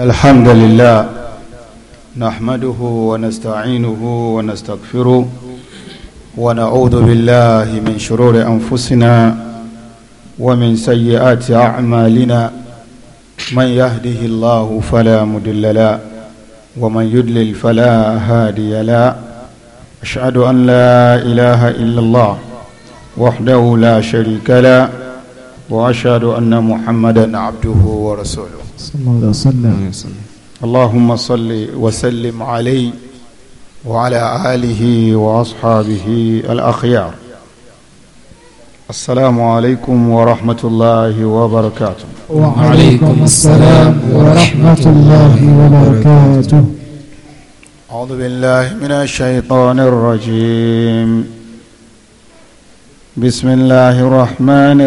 الحمد لله نحمده ونستعينه ونستغفره ونعوذ بالله من شرور أنفسنا ومن سيئات أعمالنا من يهده الله فلا مدل له ومن يدلل فلا هادي له أشهد أن لا إله إلا الله وحده لا شريك له وأشهد أن محمدا عبده ورسوله صلى الله عليه وسلم اللهم صل وسلم عليه وعلى آله وأصحابه الأخيار السلام عليكم ورحمة الله وبركاته وعليكم السلام ورحمة الله وبركاته أعوذ بالله من الشيطان الرجيم بسم الله الرحمن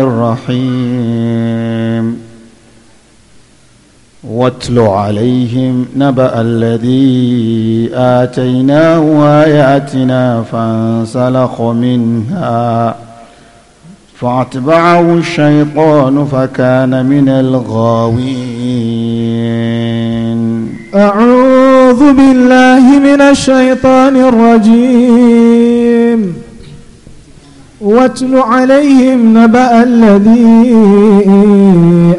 الرحيم واتل عليهم نبأ الذي آتيناه آياتنا فانسلخ منها فاتبعه الشيطان فكان من الغاوين أعوذ بالله من الشيطان الرجيم واتل عليهم نبأ الذي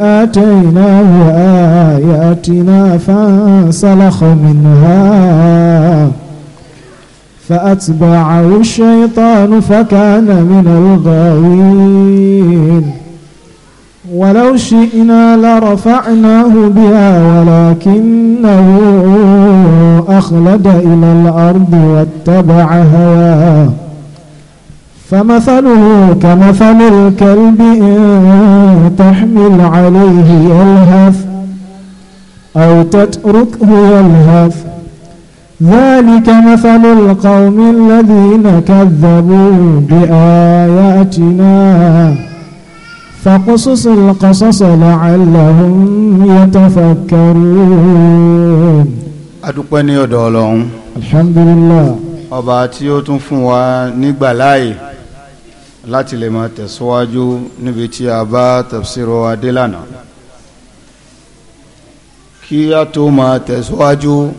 آتيناه آياتنا فانسلخ منها فأتبعه الشيطان فكان من الغاوين ولو شئنا لرفعناه بها ولكنه أخلد إلى الأرض واتبع هواه فمثله كمثل الكلب إن تحمل عليه يلهث أو تتركه يلهث ذلك مثل القوم الذين كذبوا بآياتنا فقصص القصص لعلهم يتفكرون adúpẹ́ ní ọ̀dọ̀ ọba tí ó tún fún wa nígbà láàyè láti lè máa tẹ̀síwájú níbi tí a bá tafsiru adélànà kí a tó máa tẹ̀síwájú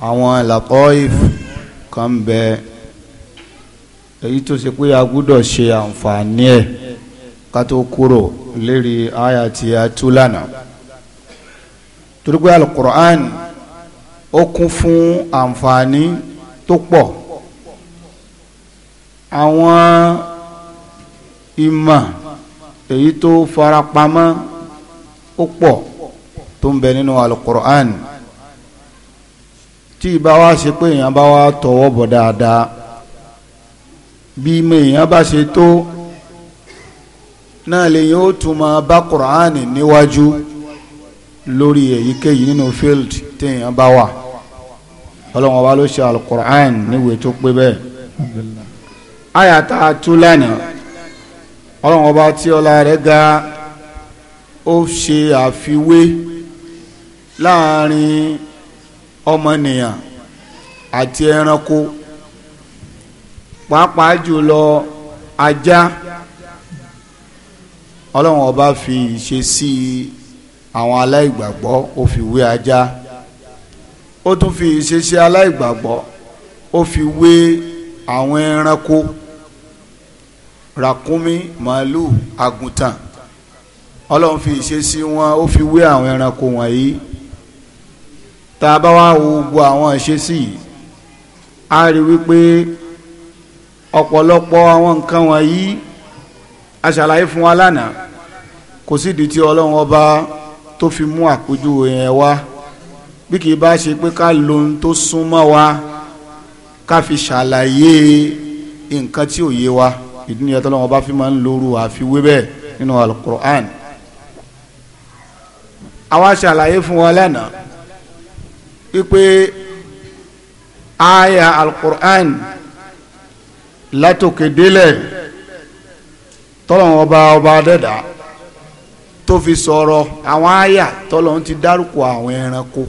àwọn làkọ́ìf kan bẹ èyí tó ṣe pé a gbúdọ̀ ṣe àǹfààní ẹ̀ ká tó kúrò lérí àyà tí a tú lánàá torí pé alukur'an ó kún fún àǹfààní tó pọ̀ àwọn ìmọ̀ èyí tó farapamọ́ ó pọ̀ tó ń bẹ nínú alukur'an tí ìbá wa ṣe pé èèyàn bá wa tọwọ́ bọ̀ dáadáa bí ìmọ̀ èèyàn bá ṣe tó náà lè yóò tún bá kur'an níwájú lórí èyíkéyìí nínú field tí èèyàn bá wà ọlọ́run ọba ló ṣe alukur'an níwèé tó pé bẹ́ẹ̀ àyàtà tú lánàá ọlọ́run ọba tí ọlá rẹ̀ ga ó ṣe àfiwé láàrin ọmọnìyàn àti ẹranko pàápàá jùlọ ajá ọlọ́run ọba fi ìṣe sí àwọn aláìgbàgbọ́ ó fi wé ajá ó tún fi ìṣe sí aláìgbàgbọ́ ó fi wé àwọn ẹranko. Rakumi màálù àgùntàn ọlọ́run fi ìṣesí wọn ó fi wé àwọn ẹranko wọ̀nyí tá a bá wá wo gbogbo àwọn ìṣesí yìí a rí wípé ọ̀pọ̀lọpọ̀ àwọn nǹkan wọ̀nyí a fún wa lánàá kò sídìí tí ọlọ́run ọba tó fi mú àpèjúwe yẹn wá bí kì í bá ṣe pé ká lo ohun tó súnmọ́ wa ká fi ṣàlàyé nǹkan tí ò yé wa ìdí nìyẹn tọ́lọ́wọ́n bá fi máa ń lóru àfiwé bẹ́ẹ̀ nínú alukur'an àwa ṣàlàyé fún wọn lánàá wípé aya alukur'an látòkè délẹ̀ tọ́lọ́wọ́n ọba ọba dẹ́dà tó fi sọ̀rọ̀ àwọn aya tọ́lọ́wọ́n ti dárúkọ àwọn ẹranko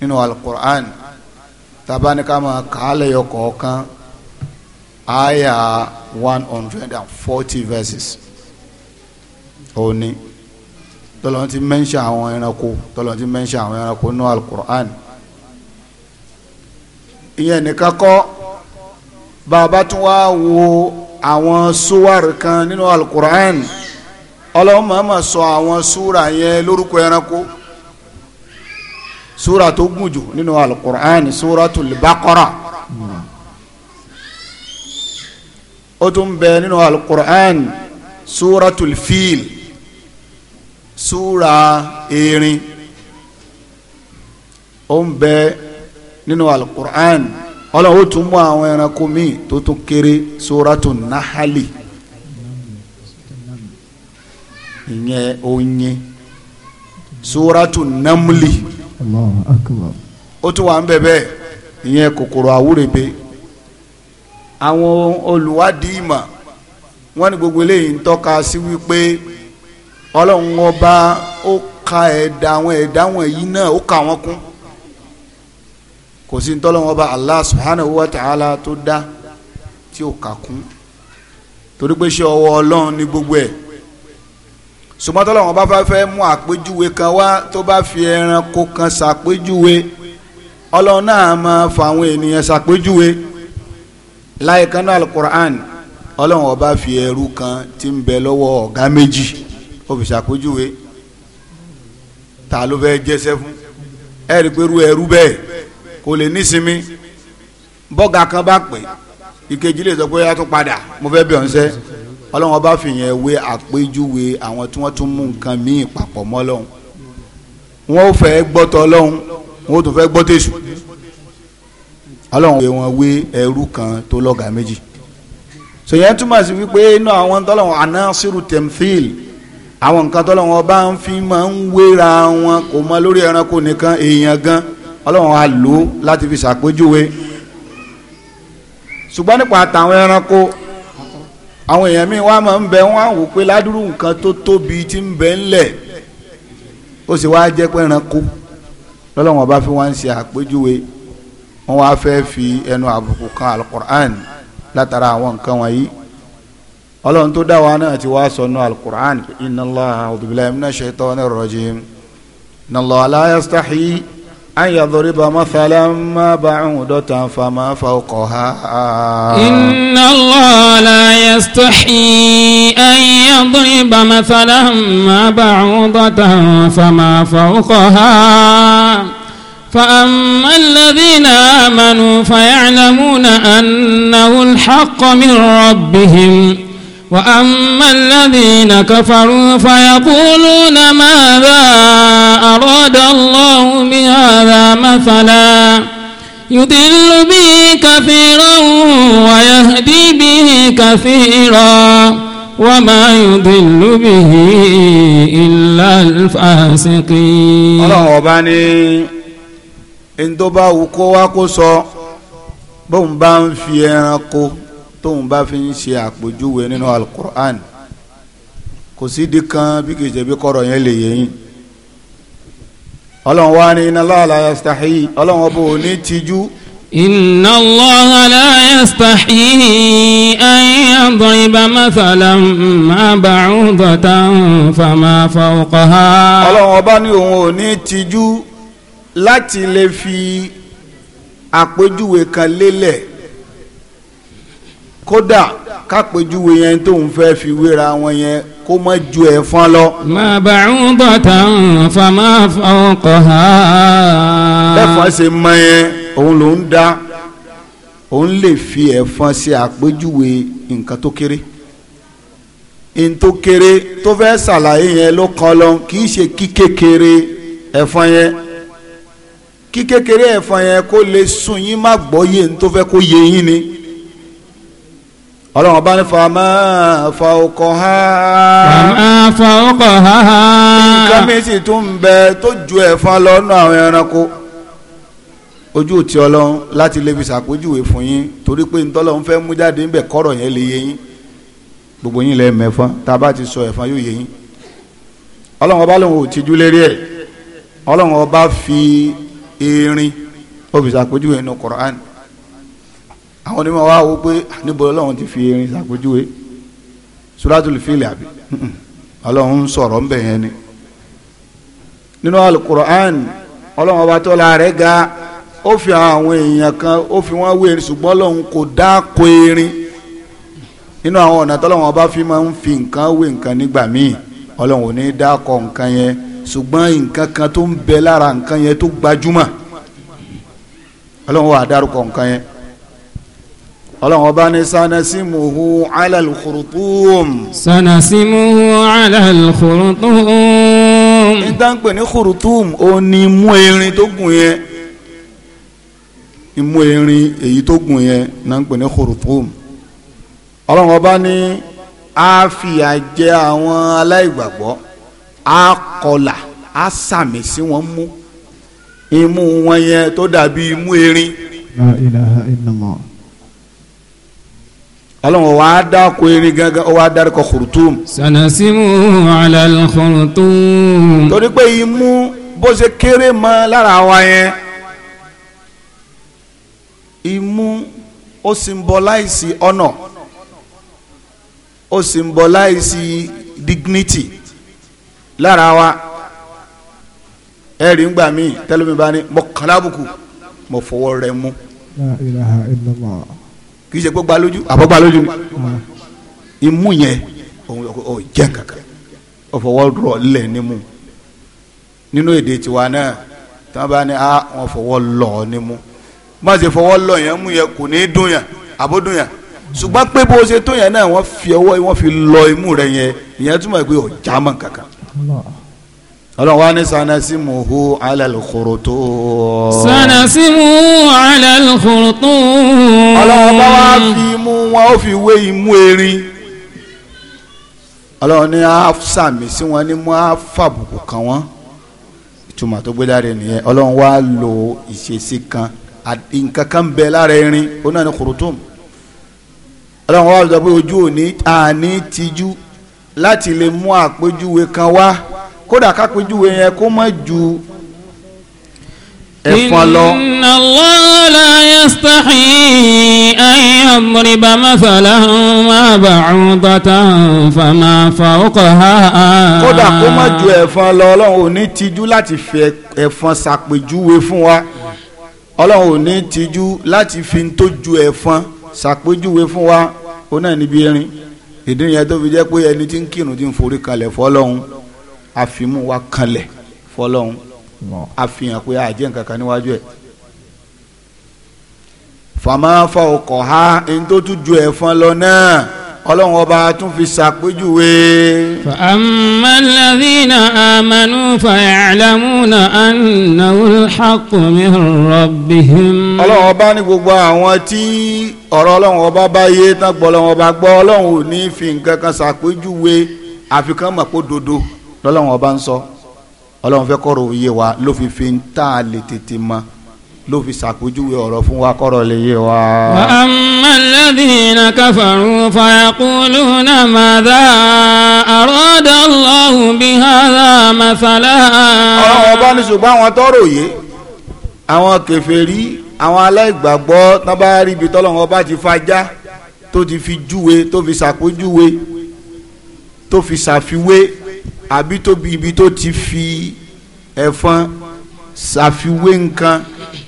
nínú alukur'an tabaníkà máa kàálẹ̀ yọ kọ̀ọ̀kan aya one hundred and forty verses òní tọ́lọ́n ti mẹ́ńṣẹ́ àwọn ẹranko tọ́lọ́n ti mẹ́ńṣẹ́ àwọn ẹranko nínú alukur'an ìyẹn nìkan kọ́ bàbá tún wá wo àwọn súwárì kan nínú alukur'an ọlọ́run màmá sọ àwọn súra yẹn lórúkọ ẹranko súra tó gùn jù nínú alukur'an súratul Baqara. Mm -hmm ó tún bẹ nínú alukur'an suratul fil sura erin ó ń bẹ nínú alukur'an ọlọ́run ó tún mú àwọn ẹranko míì tó tún kéré suratul nahali ìyẹn oyin suratul namli ó tún wà ń bẹ bẹ́ẹ̀ ìyẹn kòkòrò àwúrẹ́bẹ́ àwọn olùwádìí ìmọ̀ wọ́n ní gbogbo eléyìí ń tọ́ka sí wípé ọlọ́run ọba ó ka ẹ̀dá àwọn ẹ̀dá àwọn èyí náà ó kà wọ́n kún kò sí ní ọba Allah subhanahu wa ta'ala tó dá tí ó kà kún torí pé ṣé ọwọ́ ọlọ́run ní gbogbo ẹ̀ ṣùgbọ́n tọ́lọ́run ọba fẹ́ mú àpéjúwe kan wá tó bá fi ẹranko kan ṣàpéjúwe ọlọ́run náà máa fa àwọn ènìyàn ṣàpéjúwe láyé kan náà alukur'an ọlọ́run ọba fi ẹrú kan tí ń bẹ lọ́wọ́ ọ̀gá méjì ó fi ṣàpèjúwe ta ló fẹ́ jẹ́sẹ́ fún ẹ rí i pé irú ẹrú bẹ́ẹ̀ kò lè nísinmi bọ́gà kan bá pè ìkejì lè sọ pé yàtọ̀ padà mo fẹ́ bẹ̀ ọ́n sẹ́ ọlọ́run ọba fìyẹn wé àpèjúwe àwọn tí wọ́n tún mú nǹkan míì papọ̀ mọ́ lọ́hùn wọ́n fẹ́ gbọ́tọ̀ lọ́hùn wọ́n tún fẹ́ gbọ́tẹ̀sù ọlọ́run wé wọn wé ẹrú kan tó lọ́gàá méjì sèyàn túmọ̀ sí wípé inú àwọn tọ́lọ́wọ́n anasiru temthil àwọn nǹkan tọ́lọ́wọ́n bá ń fi máa ń wéra wọn kò mọ lórí ẹranko nìkan èèyàn gan ọlọ́run á lò ó láti fi ṣàpèjúwe ṣùgbọ́n nípa àtàwọn ẹranko àwọn èèyàn míì wá máa ń bẹ wọn àwò pé ládùúrú nǹkan tó tóbi ti ń bẹ ńlẹ̀ ó sì wá jẹ́ pé ẹranko lọ́lọ́wọ́n bá fi wá ń ṣe àpèjúwe wọ́n wá fẹ́ fi ẹnu àbùkù kan alukur'an látara àwọn nǹkan wọ̀nyí ọlọ́run tó dá wa náà ti wá sọ nù alukur'an inna Allaha a'udhu billahi minash shaitani rrajim inna Allaha la yastahi an yadhriba mathalan ma ba'udatan fama fawqaha. inna Allaha la yastahi an yadhriba mathalan ma ba'udatan fama fawqaha. فأما الذين آمنوا فيعلمون أنه الحق من ربهم وأما الذين كفروا فيقولون ماذا أراد الله بهذا مثلا يضل به كثيرا ويهدي به كثيرا وما يضل به إلا الفاسقين ẹni tó bá wù kó wá kó sọ bóun bá ń fi ẹranko tóun bá fi ń ṣe àpèjúwe nínú alukur'an kò sídìí kan bí kìí ṣe bí kọ̀rọ̀ yẹn lè yẹ yín ọlọ́run wá ní iná lọ́la yastahi ọlọ́run ọba ò ní tijú. inna Allaha la yastahi an yadriba mathalan ma ba'udatan fama fawqaha láti lè fi àpèjúwe kan lélẹ̀ kódà kápèjúwe yẹn tó ń fẹ́ fi wéra wọn yẹn kó mọ́ ju ẹ̀fọn lọ. mà ba'udatan fama fawqaha. ẹ̀fọn ṣe mọ yẹn òun ló ń dá òun lè fi ẹ̀fọn ṣe àpèjúwe nǹkan tó kéré n tó fẹ́ ṣàlàyé yẹn ló kọ́ lọ kì í ṣe kí ẹ̀fọn yẹn. kí kékeré ẹ̀fọn yẹn kó lè sùn yín má gbọ́ yé ní tó fẹ́ kó yé yín ni ọlọ́run bá ní fa máa fa ọkọ̀ ha. máa fa ọkọ̀ ha. nǹkan mi sì tún bẹ tó ju ẹ̀fọn lọ́nà àwọn ẹranko ojú ò ti ọlọ́run láti lè fi ṣàpèjúwe fún yín torí pé ntọ́lọ́run fẹ́ mú jáde ńbẹ̀ kọ́rọ̀ yẹn lè yé yín gbogbo yín lẹ mẹ́fọn tá a bá ti sọ ẹ̀fọn yóò yé yín ọlọ́run ọba lòun ò tijú lérí ẹ̀ ọlọ́run ọba fi erin ó fi ṣàpèjúwe inú Quran àwọn onímọ̀ wa wo pé ah, níbo ọlọ́run ti fi erin ṣàpèjúwe suratul fil àbí ọlọ́run ń sọ̀rọ̀ ń bẹ̀ yẹn ni nínú alukur'an ọlọ́run ọba tó la rẹ̀ ga ó fi àwọn èèyàn kan ó fi wọ́n wé erin ṣùgbọ́n ọlọ́run kò dáko erin nínú àwọn ọ̀nà tọ́lọ́run ọba fi máa ń fi nǹkan wé nǹkan nígbà míì ọlọ́run ò ní dáko nǹkan yẹn ṣùgbọ́n nǹkan kan tó ń bẹ lára nǹkan yẹn tó gbajúmọ̀ ọlọ́run wà dárúkọ nǹkan yẹn ọlọ́run ọba ní sanasimuhu alalkurutum. sanasimuhu alalkurutum. ìdánpè ní kurutum ó ní imú erin tó gùn yẹn imú erin èyí tó gùn yẹn náà ní kurutum ọlọ́run ọba ní àfìyà jẹ àwọn aláìgbàgbọ́ á kọlà si sàmì sí wọn mú imú wọn yẹn tó dàbí imú erin. La ilaha illallah. ọlọ́run wa dá ko erin gangan ó wá dárúkọ kùrùtùm. sanasimu alal kùrùtùm. torí pé imú bó ṣe kéré mọ́ lára wa yẹn imú ó symbolize honor ó symbolize dignity lára wa ẹ̀rí ń gbà mí tẹ́lẹ̀mí bá ní mọ kàlábùkù mọ fọwọ́ rẹ mú. kì í ṣe pé gbalójú àbọ̀ gbalójú ni imú yẹn òun ò jẹ́ kankan ó fọwọ́ rọ lẹ̀ nímú nínú èdè tiwa náà tí wọ́n bá ní a wọ́n fọwọ́ lọ̀ nímú má ṣe fọwọ́ lọ̀ yẹn mú yẹn kò ní í dùn yẹn àbó dùn yẹn ṣùgbọ́n pé bó ṣe tó yẹn náà wọ́n fi ọwọ́ wọ́n fi lọ imú rẹ yẹn ìyẹn túmọ̀ pé ọ̀já mọ̀ kankan ọlọ́run wa ní sanasimuhu alalukoroto. sanasimuhu alalukoroto. ọlọ́run bá wá fi imú wọn ó fi wé imú erin ọlọ́run ní á sàmì sí wọn ní mú á fàbùkù kàn wọ́n ìtumọ̀ tó gbé dáre nìyẹn ọlọ́run wá lo ìṣesí kan nǹkan kan bẹ lára erin ó náà ní korotom ọlọ́run wá lọ pé ojú òní àní tijú láti lè mú àpèjúwe kan wá kódà kápèjúwe yẹn kó má ju ẹ̀fọn lọ. inna Allah la yastahi an yadriba mathalan ma ba'udatan fama fawqaha. kódà kó má ju ẹ̀fọn lọ ọlọ́run ò ní tijú láti fi ẹ̀fọn ṣàpèjúwe fún wa ọlọ́run ò ní tijú láti fi tó ju ẹ̀fọn ṣàpèjúwe fún wa ó náà níbi erin ìdí yẹn tó fi jẹ́ pé ẹni tí ń kírun ti ń forí kalẹ̀ fọlọ́hún àfimú wa kalẹ̀ fọlọ́hún àfihàn pé àjẹ́ nǹkan kan níwájú ẹ̀ fàmáfà ọkọ̀ ha ẹni tó tún ju ẹ̀fọn lọ náà ọlọ́run ọba tún fi ṣàpèjúwe. fa'amma alladhina amanu fa'ya'lamuna annahu al-haqqu min ọlọ́run ọba ní gbogbo àwọn tí ọ̀rọ̀ ọlọ́run ọba bá yé tán ọlọ́run ọba gbọ́ ọlọ́run ò ní fi nǹkan kan ṣàpèjúwe àfi kán dodo lọ́lọ́run ọba ń sọ ọlọ́run fẹ́ kọ́rọ̀ òye wa ló fi fi ń tà lè tètè mọ́ ló fi ṣàpèjúwe ọ̀rọ̀ fún wa kọ́rọ̀ lè yé wa. wa amma alladhina kafaru fayaquluna madha arada Allahu bihadha mathala. ọ̀rọ̀ wọn bá ní ṣùgbọ́n àwọn tọrọ yé àwọn kèfèrí àwọn aláìgbàgbọ́ tán bá tọ́lọ́wọ́n bá ti fajá tó ti fi júwe tó fi ṣàpèjúwe tó fi ṣàfiwé àbí tó bi ibi tó ti fi ẹ̀fọn ṣàfiwé nǹkan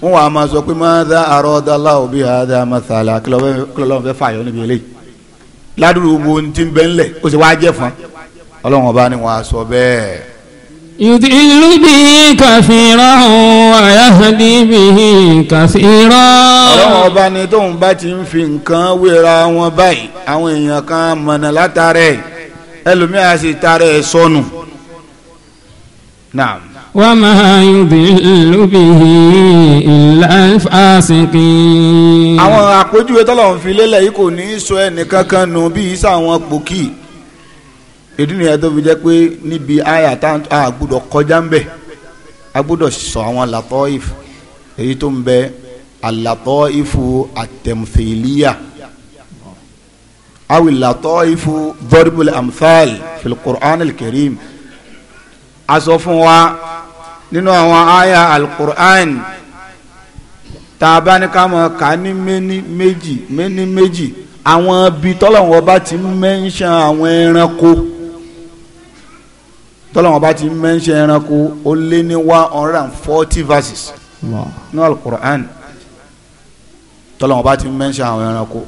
wọn wà á máa sọ pé máa dá àrọ́ dálá òbí àdá masala kílọ̀lọ́n fẹ́ fààyàn níbi eléyìí ládùúgbò gbogbo ní ti ń bẹ́ ńlẹ̀ ó sì wá jẹ́ fún ọlọ́run ọba ni wọ́n á sọ bẹ́ẹ̀. yudhilu bi kàfíràn wa yahdi bihi kàfíràn. ọlọ́run ọba ni tóun bá ti ń fi nǹkan wéra wọn báyìí àwọn èèyàn kan mọ̀nà látara ẹ̀ ẹlòmíràn sì tara ẹ̀ sọnù. naam. وما يضل به إلا الفاسقين. àwọn àpèjúwe tọ́lọ́run fi lélẹ̀ yìí kò ní í sọ ẹnìkankan nù bíi sáwọn pòkì ìdí nìyẹn tó fi jẹ́ pé níbi àyà tá a gbọ́dọ̀ kọjá ń bẹ̀ a gbọ́dọ̀ sọ àwọn latoif èyí tó ń bẹ alatoifu atẹmfiliya awi latoifu dọribul amthal fil qur'an al-karim a sọ fún wa nínú àwọn àyà alukur'an tá a bá ní ká mọ̀ ká ní méní méjì méní méjì àwọn ibi tọ́lọ́wọ́n bá ti mẹ́ńṣán àwọn ẹranko tọ́lọ́wọ́n bá ti mẹ́ńṣán ẹranko ó lé ní one hundred and forty verses nínú alukur'an tọ́lọ́wọ́n bá ti mẹ́ńṣán àwọn ẹranko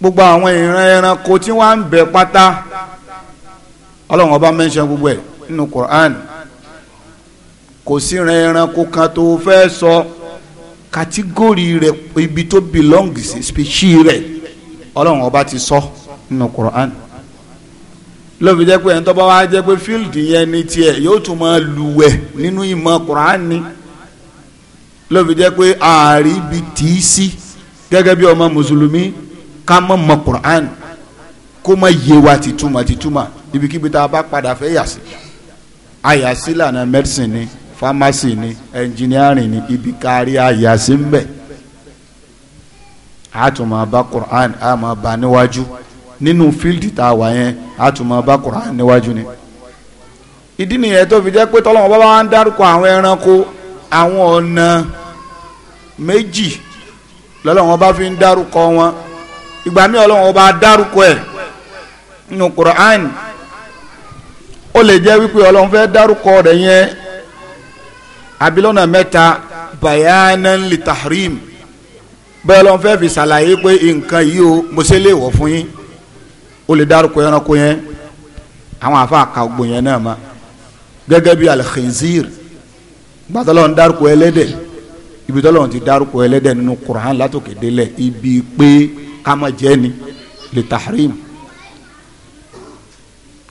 gbogbo àwọn ìran ẹranko tí wọ́n á ń bẹ pátá ọlọ́run ọba mẹ́ńṣán gbogbo ẹ̀ nínú kur'an. No kò sí ran ẹranko kan tó fẹ́ sọ kàtígórì rẹ̀ ibi tó belong sí specie rẹ̀ ọlọ́run ọba ti sọ nínú Quran ló fi jẹ́ pé ẹni tó bá wá jẹ́ pé field yẹn ní tiẹ̀ yóò tún máa lùwẹ̀ nínú ìmọ̀ Quran ni ló fi jẹ́ pé ààrí ibi tì í sí gẹ́gẹ́ bí ọmọ mùsùlùmí ká mọ̀ mọ̀ Quran kó má yé wa tìtúmọ̀ tìtúmọ̀ ibikíbi tá a bá padà fẹ́ yà sí àyà sílànà medicine ni. Famasi ni ẹnjìnírìn ni ibi kárí àyà sí ń a tún máa bá Quran a máa bá níwájú nínú fíldì tá a wà yẹn a tún máa bá Quran níwájú ni ìdí nìyẹn tó fi jẹ́ pé tọ́lọ́mọ bá wá ń dárúkọ àwọn ẹranko àwọn ọ̀nà méjì lọ́lọ́wọ́n bá fi ń dárúkọ wọn ìgbà míì ọlọ́wọ́n bá dárúkọ ẹ̀ nínú Quran ó lè jẹ́ wípé ọlọ́run fẹ́ dárúkọ rẹ̀ yẹn abilọ́nà mẹ́ta bayanan li tahrim bẹ́ẹ̀ lọ́n fẹ́ fi ṣàlàyé pé nǹkan yìí o mo ṣe lè wọ̀ fún yín o lè dárúkọ ẹranko yẹn àwọn àfa àkàgbò yẹn náà ma gẹ́gẹ́ bí al-khinzir gbàtọ́lọ́ ń dárúkọ ẹlẹ́dẹ̀ ibi tọ́lọ́ ti dárúkọ ẹlẹ́dẹ̀ nínú Qur'an látòkè délẹ̀ ibi pé ká má jẹ́ ni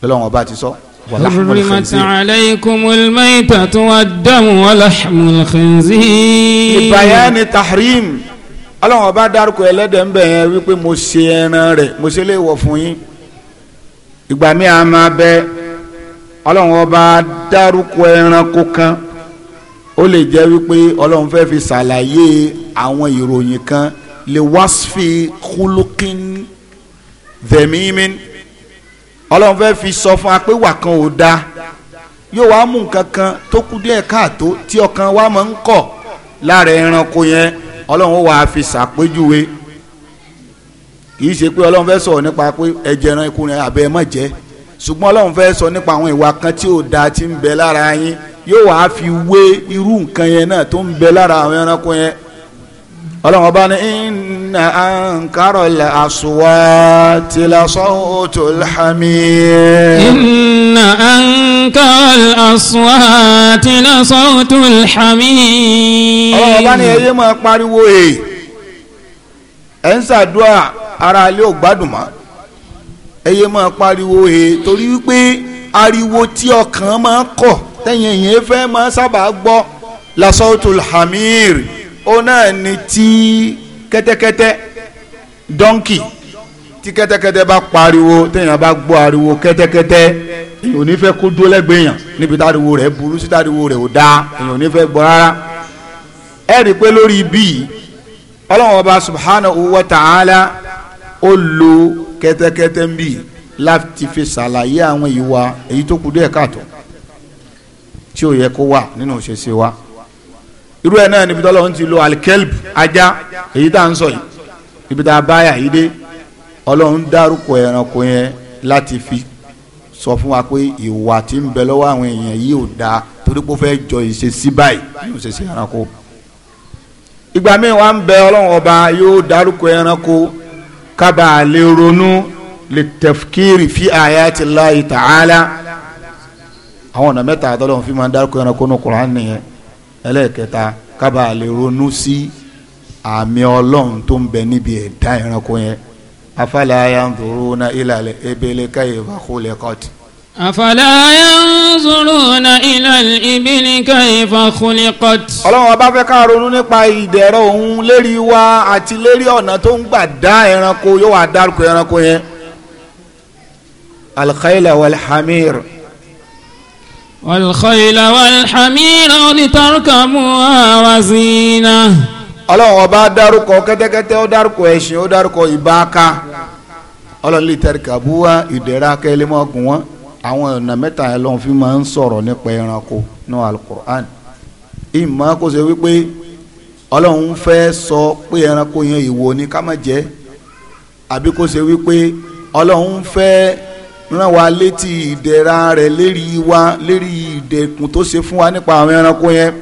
li ọba ti sọ. So حرمت عليكم الميتة والدم ولحم الخنزير لبيان تحريم ọlọ́run ọba dárúkọ ẹlẹ́dẹ̀ ń bẹ̀ yẹn wípé mo ṣe ẹran rẹ̀ mo ṣe lè wọ̀ fún yín ìgbà mi à máa bẹ ọlọ́run ọba dárúkọ ẹranko kan ó lè jẹ́ wípé ọlọ́run fẹ́ fi ṣàlàyé àwọn ìròyìn kan lè wáṣfì kúlókín zẹ̀mímín ọlọ́run fẹ́ fi sọ fún wa pé wà kan ò da yóò wá mú nǹkan tó kú díẹ̀ tí ọkàn wa máa ń kọ̀ lára ẹranko yẹn ọlọ́run ó wàá fi sàpéjúwe kì í ṣe pé ọlọ́run fẹ́ sọ̀rọ̀ nípa pé ẹ̀jẹ̀ ẹran ikú rẹ̀ mọ̀ jẹ́ ṣùgbọ́n ọlọ́run sọ nípa àwọn ti ń bẹ lára yín yóò wàá fi irú nǹkan yẹn náà tó ń bẹ lára àwọn إن أنكر الأصوات لصوت الحمير إن أنكر الأصوات لصوت الحمير ọba ni ẹyẹ máa pariwo e ẹ ń ṣàdúrà ara ilé ò gbádùn mọ́ ẹyẹ máa pariwo e torí wípé ariwo tí ọkàn máa kọ̀ tẹ̀yìn èyàn fẹ́ máa sábà gbọ́ lasọ́tò hamir ó náà ni tí kẹ́tẹ́kẹ́tẹ́ dọ́ńkì tí kẹ́tẹ́kẹ́tẹ́ bá pariwo téèyàn bá gbọ́ ariwo kẹ́tẹ́kẹ́tẹ́ èyàn ò ní fẹ́ kó dúró lẹ́gbẹ̀ẹ́ yàn níbi táriwo rẹ̀ burú sí táriwo rẹ̀ ò dáa èyàn ò ní fẹ́ gbọ́ rárá ẹ rí i pé lórí bíi ọlọ́wọ́n ọba subhanahu wa ta'ala ó lo kẹ́tẹ́kẹ́tẹ́ ń bì láti fi ṣàlàyé àwọn ìwà èyí tó kù díẹ̀ káàtó tí ò yẹ kó wà nínú òṣèṣe wa. irú ẹ̀ náà níbi ti lo alkelb ajá èyí tá à ń sọ yìí tá a bá yà yìí dé ọlọ́run dárúkọ ẹranko yẹn láti fi sọ fún wa pé ìwà tí ń bẹ lọ́wọ́ àwọn èèyàn yìí ò dáa torí pé ó fẹ́ jọ ìṣesí báyìí yóò ṣe ẹranko. ìgbà míì wá ń bẹ ọlọ́run ọba yóò dárúkọ ẹranko lè ronú lè fi ayatillahi ta'ala àwọn ọ̀nà mẹ́ta àtọ́lọ́run fi máa dárúkọ ẹranko ẹlẹ́ẹ̀kẹta kábà lè ronú sí àmì ọlọ́run tó ń bẹ níbi ẹ̀dá ẹranko yẹn afala yanzuruna ila al-ibili kayfa khuliqat. afala yanzuruna ila al-ibili kayfa khuliqat. ọlọ́run ọba fẹ́ ká ronú nípa ìdẹ̀rọ̀ òun lérí wa àti lérí ọ̀nà tó ń gbà dá ẹranko yóò wá dárúkọ ẹranko yẹn. al-khayla والخيل والحمير لتركبوها وزينة ọlọ́run ọba dárúkọ kẹ́tẹ́kẹ́tẹ́ ó dárúkọ ẹṣin ó dárúkọ ìbáka ọlọ́run lè tẹ̀ríkà búwa ìdẹ̀ra kẹ́lẹ́mọ́gùn wọn àwọn ọ̀nà mẹ́ta yẹn lọ́n fi máa ń sọ̀rọ̀ nípa ẹranko ní alukur'an ìmọ̀ kó ṣe wípé ọlọ́run fẹ́ sọ pé ẹranko yẹn ìwọ ni ká má jẹ́ àbí kó ṣe wípé ọlọ́run fẹ́ rán wa létí ìdẹ̀ra rẹ̀ lérí wa lérí ìdẹ̀kùn tó ṣe fún wa nípa àwọn ẹranko yẹn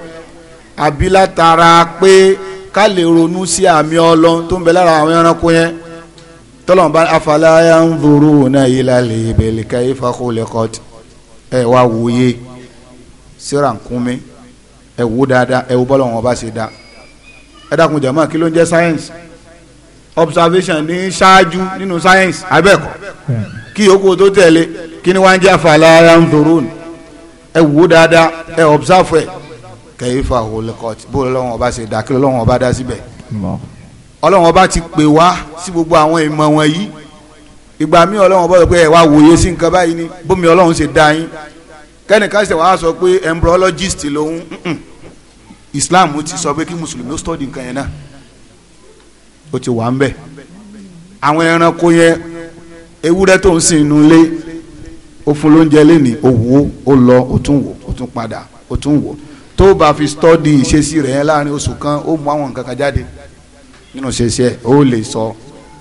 àbí látara pé ká lè ronú sí àmì ọlọ́run tó ń bẹ lára àwọn ẹranko yẹn tọ́lọ̀ bá afala yanzuruna ilal ibili kayfa khuliqat ẹ wá wòye síra nkúmi ẹ wò dáadáa ẹ wò bọ́lọ̀ wọn bá ṣe dá ẹ dákun jàmáà kí ló ń jẹ́ sáyẹ́nsì observation ní ṣáájú nínú science abẹ́ẹ̀kọ́ kí yòókù tó tẹ̀lé kí ni wọ́n á jẹ́ àfàlà ara ń dòrò ní ẹ wò ó dáadáa ẹ observe ẹ kẹ́yìn fa holocort bó lọ́wọ́n ọba ṣe dákìlọ́ lọ́wọ́n ọba dá síbẹ̀ ọlọ́wọ́n ọba ti pè wá sí gbogbo àwọn ìmọ̀ wọn yìí ìgbà míì ọlọ́wọ́n ọba sọ pé ẹ wá wòye sí nǹkan báyìí ni bómi ọlọ́run ṣe dá yín kẹ́nìkan ṣe wàá sọ pé embryologist lòun Islam ti sọ pé kí mùsùlùmí ó study nǹkan yẹn náà ó ti wà ń bẹ̀ àwọn ẹranko yẹn ewúrẹ́ tó ń sìn inú ilé ó fún lóúnjẹ lẹ́nìí ó wò ó lọ ó tún wò ó tún padà ó tún wò tó bá fi stọ́ọ̀dì ìṣesí rẹ̀ yẹn láàrin oṣù kan ó mú àwọn nǹkan kan jáde nínú ṣeṣe ẹ̀ ó lè sọ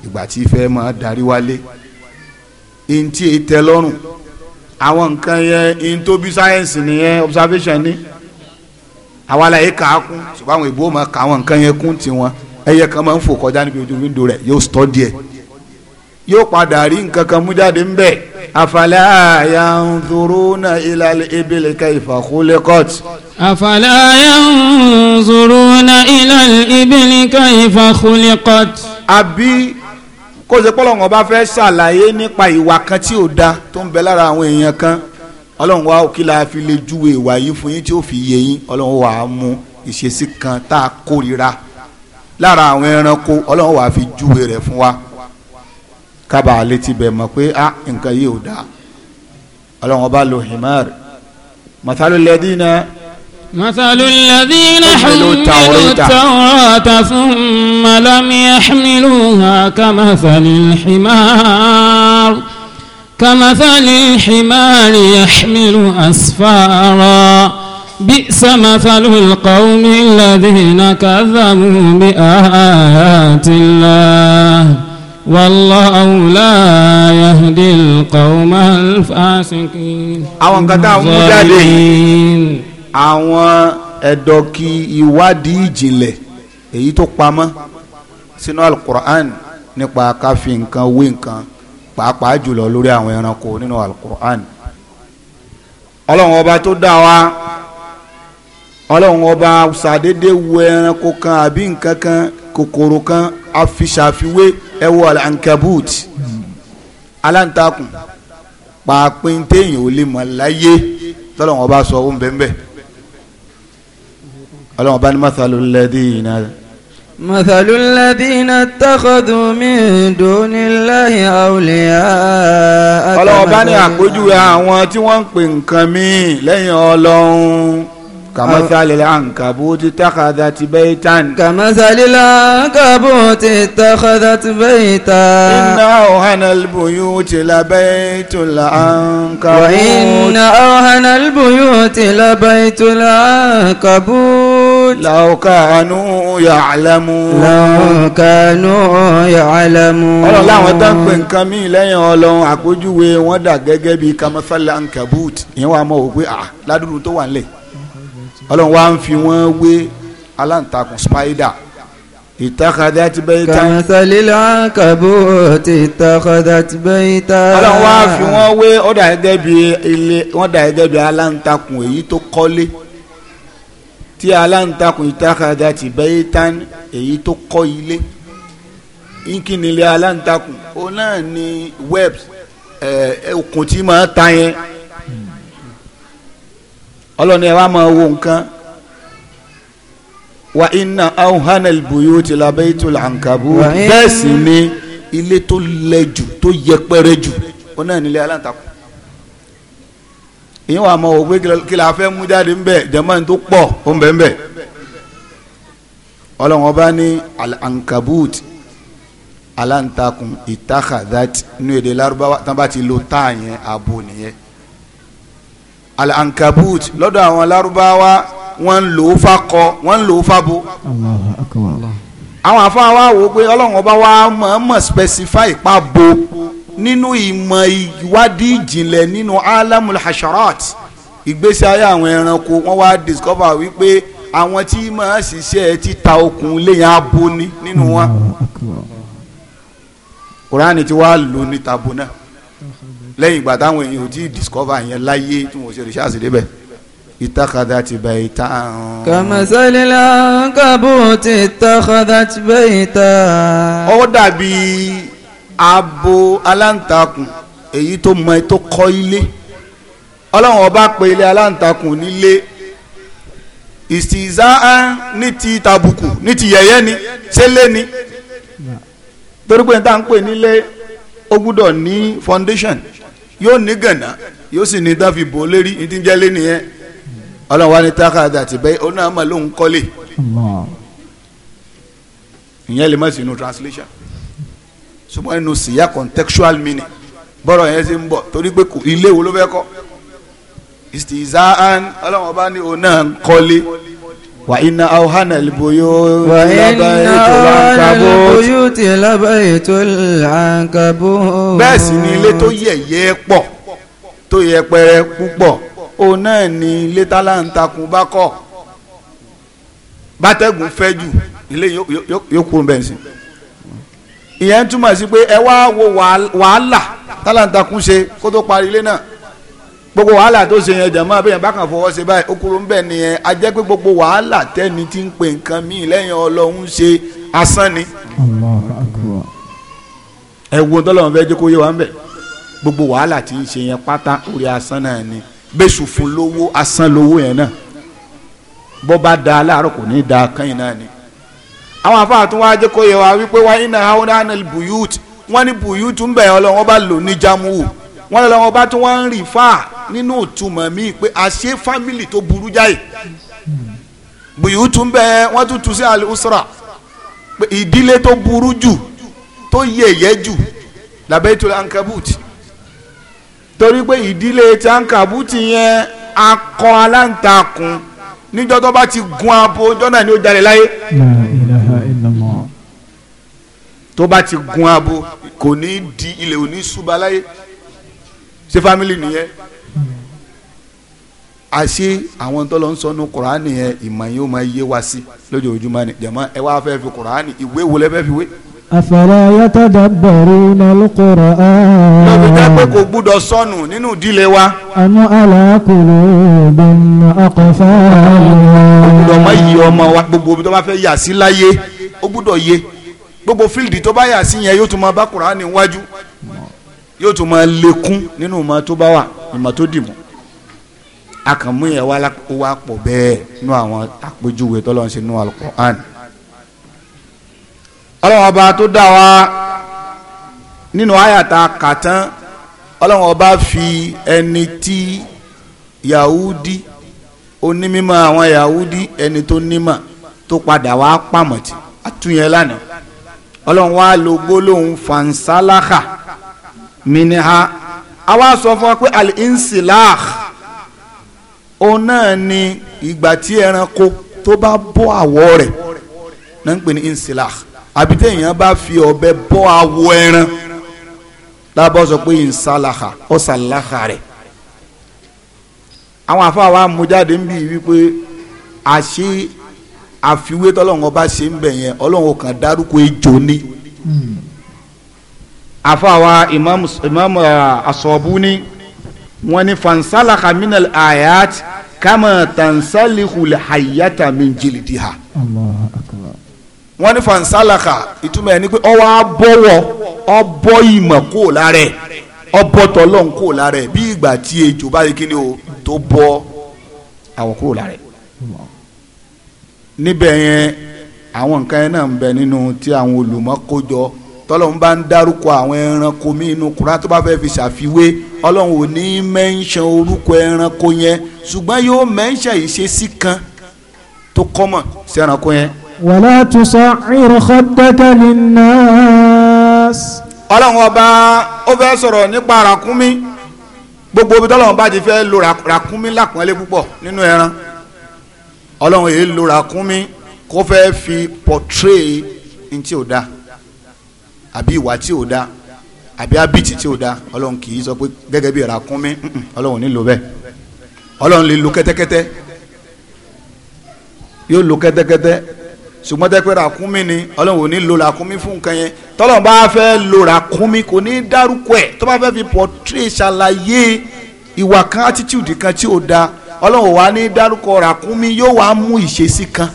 ìgbà tí ìfẹ́ máa darí wálé ntí ètè lọ́rùn àwọn nǹkan yẹn ntóbi sáyẹ́nsì nìyẹn observation ní àwa la yẹ kà á kún ṣùgbọ́n àwọn ìbò máa kà àwọn nǹkan yẹn kún tiwọn ẹyẹ kan máa ń fò kọjá níbi ojú windo rẹ̀ yóò sọ díẹ̀ yóò padà rí nǹkan kan mú jáde ńbẹ. afala yanzuruna ilal ibili kayfa khuliqat. afala yanzuruna ilal ibili kayfa khuliqat. àbí kó ṣe pé Ọlọ́run bá fẹ́ ṣàlàyé nípa ìwà kan tí ò da tó ń bẹ lára àwọn èèyàn kan ọlọ́run wa kí la fi lè júwe ìwà yìí fún yín tí ó fi yé yín ọlọ́run wa mú ìṣesí kan tá a kórira lára àwọn ẹranko ọlọ́run wàá fi júwe rẹ̀ fún wa kábàá létí bẹ̀ mọ̀ pé a ah, nǹkan yìí ò dáa ọlọ́run ọba lo himar masalu ladina. masalu ladina hamilu tawrata thumma lam yahmiluha kamathali himar kamathali himar yahmilu asfara. بئس مثل القوم الذين كذبوا بآيات الله والله لا يهدي القوم الفاسقين àwọn nǹkan tá a mú jáde yìí èyí tó pamọ́ sínú alukur'an nípa káfí nǹkan wé nǹkan pàápàá jùlọ lórí àwọn ẹranko nínú alukur'an ọlọ́run ọba tó dá wa ọlọ́run ọba ṣàdédé wo ẹranko kan àbí nǹkan kan kòkòrò kan àfiṣàfiwé ẹwọ alankabut aláǹtakùn pàápín téèyàn ò lè mọ̀ láyé tọ́lọ́run ọba sọ ohun bẹ́ẹ̀ bẹ́ẹ̀ ọlọ́run ọba ní masalu ladina. masalu ladina takadu min dunillahi awliya. ọlọ́run ọba ní àpèjúwe àwọn tí wọ́n ń pè nǹkan míì lẹ́yìn ọlọ́run kàmásálì làǹkàbùtì tàkàdà ti bẹ́ẹ̀ tán. kàmásálì làǹkàbùtì tàkàdà ti bẹ́ẹ̀ tán. iná ọ̀hánà lùbùyù ti labẹ́ tó làǹkàbùtì. wà iná ọ̀hánà lùbùyù ti labẹ́ tó làǹkàbùtì. law kanu ya'lamun. law kanu ya'lamun. ọlọ́run láwọn tó ń pè nǹkan mí lẹ́yìn ọlọ́run àpèjúwe wọ́n dà gẹ́gẹ́ bíi kàmásálì làǹkàbùtì ìyẹn wàá mọ̀ wò pé à ládùúgbò tó wà nílẹ̀ ọlọ́run wa ń fi wọ́n wé aláǹtakùn spider ìtàkàdá ti bẹ́ẹ̀ tán. kàmsálílà kàbó ti ìtàkàdá ti bẹ́ẹ̀ tán. ọlọ́run wa fi wọ́n wé ó dà gẹ́gẹ́ bí ilé wọ́n dà gẹ́gẹ́ bí aláǹtakùn èyí tó kọ́lé tí aláǹtakùn ìtàkàdá ti bẹ́ẹ̀ tán èyí tó kọ́ ilé nkínilé aláǹtakùn ó náà ní webs ẹ̀ okùn tí máa ta yẹn ọlọ́ni ẹ wá máa wo nǹkan wa inna awhanal buyuti labaytul ankabut bẹ́ẹ̀ sì ni ilé tó lẹ́jù tó yẹpẹrẹ jù ó náà nílé aláǹtakùn ìyẹn wàá mọ wò pé kí la fẹ́ mú jáde ńbẹ jẹ́mọ́ tó pọ̀ ó ń bẹ ńbẹ ọlọ́run ọba ní al-ankabut aláǹtakùn ìtàkàdàt ní èdè lárúbáwá tán bá ti lo táà yẹn abo nìyẹn alankabut lọ́dọ̀ àwọn Lárúbáwá wọ́n ń lò ó fakọ wọ́n ń lò ó fabo. àwọn afáwọn wa wò ó pé ọlọ́run ọba wa mọ̀ọ́mọ̀ specify pa bo nínú ìmọ̀ ìwádìí ìjìnlẹ̀ nínú alamul hasharat ìgbésí ayé àwọn ẹranko wọ́n wá discover wípé àwọn tí máa ṣiṣẹ́ títa okùn léyìn abo ni nínú wọn. kùránì tí wàá lò ní tabo náà lẹ́yìn ìgbà táwọn èèyàn ò tí ì discover yẹn láyé tí wọ́n ṣe research débẹ̀ ittakhadhat baytan. kamasalil ankabut ittakhadhat baytan. ó dàbí abo aláǹtakùn èyí tó mọ tó kọ́ ilé ọlọ́run ọba pe ilé aláǹtakùn nílé ìsìzáà ní ti tàbùkù ní ti yẹ̀yẹ́ ni tẹ́lẹ̀ ni torí pé n ta ń pè nílé ó ní foundation yóò ní gànà yóò sì ní dáfi bò lérí ní ti ń jẹ́lé nìyẹn ọlọ́run wa ní tákàdá àti bẹ́ẹ̀ ọ̀nà àmọ́ ló ń kọ́lé ìyẹn lè má sí inú translation ṣùgbọ́n inú síyá contextual meaning bọ́rọ̀ yẹn ti ń bọ̀ torí pé ilé wo ló fẹ́ kọ́ ìsìtìzáàn ọlọ́run ọba ní ọ̀nà ń kọ́lé. Wa iná ọ̀hánà ìbòyó tí lábẹ́ ètò làǹkàbó. bẹ́ẹ̀ sì ni ilé tó yẹ̀yẹ́ pọ̀ tó yẹpẹrẹ púpọ̀ òun náà ni ilé tálántàkùn bá kọ́ bátẹ́gùn fẹ́ jù ilé yóò kúrò bẹ́ẹ̀ sí ìyẹn túmọ̀ sí pé ẹ wá wo wàhálà tálántàkùn ṣe kó tó parí ilé náà gbogbo wàhálà tó ṣe yẹn jẹ̀mọ́ abẹ́yẹn bákan fọwọ́ ṣe báyìí okuru ń bẹ̀ nìyẹn a pé gbogbo wàhálà tẹ́ni tí ń pè nǹkan míì lẹ́yìn ọlọ́run ṣe asán ni. ẹ wo tọ́lọ́run fẹ́ jẹ́ kó yé wa ń bẹ̀ gbogbo wàhálà tí ń ṣe yẹn pátá orí asán náà ni bẹ́sù fún lówó asán lówó yẹn náà bọ́ bá da láàárọ̀ kò ní da kẹ́yìn náà ni. àwọn afáà tún wáá jẹ́ kó yé wa wípé wáyé náà wọ́n ní ń bẹ̀ ọlọ́run ọba lò ní wọ́n lọ́wọ́ bá tún wọ́n ń rìn fáà nínú ìtumọ̀ mi pé àṣé fámìlì tó burú jáì bùyù tún bẹ wọ́n tún tún sí al-usra pé ìdílé tó burú jù tó yẹ̀yẹ́ jù labaytul ankabut torí pé ìdílé ti ankabut yẹn akọ aláǹtakùn níjọ́ tó bá ti gun abo ọjọ́ náà ni ó jalè láyé tó bá ti gun abo kò ní di ilẹ̀ òní ṣùgbọ́n láyé ṣé fámìlì nìyẹn àṣé àwọn tó lọ ń sọnù kuraani yẹn ìmọ̀ yìí ó máa yé wa sí lójoojúmọ́ ni jẹ̀mọ́ ẹ wá fẹ́ fi kuraani ìwé wo lẹ fẹ́ fi wé. àfàlà yàtọ̀ dàbẹ̀rù nàlú kura. lóbi jẹ́ pé kò gbúdọ̀ sọnù nínú ìdílé wa. àmú alákòló bẹ̀rù ọkọ̀fà. kò gbúdọ̀ má yí ọmọ wa gbogbo omi tó bá fẹ́ yà sí láyé ó gbúdọ̀ yé gbogbo fíìlì tó bá yà sí yẹn yóò tún máa bá kuraani wájú yóò tún máa lékún nínú ìmọ̀ tó bá wà ìmọ̀ tó dì mọ́. Akamu yẹn wà wà pọ̀ bẹ́ẹ̀ nú àwọn àpèjúwe tọ́lọ́ ń ṣe nú alukur'an. ọlọ́wọ́n ọba tó dá wa nínú àyàtà kàtán ọlọ́wọ́n ọba fi ẹni tí yahudi onímọ̀ àwọn yahudi ẹni tó nímọ̀ tó padà wá pàmọ̀tì àtúnyẹ lánàá ọlọ́run wá lo gbólóhùn fansalaka miniha a sọ fún wa pé al òun náà ni ìgbà tí ẹranko tó bá bọ́ àwọ̀ rẹ̀ náà ń pè ní insilah àbí téèyàn bá fi ọ̀bẹ bọ́ àwọ̀ ẹran lábọ́ sọ pé insalaha ọ̀sàláha rẹ̀ àwọn àfáà wa mú jáde ń bí wípé àṣé àfiwé tọ́lọ́run ọba ṣe ń bẹ̀ yẹn ọlọ́run kan dárúkọ ejò ni hmm. àfáà wa imam eh, asọ̀bù ni wọ́n ní fansalaka minal ayat kama tansalikul hayata min jilidiha. wọ́n ní fansalaka ìtumọ̀ ẹ̀ ni pé ọwọ́ abọ́wọ́ ọbọ̀ ìmọ̀ kó lára ẹ̀ ọbọ̀ tọ́lọ́n kó lára bí ìgbà tí ejò báyìí kí ni o tó bọ́ àwọ̀ kó lára ẹ̀. níbẹ̀ yẹn àwọn nǹkan yẹn náà ń bẹ nínú tí àwọn olùmọ̀ tọ́lọ́hún bá ń dárúkọ àwọn ẹranko mi inú kura tó bá fẹ́ fi ṣàfiwé ọlọ́hún ò ní mẹ́ńṣán orúkọ ẹranko yẹn ṣùgbọ́n yóò mẹ́ńṣán ìṣesí kan tó kọ́mọ̀ sí ẹranko yẹn. wala tusa'ir khaddaka linnas. ọlọ́hún ọba ó fẹ́ sọ̀rọ̀ nípa ràkúnmí gbogbo ibi tọ́lọ́hún bá ti fẹ́ lo ràkúnmí lápọ́nlé púpọ̀ nínú ẹran ọlọ́hún èyí lo ràkúnmí kó fẹ́ fi portray ní ò dáa àbí ìwà tí ò da àbí abiti tí ò da ọlọ́run kì í sọ pé gẹ́gẹ́ bí ràkúnmí ọlọ́run ní lò bẹ́ẹ̀ ọlọ́run lè lo kẹ́tẹ́kẹ́tẹ́ yóò lo kẹ́tẹ́kẹ́tẹ́ ṣùgbọ́n tẹ́ pé ràkúnmí ni ọlọ́run ò ní lo ràkúnmí fún nǹkan yẹn tọ́lọ́run bá fẹ́ lo ràkúnmí kò ní dárúkọ ẹ̀ tó bá fẹ́ fi portray ṣàlàyé ìwà kan attitude kan tí ò da ọlọ́run ò wá ní dárúkọ ràkúnmí yóò wá mú ìṣesí kan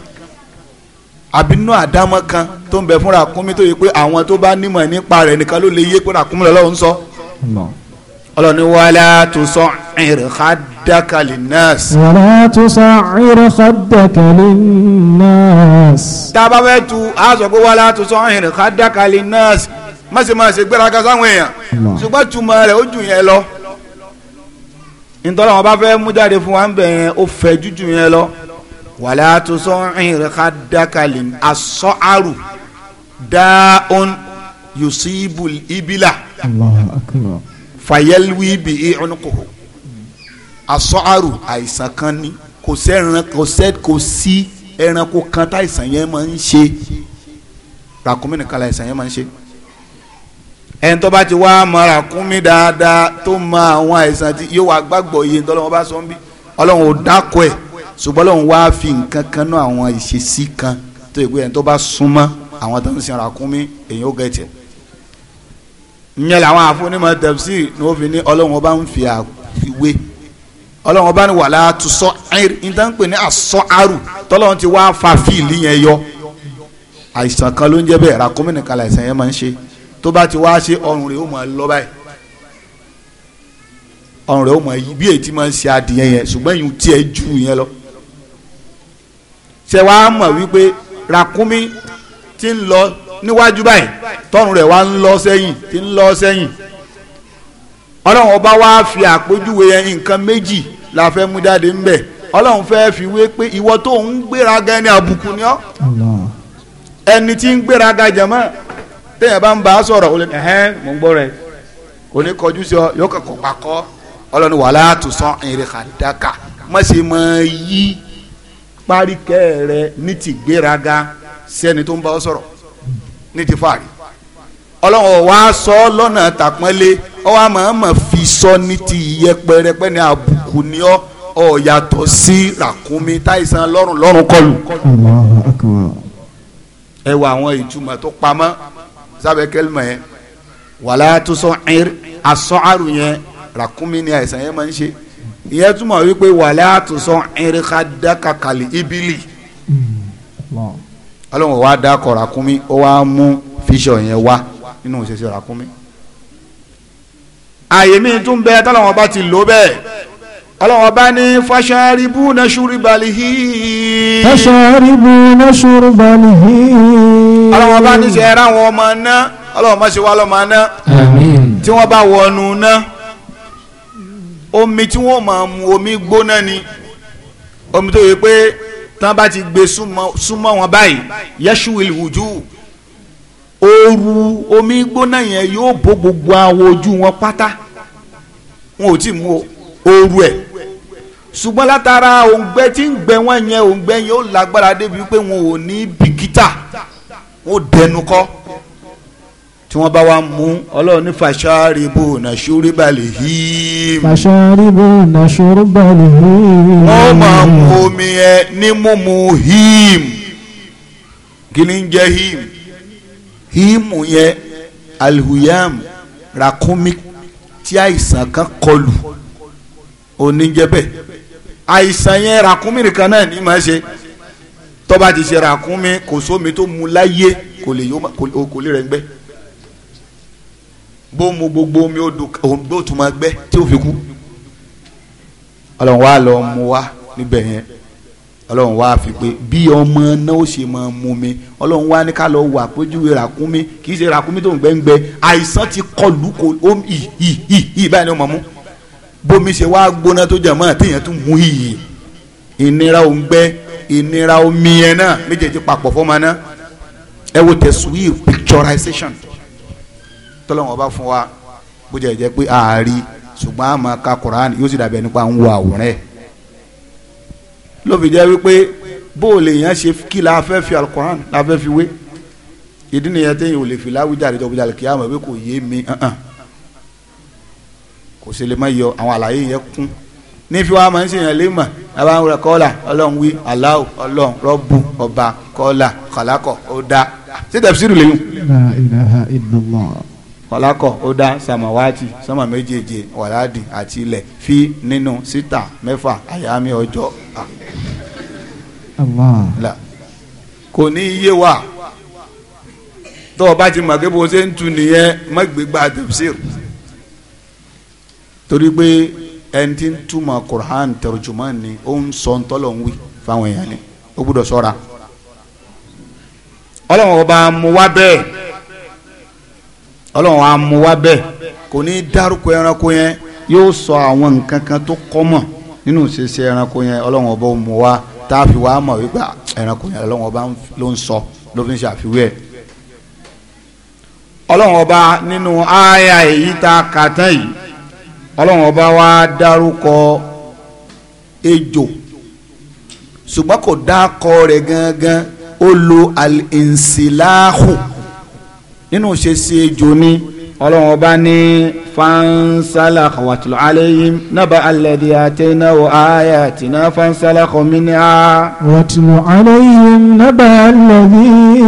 àbínú àdámọ́ kan tó ń bẹ fún ràkúnmí tó yẹ pé àwọn tó bá nímọ̀ nípa rẹ̀ nìkan ló lè yé pé ràkúnmí lọ́wọ́ ń sọ. ọlọ́ni wàlá tó sọ ìrìnkàdàkà lè nọ́ọ̀sì. wàlá tó sọ ìrìnkàdàkà lè nọ́ọ̀sì. tá a bá fẹ́ tu a sọ pé wàlá tó sọ ìrìnkàdàkà lè nọ́ọ̀sì má ṣe máa ṣe gbéraga sáwọn èèyàn ṣùgbọ́n túmọ̀ rẹ̀ ó jù yẹn lọ nítorí àwọn bá fẹ́ mú jáde fún wa ń bẹ̀ yẹn ó fẹ́ jújù yẹn lọ wàlá tó sọ́hìn kadakalin asọ́àrù dáhùn yusibu ibila fayelwi bi icunuku asọ́àrù àìsàn kan ni kò sẹ́ran kò sẹ́ kò sí ẹranko kan tá àìsàn yẹn máa ń ṣe ràkúnmí nìkan àìsàn yẹn máa ń ṣe ẹni tó bá ti wá mọ ràkúnmí dáadáa tó mọ àwọn àìsàn tí yóò wá gbàgbọ́ yìí ńtọ́lọ́wọ́n bá sọ ń bí ọlọ́run ò dákọ̀ ẹ̀ ṣùgbọ́n lóun wá fi nǹkan kan náà àwọn ìṣesí kan tó yẹ pé ẹni tó bá súnmọ́ àwọn tó ń sin ràkúnmí èyàn ó gẹ̀tẹ̀ nyẹ làwọn àfúnímọ̀ tafsir ní ó fi ní ọlọ́run ọba ń fi àfiwé ọlọ́run ọba ní wàhálà tó sọ ẹ̀rín tó ń pè ní àsọ àrù tọ́lọ́run ti wá fa fíìlì yẹn yọ àìsàn kan ló ń jẹ́ bẹ́ẹ̀ ràkúnmí nìkan àìsàn yẹn máa ń ṣe tó bá ti wá ṣe ọrùn rẹ̀ ó máa lọ báyìí ọrùn rẹ̀ ó máa yí bí èyí ti máa ń ṣe adìyẹ yẹn ṣùgbọ́n ìyún tiẹ̀ ju yẹn lọ ṣe wàá mọ̀ wípé ràkúnmí ti ń lọ níwájú báyìí tọ́run rẹ̀ wá ń lọ sẹ́yìn ti ń lọ sẹ́yìn ọlọ́run ọba wá fi àpèjúwe nǹkan méjì la fẹ́ mú jáde ńbẹ̀ ọlọ́run fẹ́ fi wé pé ìwọ tó ń gbéraga ẹni àbùkù ni ọ́ ẹni tí ń gbéraga jẹ̀mọ́ téèyàn bá ń bá a sọ̀rọ̀ ó lè ẹ̀hẹ́n mò ń gbọ́ rẹ̀ kò ní kọjú sí ọ yóò kọ̀ pàkọ́ ọlọ́run wàhálà tó sàn ìrìn kàdákà má ṣe máa yí parikẹ́ rẹ ní ti gbéraga sẹ́ni tó ń bá ọ sọ̀rọ̀ ní ti fàárì ọlọ́run wa sọ ọ́ lọ́nà tàpọ́nlé ọwọ́ àmọ́ fi sọ ní ti yẹpẹrẹ ní àbùkù ni ọ́ ọ yàtọ̀ sí ràkúnmí táìsàn lọ́rùn lọ́rùn kọlù. ẹ wà àwọn ìtumọ̀ tó pamọ́ sábẹ́ kẹlẹ́mọ̀ yẹn wàlá tó sọ asọ́ àrùn yẹn ràkúnmí ni àìsàn yẹn máa ń ṣe ìyẹn túmọ̀ wípé wàlẹ́ àtúnṣan irinka dákàkàlì ibili ọlọ́run wa dá kọ̀ ràkúnmí ó wá mú fíṣọ̀ yẹn wá nínú òṣèṣe ràkúnmí àyè mi tún bẹ tọ́lọ́wọ́n bá ti lò bẹ́ẹ̀ ọlọ́wọ́n bá ní fàṣàrìbù náà ṣùrìbàlì hìí. fàṣàrìbù náà ṣùrìbàlì hìí. ọlọ́wọ́n bá ní ṣe àwọn ọmọ náà ọlọ́wọ́n má ṣe wá lọ́mọ náà tí wọ́n bá wọnú náà omi tí wọ́n máa mu omi gbóná ni omi tó yẹ pé tán bá ti gbé súnmọ́ wọn báyìí yẹ́sù ìlújú ooru omi gbóná yẹn yóò bó gbogbo àwọn ojú wọn pátá wọn ò tí mu ooru ẹ̀ ṣùgbọ́n látara òǹgbẹ tí ń gbẹ wọn yẹn òǹgbẹ yẹn ó lágbára débi pé wọn ò ní bìkítà wọn ò dẹnu kọ́ tí wọ́n bá wá mú ọlọ́run ní fàṣàrìbù nàṣúrí balẹ̀ hìm. fàṣàrìbù nàṣúrí balẹ̀ hìm. wọ́n máa mú omi ẹ ní mímu hìm kí ń jẹ́ hìm hímù yẹn alhuyam rakumi tí àìsàn kan kọlù oníjẹbẹ àìsàn yẹn rakumi nìkan náà ní máa ṣe tó ti ṣe rakumi kò sómi tó mu láyé kò lè rẹ̀ ń gbẹ́ bó mu gbogbo omi odò òun gbó tó máa gbẹ tí ó fi kú ọlọ́run wa lọ mu wa níbẹ̀ yẹn ọlọ́run wa fi pé bí ọmọ náà ó ṣe máa mu mi ọlọ́run wa ní ká lọ wà pójúwe ràkúnmí kì í ṣe ràkúnmí tó ń gbẹ́ngbẹ́ àìsàn ti kọlù kò ó ì ì ì ì báyìí ni ó máa mú bómi ṣe wá gbóná tó jẹ mọ́ àtẹ̀yẹn tó mú iyì ìnira òǹgbẹ ìnira omi yẹn náà méjèèjì papọ̀ fọ́ máa ẹ wo tẹ̀sùwìr picturization tọ́lọ́wọ́n bá fún wa bó jẹ́ jẹ́ pé ààrí ṣùgbọ́n àmọ́ ka Quran yóò sì dàbẹ̀ nípa ń wo àwòrán ẹ̀ ló fi jẹ́ wípé bó o lè yàn ṣe kí la fẹ́ fi alukoran la fẹ́ fi wé ìdí nìyẹn téèyàn ò lè fi láwùjáde tó bójá kí á mọ̀ pé kò yé mi kò sì lè má yọ àwọn àlàyé yẹn kún ní fi wá máa ń ṣèyàn lé mọ̀ bàbá ń rẹ kọ́là ọlọ́run wí aláwọ̀ ọlọ́run rọ́bù ọba kọ́là kàlákọ̀ ọ̀dà ṣé tẹ̀síìrì lè yùn kọlákọ ó dá samawati sama méjèèje wàládì àti ilẹ̀ fi nínú síta mẹ́fà àyàmì ọjọ́ Allah kò ní iye wa tó o bá ti mọ̀ pé bó ṣe ń tu nìyẹn má gbégbá tafsir torí pé ẹni tí ń túmọ̀ Qur'an tẹ̀rùjùmọ́ ni ó ń sọ ń tọ́lọ̀ ń wí fáwọn èèyàn ni ó gbúdọ̀ sọ́ra ọlọ́run ọba mu wá bẹ́ẹ̀ ọlọ́run á mú wa bẹ́ẹ̀ kò ní dárúkọ ẹranko yẹn yóò sọ àwọn nǹkan kan tó kọ́mọ̀ nínú ṣíṣe ẹranko yẹn ọlọ́run ọba mú wa tá a fi wá mọ̀ wípé ah, ẹranko yẹn ọlọ́run ọba ló ń sọ ló fi ń ṣàfiwé ẹ̀ ọlọ́run ọba nínú àyà èyí tá a yìí ọlọ́run ọba wa dárúkọ ejò ṣùgbọ́n kò dákọ rẹ̀ gangan ó lo al nínú ṣe sí ejò ní ọlọ́run ọba ní fansala khawatul alayhim naba alladhi atayna wa ayatina fansala minha. watlu alayhim naba alladhi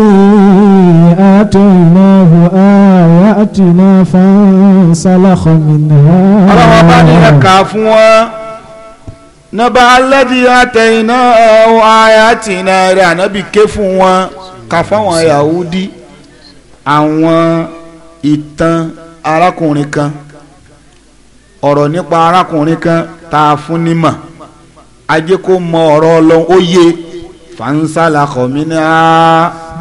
atayna wa ayatina fansala minha. ọlọ́run ọba ní ẹ̀ka fún wọn naba alladhi atayna wa ayatina rẹ̀ ànábì ké fún wọn kà fáwọn Yahudi àwọn ìtàn arákùnrin kan ọ̀rọ̀ nípa arákùnrin kan tá a fún ní mọ̀ ajé kó mọ ọ̀rọ̀ ọlọ́run ó yé fansala kọ̀mínà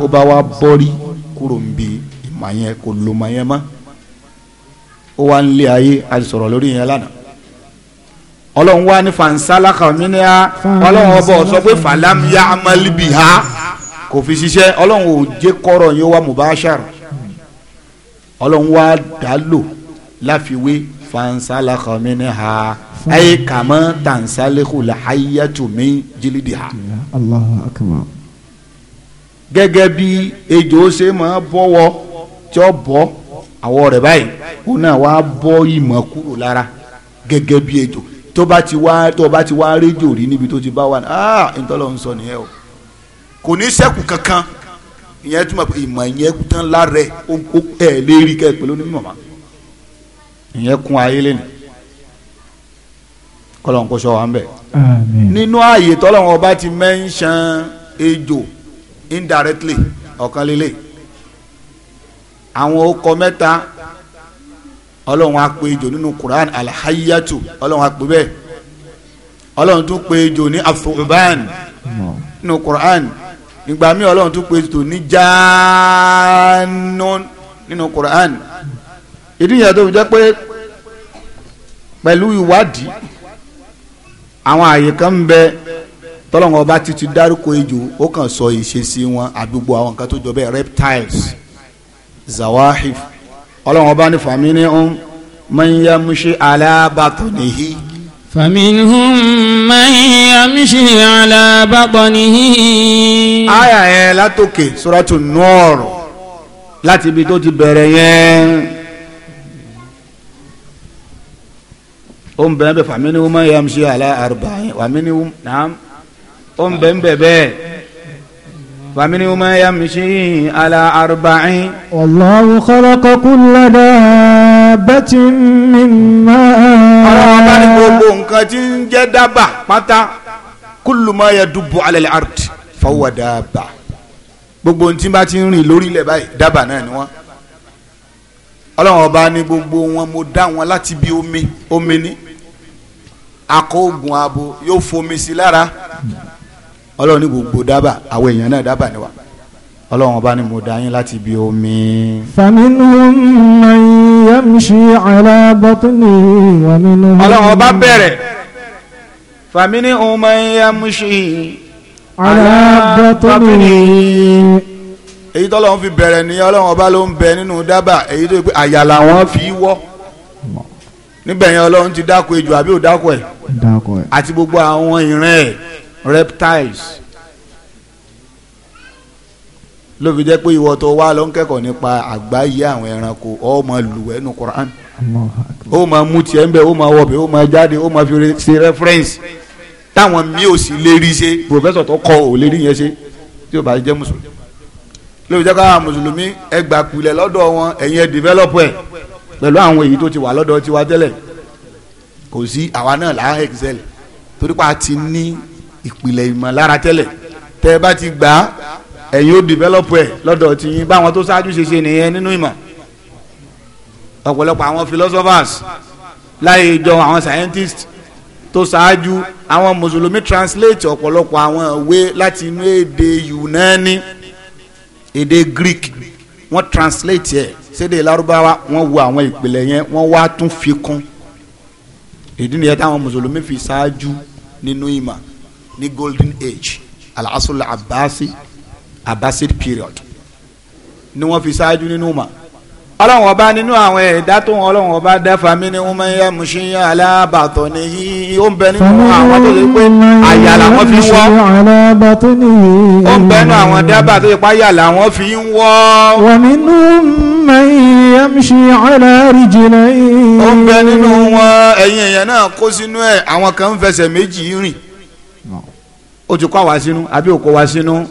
ó bá wa bọ́rí kúrò ń bi ìmọ̀ yẹn kò lò mọ̀ yẹn mọ́ ó wá ń lé ayé a ti sọ̀rọ̀ lórí yẹn lánàá ọlọ́run wá ní fansala kọ̀mínà ọlọ́run ọba ọ̀sọ́ pé falam ya amalibi ha kò fi ṣiṣẹ́ ọlọ́run ò jẹ́ kọ́rọ̀ yín wá mubashar ọlọ́run wá dálò láfiwé fansalakha minha ayé kàmọ́ tansalekhu la hayatu min jilidiha. Allahu akbar. gẹ́gẹ́ bí ejò ṣe máa bọ́wọ́ tí ó bọ́ àwọ̀ rẹ̀ báyìí ó náà wá bọ́ ìmọ̀ kúrò lára gẹ́gẹ́ bí ejò tó bá ti wá rédíò rí níbi tó ti bá wà ní ah ntọ́lọ́ ń sọ nìyẹn o kò ní sẹ́kù kankan ìyẹn túmọ̀ pé ìmọ̀ ìyẹn tán lára ẹ̀ ẹ̀ lérí kẹ́ ẹ̀ pẹ̀lú onímọ̀ mọ́ ìyẹn kún ayé lẹ́nu kọlọ́n kó sọ wa ń bẹ̀. nínú ààyè tọ́lọ́wọ́n ọba ti mẹ́ńsán ejò indirectly ọ̀kan lélẹ̀ àwọn okọ mẹ́ta ọlọ́run á pe ejò nínú Quran alhayyatu ọlọ́run á pe bẹ́ẹ̀ ọlọ́run tún pe ejò ní afuban nínú Quran. No ìgbà mi ọlọ́run tún pe tò ní jáánú nínú Quran ìdí yẹn tó fi jẹ́ pé pẹ̀lú ìwádìí àwọn àyè kan ń bẹ tọ́lọ́wọ́n ọba ti ti dárúkọ ejò ó kàn sọ ìṣesí wọn àdúgbò àwọn nǹkan tó jọ bẹ́ẹ̀ reptiles zawahif ọlọ́wọ́n ọba ní fàmí ní ń man yamshi ala فمنهم من يمشي على بطنه àyà yẹn látòkè sọ́rọ́tù nọ́ọ̀rù láti ibi tó ti bẹ̀rẹ̀ yẹn ó ń bẹ̀rẹ̀ bẹ̀ فمنهم من يمشي على أربع ومنهم نعم ó ń bẹ̀rẹ̀ bẹ̀ bẹ́ẹ̀. فمنهم يمشي على أربع والله خلق كل دابة من ماء ọlọ́run bá ní gbogbo nǹkan tí ń jẹ́ dábà pátá kullu ma yadubbu ala al-ard fahuwa dábà gbogbo ohun tí bá ti ń rìn lórí ilẹ̀ báyìí dábà náà ni wọ́n ọlọ́run ọba ní gbogbo wọn mo dá wọn láti bí omi omi ní akọ oògùn abo yóò fomi sí lára ọlọ́run ní gbogbo dábà àwọn èèyàn náà dábà ni wa ọlọ́run ọba ni mo dá yín láti ibi omi. faminhum man yamshi ala batni wa minhum. ọlọ́run ọba bẹ̀rẹ̀ faminhum man yamshi ala batni èyí tọ́lọ́run fi bẹ̀rẹ̀ ni ọlọ́run ọba ló ń bẹ nínú dábà èyí tó pé àyà làwọn fi wọ́ níbẹ̀ yẹn ọlọ́run ti dáko ejò àbí ò dáko ẹ̀ àti gbogbo àwọn ìran ẹ̀ reptiles ló fi jẹ́ pé ìwọ tó wá lọ ń kẹ́kọ̀ọ́ nípa àgbáyé àwọn ẹranko ó máa lù ẹnu Quran ó máa mú tiẹ̀ ń bẹ̀ ó máa wọ̀bẹ̀ ó máa jáde ó máa fi ṣe reference táwọn mi ò sì lè rí ṣe professor tó kọ ò lè rí yẹn ṣe tí o bá jẹ́ mùsùlùmí ló fi jẹ́ káwọn mùsùlùmí ẹgbàá pilẹ̀ lọ́dọ̀ wọn ẹ̀yin ẹ̀ develop ẹ̀ pẹ̀lú àwọn èyí tó ti wà lọ́dọ̀ tiwa tẹ́lẹ̀ kò sí àwa náà là excel torí pa ti ní ìpìlẹ̀ ìmọ̀lára tẹ́lẹ̀ tẹ́ ẹ bá ti gbà á ẹ̀yin ó dìvẹ́lọ́pù ẹ̀ lọ́dọ̀ tí yín báwọn tó ṣáájú ṣe ṣe nìyẹn nínú ìmọ̀ ọ̀pọ̀lọpọ̀ àwọn philosophers láyé ìjọ àwọn scientists tó ṣáájú àwọn mùsùlùmí translate ọ̀pọ̀lọpọ̀ àwọn ìwé láti inú èdè Yunani èdè Greek wọ́n translate ẹ̀ sédè lárúbáwá wọ́n wo àwọn ìpìlẹ̀ yẹn wọ́n wá tún fi kún ìdí nìyẹn táwọn mùsùlùmí fi ṣáájú nínú ìmọ̀ ní golden age alasul abasi abbasid period ni wọ́n fi ṣáájú nínú ma ọlọ́run ọba nínú àwọn ẹ̀dá tó ń ọlọ́run ọba dáfa mí ni wọ́n máa ń yá mùsùlùmí alábàtọ̀ ni yìí ó ń bẹ nínú àwọn tó ṣe pé àyà làwọn fi wọ́ ó ń bẹ nínú àwọn dábà tó ṣe pé àyà làwọn fi ń wọ́. wà nínú mẹ́yìn yẹ́mùsì aláàrìjìnlẹ̀ yìí. ó ń bẹ nínú wọn ẹ̀yìn èèyàn náà kó sínú ẹ̀ àwọn kan ń fẹsẹ̀ méjì rìn ó ti kọ́ wa sínú àbí ó kọ́ wa sínú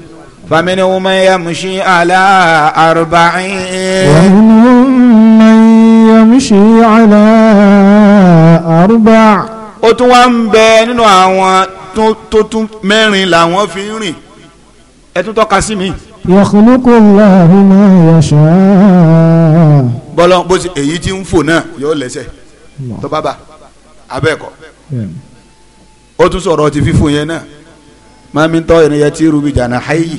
famini wuma ya mushi ala arba'in. wàhùnmá ya mushi ala arba'. ó tún wá ń bẹ nínú àwọn tó tún mẹ́rin làwọn fi ń rìn ẹ tún tọ́ka sí mi. yakhluqu Allahu ma yasha. bọ́lá bó ti èyí tí ń fò náà yóò lẹ́sẹ̀ tó bá bá abẹ́ẹ̀kọ́ ó tún sọ̀rọ̀ ti fífò yẹn náà ma min tọ́ yẹn yatiru bi janahihi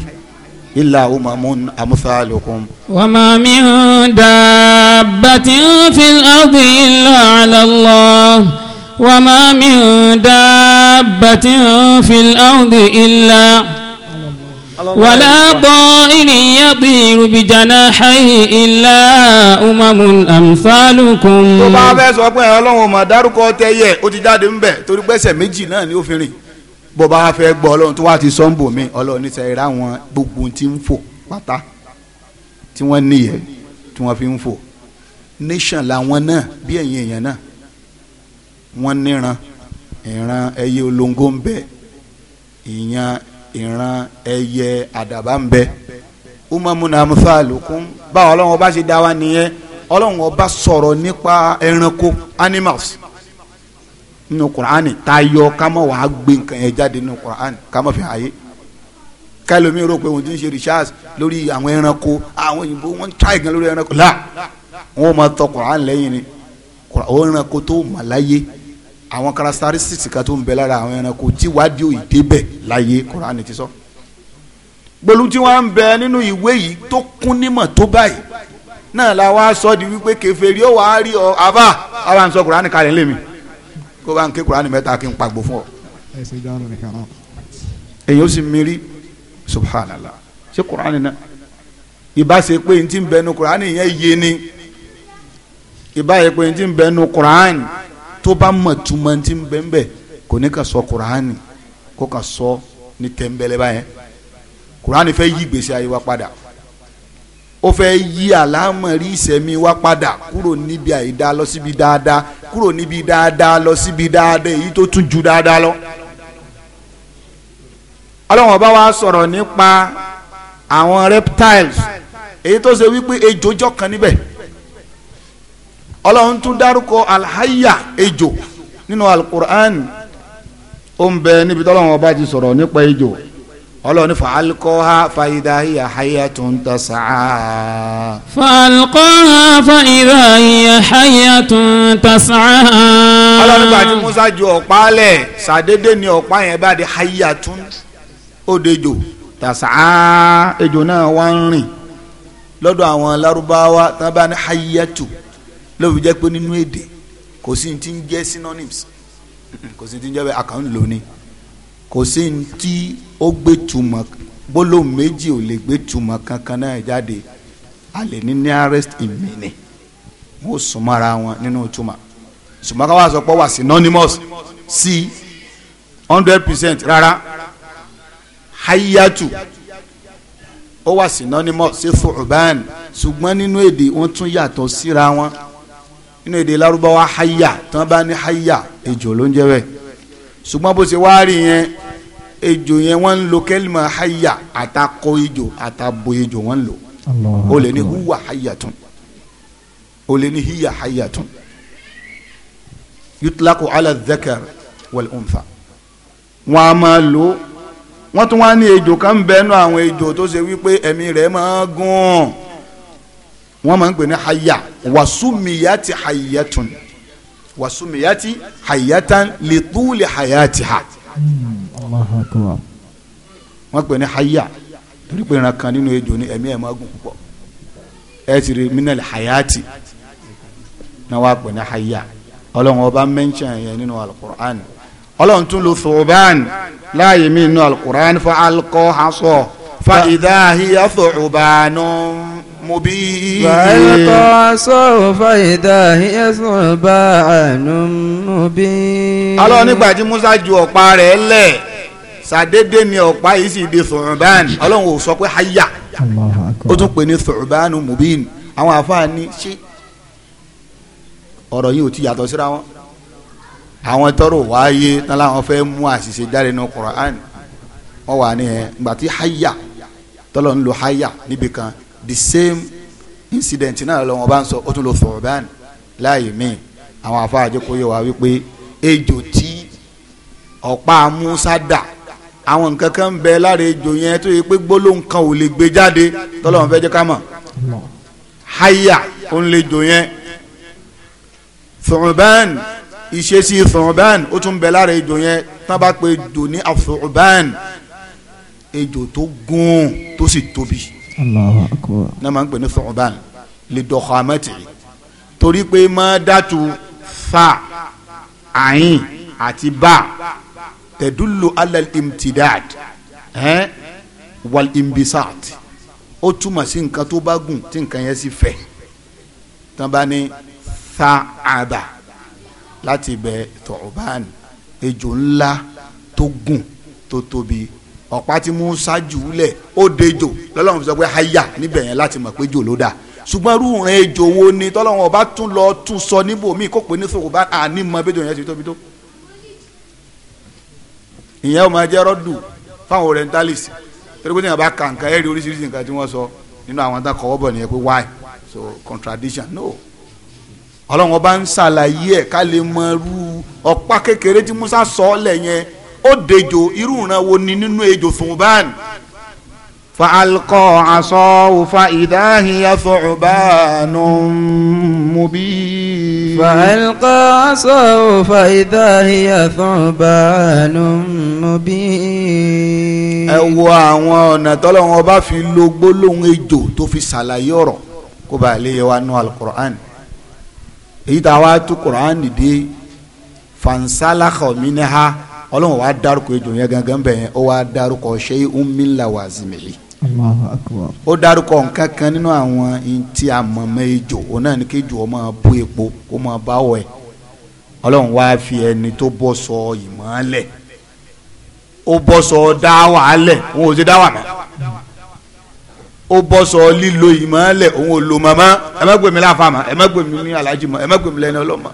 illa umamun amsalukum. wa ma min dabbatin fil ardi illa ala Allah wa ma min dabbatin fil ardi illa ولا طائر يطير بجناحيه إلا أمم أمثالكم. tó bá fẹ́ sọ pé ọlọ́run mà dárúkọ tẹ́yẹ̀ ó ti jáde ń bẹ̀ torí pẹ́sẹ̀ méjì náà ni ó fi rìn bó bá fẹ́ gbọ́ ọlọ́run tó wá ti sọ́ńbò mi ọlọ́run ní sẹ́yìn ráwọn gbogbo tí ń fò pátá tí wọ́n níyẹ̀ tí wọ́n fi ń fò nation làwọn náà bí ẹ̀yin èèyàn náà wọ́n níran ìran ẹyẹ olóńgó ń bẹ ìyan ìran ẹyẹ àdàbà ń bẹ umamuna amsalukum báwo ọlọ́run ọba ṣe dá wa nìyẹn ọlọ́run ọba sọ̀rọ̀ nípa ẹranko animals nínú Qur'ani tá a yọ ká má wàá gbé nǹkan yẹn jáde nínú Qur'ani ká má fi àyè kẹlòmíì rò pé wọn ti ń ṣe research lórí àwọn ẹranko àwọn òyìnbó wọn ń try gan lórí ẹranko là wọn ò máa tọ Qur'ani lẹ́yìn ni àwọn ẹranko tó mà láyé àwọn characteristics kan tó ń bẹ lára àwọn ẹranko tí wádìí ò débẹ̀ láyé Qur'ani ti sọ. gbolu tí wọn ń bẹ nínú ìwé yìí tó kún nímọ̀ tó báyìí náà la wá sọ di wípé kèfèrí ó wàá rí ọ kó bá ń ké kurani mẹ́ta kí n pàgbó fún ọ. èyí ó sì mírí subhanallah ṣé kurani náà ìbá ṣe pé n ti bẹnu kurani yẹn yé ni ìbá ṣe pé n ti bẹnu kurani tó bá mọ̀ túmọ̀ n ti bẹ́ńbẹ́ kò ní ka sọ kurani kó ka sọ ní tẹ́ńbẹ́lẹ́ báyẹn kurani fẹ́ yí gbèsè ayé wa padà ó fẹ́ yí àlámọ̀rí ìsẹ̀mí wa padà kúrò níbi àìdá lọ síbi dáadáa kúrò níbi dáadáa lọ síbi dáadáa èyí tó tún ju dáadáa lọ. ọlọ́run ọba wa sọ̀rọ̀ nípa àwọn reptiles èyí tó ṣe wípé ejò jọ kan níbẹ̀ ọlọ́run tún dárúkọ alhaya ejò nínú alukur'an ó ń bẹ níbi tọ́lọ́run ọba ti sọ̀rọ̀ nípa ejò ọlọ́run fa alukọ́ha fa idha hiya hayyatun tas'a. fa alukọ́ha fa idha hiya hayyatun tas'a. ọlọ́run gba tí musa ju ọ̀pá lẹ̀ sàdédé ni ọ̀pá yẹn bá di hayyatun òdejò tas'a ejò náà wá ń rìn lọ́dọ̀ àwọn Lárúbáwá tí bá ní hayyatu ló fi jẹ́ pé nínú èdè kò sí ti ń jẹ́ synonyms kò sí ti ń jẹ́ bẹ́ẹ̀ àkànlò ni kò sí ti ó gbé túmọ̀ gbólóhùn méjì ò lè gbé túmọ̀ kankan náà jáde a lè ní nearest ìmìnì wọn ò súnmọ́ ara wọn nínú túmọ̀ ṣùgbọ́n ká wá wà synonymous sí hundred percent rárá hayatu ó wà synonymous sí thuban ṣùgbọ́n nínú èdè wọn tún yàtọ̀ síra wọn nínú èdè lárúbáwá haya tán bá ní haya ejò ló ń jẹ́ bẹ́ẹ̀ ṣùgbọ́n bó ṣe wá rí yẹn ejò yẹn wọ́n ń lo kẹ́lìmọ̀ háyà àtakọ ejò àtabo ejò wọ́n ń lò ó lè ní húwà háyà tún ó lè ní híyà háyà tún yutlaku ala dhakar wal untha wọ́n a máa lò wọ́n tún wá ní ejò kan ń bẹ́ẹ̀ àwọn ejò tó ṣe wípé ẹ̀mí rẹ̀ máa gùn wọ́n máa ń pè ní háyà wàsúmìyàtì háyàtún wàsúmìyàtì háyàtán lè túlẹ̀ háyàtì ha. Hayat wọ́n pè ní haya torí pé ìran kan nínú ejò ní ẹ̀mí ẹ̀ máa gùn púpọ̀ ẹ̀ sì rí minal hayati náà wàá pè ní haya ọlọ́run ọba mẹ́ńṣẹ̀ yẹn nínú alukur'an ọlọ́run tún lu thuban láàyè mí nínú alukur'an fa alkọ́ hasọ fa ìdáhìyà thubanun. مبين فألقى عصاه فإذا هي ثعبان مبين Ọlọ́run nígbà tí Musa ju ọ̀pá rẹ̀ ni ọ̀pá yìí sì di ثعبان Ọlọ́run ò sọ pé háyà ó tún pè ní ثعبان مبين àwọn àfáà ní ọ̀rọ̀ yìí ò ti yàtọ̀ síra wọn àwọn tọrọ wáyé tán láwọn fẹ́ mú àṣìṣe jáde ní Qur'an wọn wà ní ẹ gbàtí háyà tọ́lọ́ ń lo háyà níbi kan the same incident náà lọ́wọ́ bá ń sọ ó tún lọ sọ̀rọ̀ báyìí láàyè míì àwọn afáàjẹ kò yẹ wá wípé ejò tí ọ̀pá Musa dà àwọn nǹkan kan ń bẹ lára ejò yẹn tó yẹ pé gbólóhùn kan ò lè gbé jáde tọ́lọ́wọ́n fẹ́ jẹ́ ká mọ̀ háyà ó ń lè jò yẹn sọ̀rọ̀bán ìṣesí sọ̀rọ̀bán ó tún bẹ lára ejò yẹn tán bá pe jò ní àsọ̀rọ̀bán ejò tó gùn tó sì tóbi Allahu akbar. náà máa ń pè ní sọ̀rọ̀bán lè dọ̀kọ̀ àmọ́tì torí pé máa dàtú fa àyìn àti bá tẹ̀dúlù alal imtidad ẹ́ wal imbisat ó túmọ̀ sí nǹkan tó bá gùn tí nǹkan yẹn sì fẹ̀ tán bá sa'aba láti bẹ tọ̀ọ̀bán ejò ńlá tó gùn tó tóbi ọ̀pá tí Musa jùúlẹ̀ ó dejò lọ́lọ́run fi sọ pé háyà níbẹ̀ yẹn láti mọ̀ pé jò ló dà ṣùgbọ́n rúùn ejò wo ni tọ́lọ́run ọba tún lọ tún sọ níbo míì kó pé ní sòkò bá àní mọ bẹ́jọ yẹn ti tóbi tó. ìyẹn ó máa jẹ́ rọ́dù fáwọn orientalist torí pé ní àbá kàǹkà ẹ̀rí oríṣiríṣi nǹkan tí wọ́n sọ nínú àwọn tá kọ́wọ́ bọ̀ nìyẹn pé why so contradiction no ọlọ́run ọba ń ṣàlàyé ẹ̀ ká lè mọ irú ọ̀pá kékeré tí Musa sọ ọ́ lẹ̀ yẹn ó dejò irú ìran wo ni nínú ejò sùnbàn. fa alkọ aṣọ fa ìdáhìyà sùnbànù mubí. fa alkọ aṣọ fa ìdáhìyà sùnbànù mubí. ẹ wo àwọn ọ̀nà tọ́lọ́wọ́n bá fi lo gbólóhùn ejò tó fi ṣàlàyé ọ̀rọ̀ kó bàa lè yẹ wa nú alukur'an èyí tá a wá tú kur'an dìde fansalakọ̀ mi ní ha ọlọ́run wàá dárúkọ ejò yẹn gangan bẹ̀ ó wàá dárúkọ shay'un min lawazimihi. Allahu ó dárúkọ nǹkan kan nínú àwọn ntí àmọ̀mọ́ ejò òun náà ní kí ejò máa bú epo kó máa bá ẹ̀ ọlọ́run wàá fi ẹni tó bọ́ sọ ìmọ̀ọ́lẹ̀ ó bọ́ sọ dáwà alẹ̀ òun ò ti dáwà mọ́ ó bọ́ sọ lílo ìmọ̀ọ́lẹ̀ òun ò lò mọ́ mọ́ ẹ má gbèmí láfa mọ́ ẹ má gbèmí ní alájì mọ́ ẹ má gbèmí lẹ́ni ọlọ́mọ́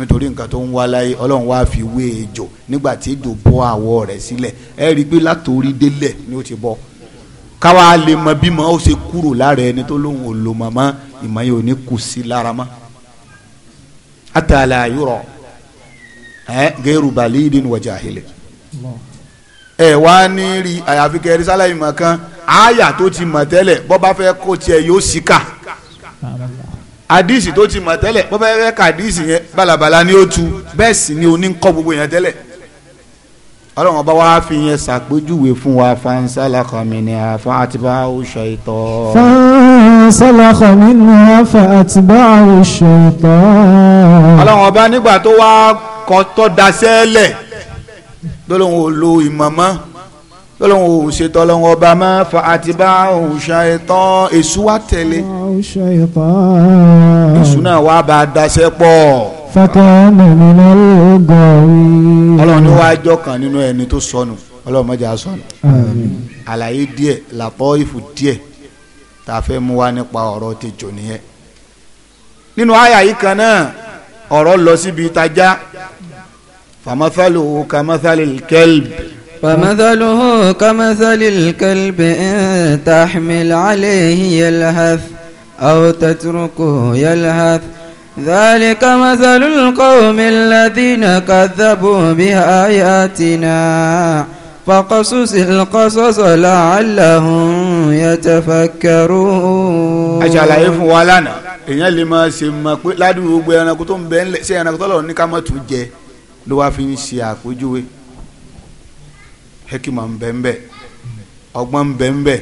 nítorí nǹkan tó ń wá láyé ọlọ́run wá fi wé e jò nígbà tí ìjò bọ́ àwọ̀ rẹ̀ sílẹ̀ ẹ rí i pé látòrí délẹ̀ ni ó ti bọ́ káwa lè mọ bímọ ó ṣe kúrò lára ẹni tó lóun ò lò mọ̀mọ́ ìmọ̀ yìí ò ní kù sí lára mọ́ àtàlà yúrọ̀ ẹ gẹ́rù balẹ̀ ìdí ni wọ́jà àhìlẹ̀ ẹ wá ní rí àyàfi kẹrin sálàyé mọ̀ kan àyà tó ti mọ̀ tẹ́lẹ̀ bọ́ bá fẹ́ kó tiẹ̀ yóò síkà àdìsí tó ti mọ̀ tẹ́lẹ̀ bó bẹ́ẹ̀ fẹ́ ka yẹn balabala ni ó tu bẹ́ẹ̀ sì ni oníkọ́ gbogbo yẹn tẹ́lẹ̀ ọlọ́run ọba wa fi yẹn ṣàpèjúwe fún wa fansala kọ́mìnì àfa àtibá oṣù ìtọ́. fansala kọ́mìnì àfa àtibá oṣù ìtọ́. ọlọ́run ọba nígbà tó wá kọ́ tó daṣẹ́ lẹ̀ lọ́lọ́run ò lo ìmọ̀mọ́ lọ́lọ́run ò ṣètò ọlọ́run ọba mọ́ fa àtibá òòṣà ẹ̀tọ́ èṣù wa tẹ̀lé èṣù náà wà bá a daṣẹ́ pọ̀. fakana nínú oògùn rí. ọlọ́run ni wàá jọ kan nínú ẹni tó sọnù ọlọ́run mọ̀jà sọnù. àlàyé díẹ̀ làpọ̀ ìfù díẹ̀ tá a fẹ́ mú wa nípa ọ̀rọ̀ tẹjọ nìyẹn. nínú àyà yìí kan náà ọ̀rọ̀ lọ síbi ìtajà famathalu kamathali kelbi ومثله كمثل الكلب إن تحمل عليه يلهث أو تتركه يلهث ذلك مثل القوم الذين كذبوا بآياتنا فقصص القصص لعلهم يتفكرون àṣàlàyé fún wa lánàá èèyàn lè máa ṣe mọ̀ pé ládùúgbò ẹranko tó ń bẹ ńlẹ̀ sí ẹranko tó lọ́rọ̀ ní ká má tún jẹ ló wá fi ń ṣe àpèjúwe hekima ń bẹ ń bẹ ọgbọ́n ń bẹ ń bẹ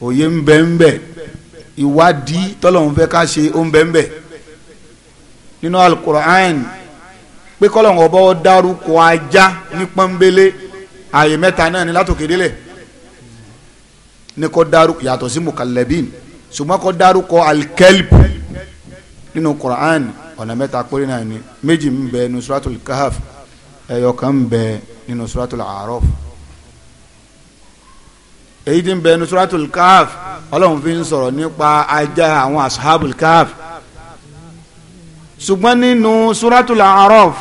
òye ń bẹ ń bẹ ìwádìí tọ́lọ́hún fẹ́ ká ṣe ó ń bẹ ń bẹ nínú alukur'an pé kọ́lọ́hún ọba ó dárúkọ ajá ní pọ́nbélé ààyè mẹ́ta náà ní látòkè délẹ̀ ní kó dárúkọ yàtọ̀ sí mukalabin ṣùgbọ́n kó dárúkọ alkelp nínú kur'an ọ̀nà mẹ́ta péré náà ni méjì ń bẹ nínú suratul kahf ẹ̀yọ̀kan ń bẹ nínú suratul a'raf èyí tí ń bẹ nusratul kaf ọlọ́run fi ń sọ̀rọ̀ nípa ajá àwọn ashabul kaf ṣùgbọ́n nínú suratul araf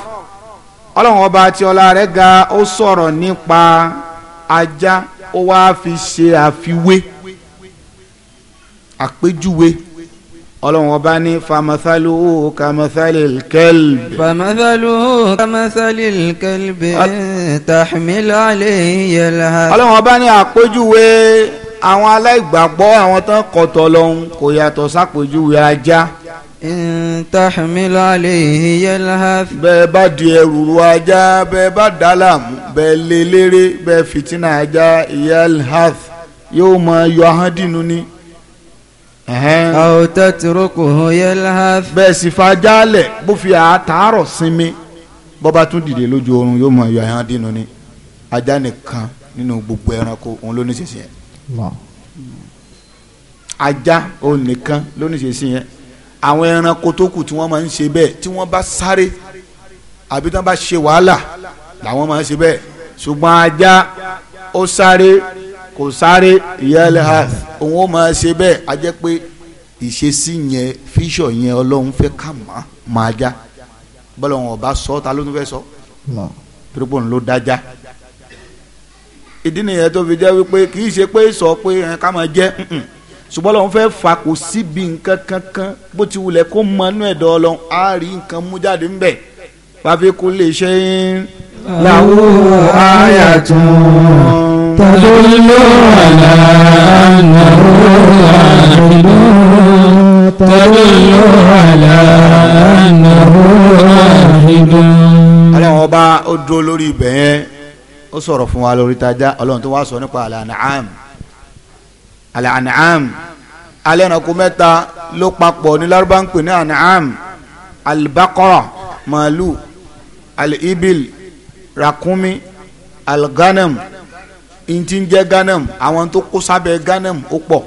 ọlọ́run ọba tí ọlá rẹ̀ ga ó sọ̀rọ̀ nípa ajá ó wá fi ṣe àfiwé àpéjúwe ọlọ́run ọba ní famathalu kamathalil kalb. famathalu kamathalil kalb. تحمل علي الهم ọlọ́run ọba ní àpèjúwe àwọn aláìgbàgbọ́ àwọn tán kọ̀tọ̀ lọ́hún kò yàtọ̀ sápèjúwe ajá. in tahmil alayhi yalhaf. bẹ́ẹ̀ bá di ẹrù ru ajá bẹ́ẹ̀ bá dà láàmú bẹ́ẹ̀ lé léré bẹ́ẹ̀ fìtínà ajá yalhaf yóò máa yọ ahọ́n dínú ní. àwòtẹ́ tìrókò yalhaf. bẹ́ẹ̀ sì fa jálẹ̀ bó fi àtàárọ̀ sinmi bọ́ba tún dìde lójú oorun yóò mọ ẹ̀yọ ẹ̀hán dínú ni ajá nìkan nínú gbogbo ẹranko òun ló ní ṣèṣì yẹn ajá òun nìkan ló ní ṣèṣì yẹn àwọn ẹranko tó kù tí wọ́n máa ń ṣe bẹ́ẹ̀ tí wọ́n bá sáré àbí tí wọ́n bá ṣe wàhálà làwọn máa ń ṣe bẹ́ẹ̀ ṣùgbọ́n ajá ó sáré kò sáré ìyáálé ha òun ó máa ṣe bẹ́ẹ̀ a pé ìṣesí yẹn fíṣọ̀ yẹn ọlọ́run fẹ́ ká máa máa já bọ́lọ̀ wọn ọba sọ ta ló ń fẹ́ sọ pírípọ̀ ló dájá ìdí nìyẹn tó fi jẹ́ wípé kì í ṣe pé sọ pé ẹ̀ ká máa jẹ́ ṣùgbọ́n lọ́n fẹ́ fà kò síbi nǹkan kankan bó ti wulẹ̀ kó mọ inú ẹ̀dọ́ ọlọ́run á rí nǹkan mú jáde ńbẹ̀ pàfi kò lè ṣe é. làwọn àyà tún tàbí ló wà láàánú àdúgbò. تدل على أنه واحد ọlọ́run ọba ó dúró lórí ibẹ̀ yẹn ó sọ̀rọ̀ fún wa lórí tajà ọlọ́run tó wá sọ nípa al-an'am al-an'am alẹ́ranko mẹ́ta ló papọ̀ ní lárúbá ń pè ní an'am al-baqara màálù al ràkúnmí al ìtìjẹ́ ghanam àwọn tó kó sábẹ́ ghanam ó pọ̀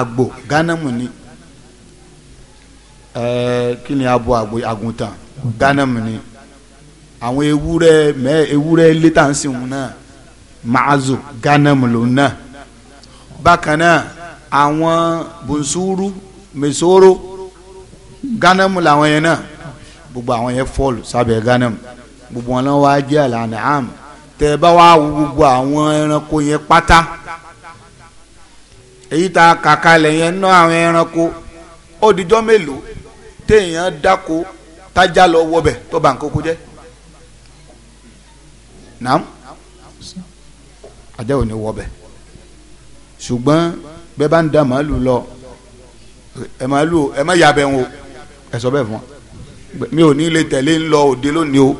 àgbò ghanam ni ẹ kí ni abo àgùntàn gánàmù ni àwọn ewúrẹ́ mẹ ewúrẹ́ létàǹsìwọn náà màázù gánàmù ló náà bákan náà àwọn bùnsúrú mèsòrò gánàmù làwọn yẹn náà gbogbo àwọn yẹn fọlù sábẹ́ gánàmù gbogbo wọn náà wá jẹ àlànà àmì tẹ ẹ bá wá wo gbogbo àwọn ẹranko yẹn pátá èyí tá a kàkà lẹ́yìn náà àwọn ẹranko ó dijọ́ mélòó téèyàn dáko tájà lọ wọbẹ̀ tó bá nǹkan kó jẹ́ naam ajá ò ní wọbẹ̀ ṣùgbọ́n bẹ́ẹ̀ bá ń da màálù lọ ẹ màálù ẹ má yabẹ̀ wọn o ẹ sọ bẹ́ẹ̀ fún wa mi ò ní lè tẹ̀lé ń lọ òde lónìí o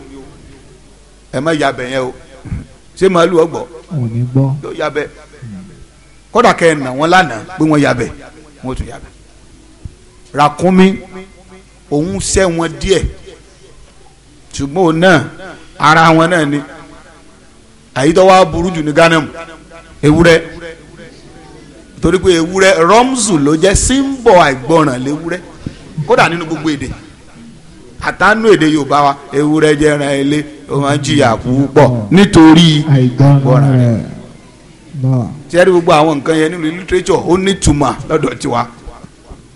ẹ má yabẹ̀ yẹn o ṣé màálù ọgbọ yóò yabẹ̀ kódà kẹ́ ẹ̀ nà wọ́n lánàá pé wọ́n yabẹ̀ wọ́n tún yabẹ̀ ràkúnmí òun sẹ́ wọn díẹ̀ ṣùgbọ́n òun náà ara wọn náà ni àyítọ́ wa burú jù ní gánàmù ewúrẹ́ torí pé ewúrẹ́ rọ́mùsù ló jẹ́ símbọ̀ àìgbọràn léwúrẹ́ kódà nínú gbogbo èdè àtànú èdè yorùbá wa ewúrẹ́ jẹ́ ẹran ilé ó máa ń jìyà púpọ̀ nítorí àìgbọràn rẹ̀ tí ẹ rí gbogbo àwọn nǹkan yẹn nínú literature ó nítumọ̀ lọ́dọ̀ tiwa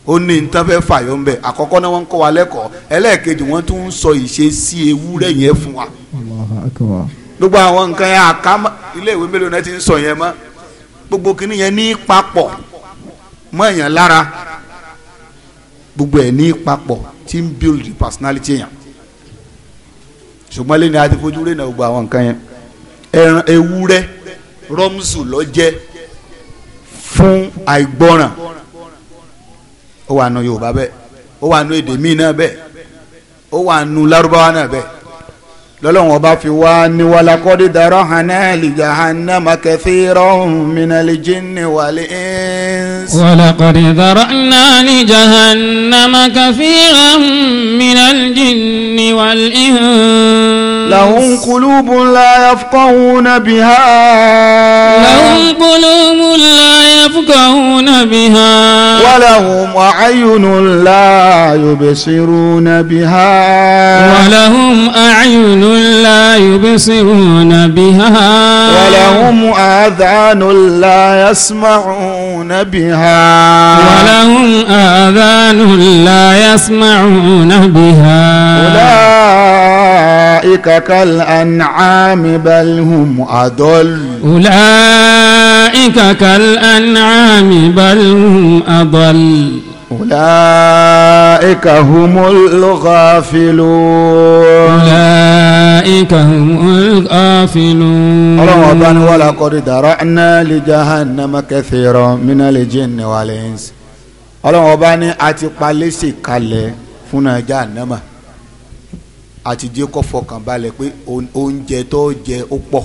ó ní ní tán fẹ́ fàyọ̀ ńbẹ àkọ́kọ́ náà wọ́n ń kọ́ wa lẹ́kọ̀ọ́ ẹlẹ́ẹ̀kejì wọ́n tún ń sọ ìṣesí ewúrẹ́ yẹn fún wa. gbogbo àwọn nǹkan yẹn àká ilé ìwé mélòó náà ti ń sọ yẹn mọ́ gbogbo kìíní yẹn ní papọ̀ mọ́ èèyàn lára gbogbo ẹ̀ ní papọ̀ tí ń build the personality yẹn ṣùgbọ́n lẹ́ni àti fojú rẹ̀ náà gbogbo àwọn nǹkan yẹn ẹran ewúrẹ́ rọ́mùsù ló fún àìgbọ́ràn ó wà nù Yorùbá bẹ́ẹ̀ ó wà nù èdè míì náà bẹ́ẹ̀ ó wà nù Lárúbáwá náà bẹ́ẹ̀ lọ́lọ́wọ́n bá fi wá ní walakọ́dí darọ́ haná lìjà haná makẹ́fìrọ́ minali jinni wàlẹ́ ẹ́nsì. walakọ́dí darọ́ haná lìjà haná makẹ́fìrọ́ minali jinni wàlẹ́ لهم قلوب لا يفقهون بها لهم قلوب لا يفقهون بها ولهم أعين لا يبصرون بها ولهم أعين لا يبصرون بها ولهم آذان لا يسمعون يسمعون بها ولهم آذان لا يسمعون بها أولئك كالأنعام بل هم أضل أولئك كالأنعام بل هم أضل أولئك هم الغافلون أولئك أولئك هم الغافلون رمضان ولقد درعنا لجهنم كثيرا من الجن والإنس ọlọ́run ọba ní a ti palẹ́sì kalẹ̀ fún ajá àti jẹ́ fọkàn balẹ̀ pé oúnjẹ tó jẹ ó pọ̀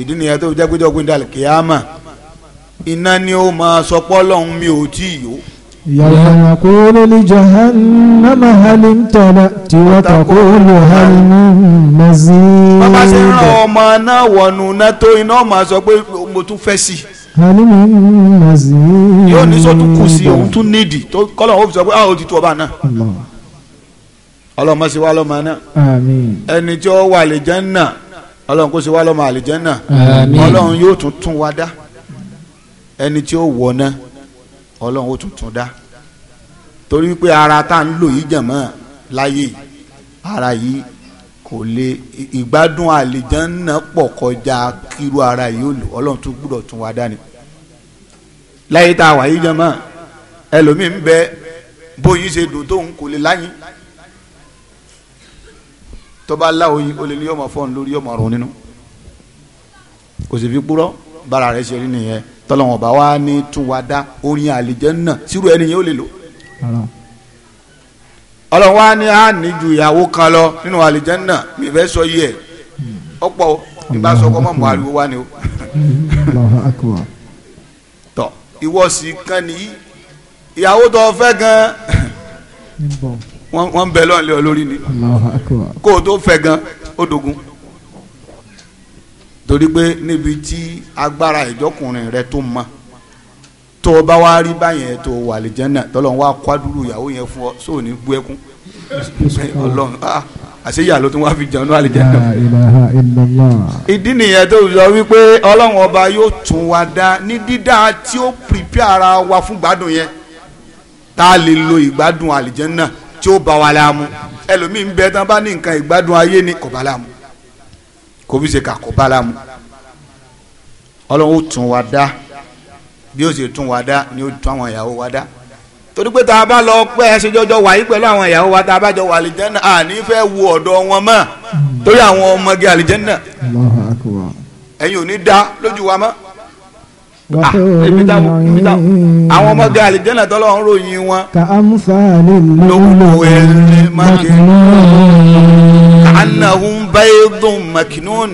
ìdí nìyẹn tó jẹ́ mi ò tí يوم نقول لجهنم هل امتلأت وتقول هل من مزيد bàbá ṣe ń ràn ọmọ náà wọnú náà tó iná máa sọ pé mo tún fẹ́ sí i. hali mi ma zi. yóò ní sọ tún kù sí òun tún nídìí tó kọ́lọ̀ ó fi sọ pé a ah, ò ti tu ọba náà. ọlọ́mọ sí wa lọ́mọ náà. ẹni tí ó wà àlìjẹ́nnà ọlọ́run kó sí wa lọ́mọ àlìjẹ́nnà. ọlọ́run yóò tún tún wa dá ẹni tí ó wọ̀ náà ọlọ́run ó tuntun dá torí pé ara tá à ń lò yìí jẹ̀mọ́ láyé ara yìí kò lè ìgbádùn àlìjánná pọ̀ kọjá kíru ara yìí ó lò ọlọ́run tún gbúdọ̀ tún wá dání láyé tá a wà yìí jẹ̀mọ́ ẹlòmíín bẹ bóyin ṣe dùn tóun kò lè láyìn tọ́ba aláwòye olè ní yọmọ fọ́ọ̀n lórí yọmọ ọ̀run nínú kò sì fi kúrọ́ bára rẹ̀ ṣe rí nìyẹn tọ́lọ́wọ́n bá wá ní tún wá dá orin àlìjẹ́nnà sírú ẹni yẹn lè lò. ọlọ́run wá ní á ní ju ìyàwó kan lọ nínú àlìjẹ́nnà mi fẹ́ sọ yìí ẹ̀ ọ̀pọ̀ ìgbà sọ kọ́ mọ̀ mọ́ ariwo wá ni o. tọ ìwọ sì kan nìyí ìyàwó tó fẹ́ gan wọ́n ń bẹ lọ́ọ̀lẹ́ olórí ni kó o tó fẹ́ gan ó dogun torí pé níbi tí agbára ìjọkùnrin rẹ tó mọ tó o bá wá rí báyẹn tó o wà lè jẹ́nà tọ́lọ́n wá kwádùrú ìyàwó yẹn fún ọ sóò ní bú ẹkún ọlọ́run ah, àṣeyà ló tún wá fi jẹun ní àlìjẹ́nà. ìdí nìyẹn tó sọ wípé ọlọ́run ọba yóò tún wa dá ní dídá tí ó pìpì ara wa fún gbádùn yẹn tá a lè lo ìgbádùn àlìjẹ́nà tí ó bá wa láàmú ẹlòmíín bẹ tán bá ní nǹkan ìgbádùn ayé ni kò bá láàmú kò bí ṣe kàkó bára mu ọlọ́run ó tún wa dá bí ó ṣe tún wa dá ni ó tún àwọn ìyàwó wa dá torí pé tá a bá lọ pẹ́ ẹ ṣe jọjọ wáyé pẹ̀lú àwọn ìyàwó wa tá a bá jọ wà àlìjẹ́nà àní fẹ́ wo ọ̀dọ̀ wọn mọ́ torí àwọn ọmọge àlìjẹ́nà ẹ̀yin ò ní dá lójú wa mọ́ ah, àwọn ọmọge àlìjẹ́nà tọ́lọ́ ń ròyìn wọn lówó ẹni máa kí n innahum baydun maknun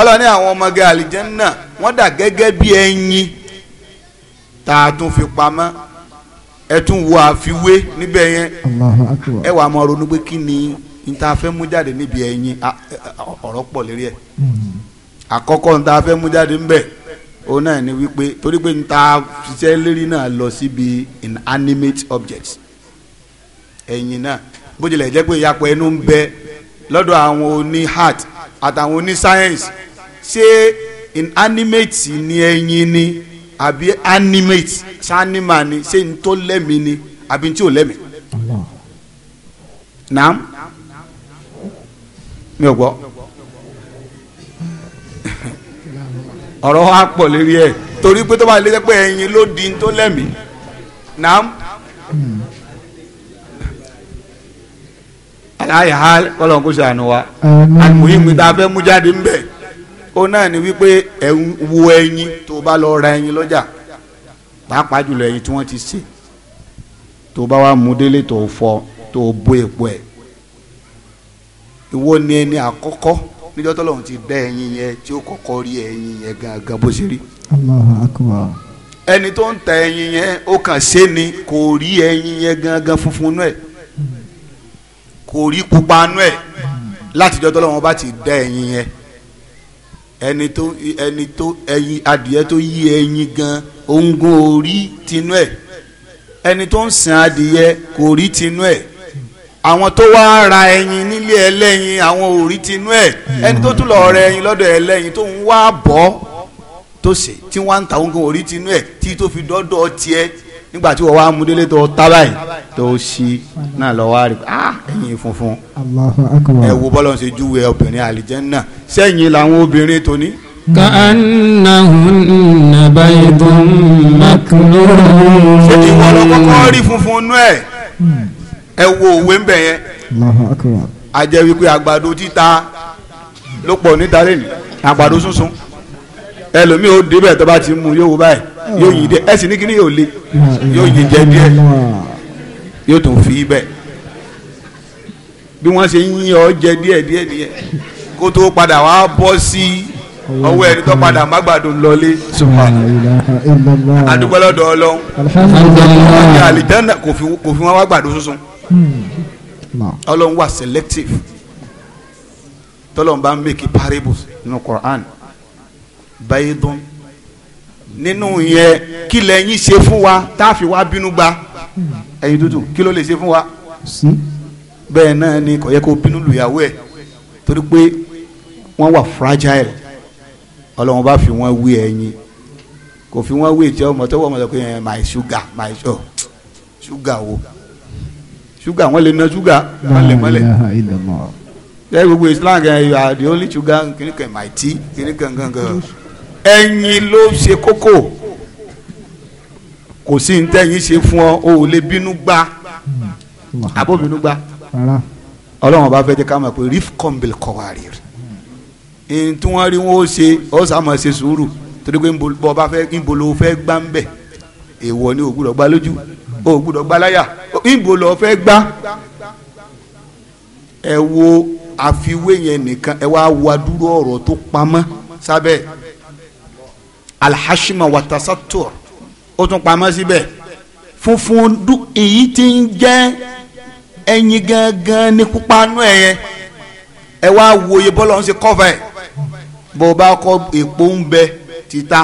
ọlọ́ni àwọn ọmọge àlìjẹ́nà wọ́n dà gẹ́gẹ́ bí ẹyin tá a tún fi pamọ́ ẹ tún wo àfiwé níbẹ̀ yẹn ẹ wàá máa ronú pé kí ni níta fẹ́ mú jáde níbi ẹyin ọ̀rọ̀ pọ̀ lérí ẹ̀ àkọ́kọ́ níta fẹ́ mú jáde ńbẹ̀ òun náà ni wípé torí pé níta ṣiṣẹ́ lérí náà lọ síbi inanimate objects ẹyin náà bó tilẹ̀ jẹ́ pé ìyapọ̀ ẹnu ń bẹ lọ́dọ̀ àwọn oní art àtàwọn oní science ṣé inanimate ni ẹyin ni àbí animate sanima ni ṣé n tó lẹ́mìí ni àbí n tí ò lẹ́mìí. naam mi ò gbọ́ ọ̀rọ̀ wa pọ̀ lórí ẹ̀ torí pé tó bá lé pé ẹyin ló di n tó lẹ́mìí naam aláyà ha kọlọ̀ kó ṣàánú wa àmúyìmí tá a fẹ́ mú jáde ń bẹ̀ ó náà ni wípé ẹ̀ ń wo ẹyin tó bá lọ ra ẹyin lọ́jà pàápàá jùlọ ẹyin tí wọ́n ti sè tó bá wà mú délé tó fọ tó bó epo ẹ̀ ìwọ ni ẹni àkọ́kọ́ níjọ́ tọ́lọ́run ti dá ẹyin yẹn tí ó kọ́kọ́ rí ẹyin yẹn gangan bó ṣe rí. ẹni tó ń ta ẹyin yẹn ó kàn ṣe ni kò rí ẹyin yẹn gangan funfun náà kò rí pupa nú ẹ láti jọ tọ́lọ́wọ́n bá ti dá ẹyin yẹn ẹni tó ẹni tó ẹyin adìyẹ tó yí ẹyin gan ongun orí tinú ẹ ẹni tó ń sin adìyẹ kò rí tinú ẹ àwọn tó wá ra ẹyin nílé ẹlẹ́yin àwọn ò tinú ẹ ẹni tó tún lọ rẹ ẹyin lọ́dọ̀ ẹlẹ́yin tó ń wá bọ́ tó ṣe tí wọ́n ń ta ongun orí tinú ẹ tí tó fi dọ́dọ̀ tiẹ̀ nígbà tí wọ́n wá mú délé tó tá báyìí tó ṣí náà ah ẹ̀yin funfun ẹ wo bọ́lá ṣe júwe obìnrin àlìjẹ́nnà sẹ́yìn làwọn obìnrin tó ní. ka'annahunna baydun maknun. ṣé kí wọ́n rí funfun nú ẹ̀ ẹ wo òwe ń bẹ̀ yẹn a jẹ́ wípé àgbàdo títa ló pọ̀ níta lẹ́nu àgbàdo sunsun ẹlòmíì ó débẹ̀ tó bá ti mú yóò wò báyìí yóò yí díẹ̀ ẹ̀sìn ní kíní yóò le yóò yí jẹ díẹ̀ yóò tún fi bẹ́ẹ̀ bí wọ́n ṣe ń yín ọ jẹ díẹ̀ díẹ̀ díẹ̀ kó tó padà wá bọ́ sí ọwọ́ ẹni tó padà mágbàdo lọlé adúgbò lọ́dọ̀ ọlọ́run ní àlìjáná kò fi wọn wá gbàdo sísun ọlọ́run wà selective tọ́lọ́run bá ń make parables nínú Quran bayidun. No nínú yẹn kí lẹ́yìn ṣe fún wa tá a fi wá bínú gba ẹ̀yin dúdú kí ló lè ṣe fún wa bẹ́ẹ̀ náà ni kò yẹ kó bínú lùyàwó ẹ̀ torí pé wọ́n wà fragile ọlọ́run bá fi wọ́n wé ẹyin kò fi wọ́n wé ìjọ ọmọ tó wọ́n mọ̀ lọ́kọ́ yẹn eh, my sugar my oh sugar wo sugar wọ́n lè ná sugar wọ́n lè mọ́lẹ̀ ṣé gbogbo Islam kẹ́ eh, ẹ̀ you are the only sugar kìnnìkan my tea kìnnìkan kankan ẹyin ló ṣe kókó kò sí ní tẹ́yìn ṣe fún ọ o ò lè bínú gbá àbó bínú gbá ọlọ́run ọba fẹ́ jẹ́ ká mọ̀ pé rif kọ́ńbìl kọ́wárì rẹ̀ ní tí wọ́n rí wọn ó ṣe ó sàmọ̀ ṣe sùúrù torí pé bọ́ ọba fẹ́ ń bolo fẹ́ gbá ń bẹ̀ èèwọ̀ ni ò gbá lójú ò gbá láyà ń bolo fẹ́ gbá ẹ wo àfiwé yẹn nìkan ẹ wá wo adúrú ọ̀rọ̀ tó pamọ́ sábẹ́ alhashima watasatur ó tún pamọ́ síbẹ̀ funfun dú èyí tí ń jẹ́ ẹyin gangan ní pupa nú ẹ yẹn ẹ wá wòye bọ́lá ń ṣe kọ́fà ẹ̀ bó o bá kọ́ èpo ń bẹ títa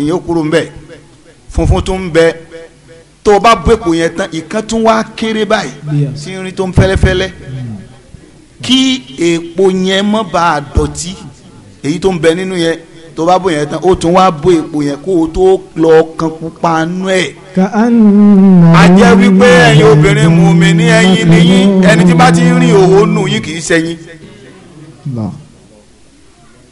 ìyẹn kúrò ń bẹ funfun tún ń bẹ tó o bá bó èpo yẹn tán ìkan tún wá kéré báyìí sí irin tó ń fẹ́lẹ́fẹ́lẹ́ hmm. kí èpo yẹn má bàa dọ̀tí èyí tó ń bẹ nínú yẹn tó bá bò yẹn tán ó tún wá bò èpò yẹn kó o tó lọ kan pupa nú ẹ. a jẹ́ wípé ẹ̀yin obìnrin mú mi ní ẹ̀yin nìyí ẹni tí bá ti rìn òwò nù yín kì í ṣẹ̀yìn.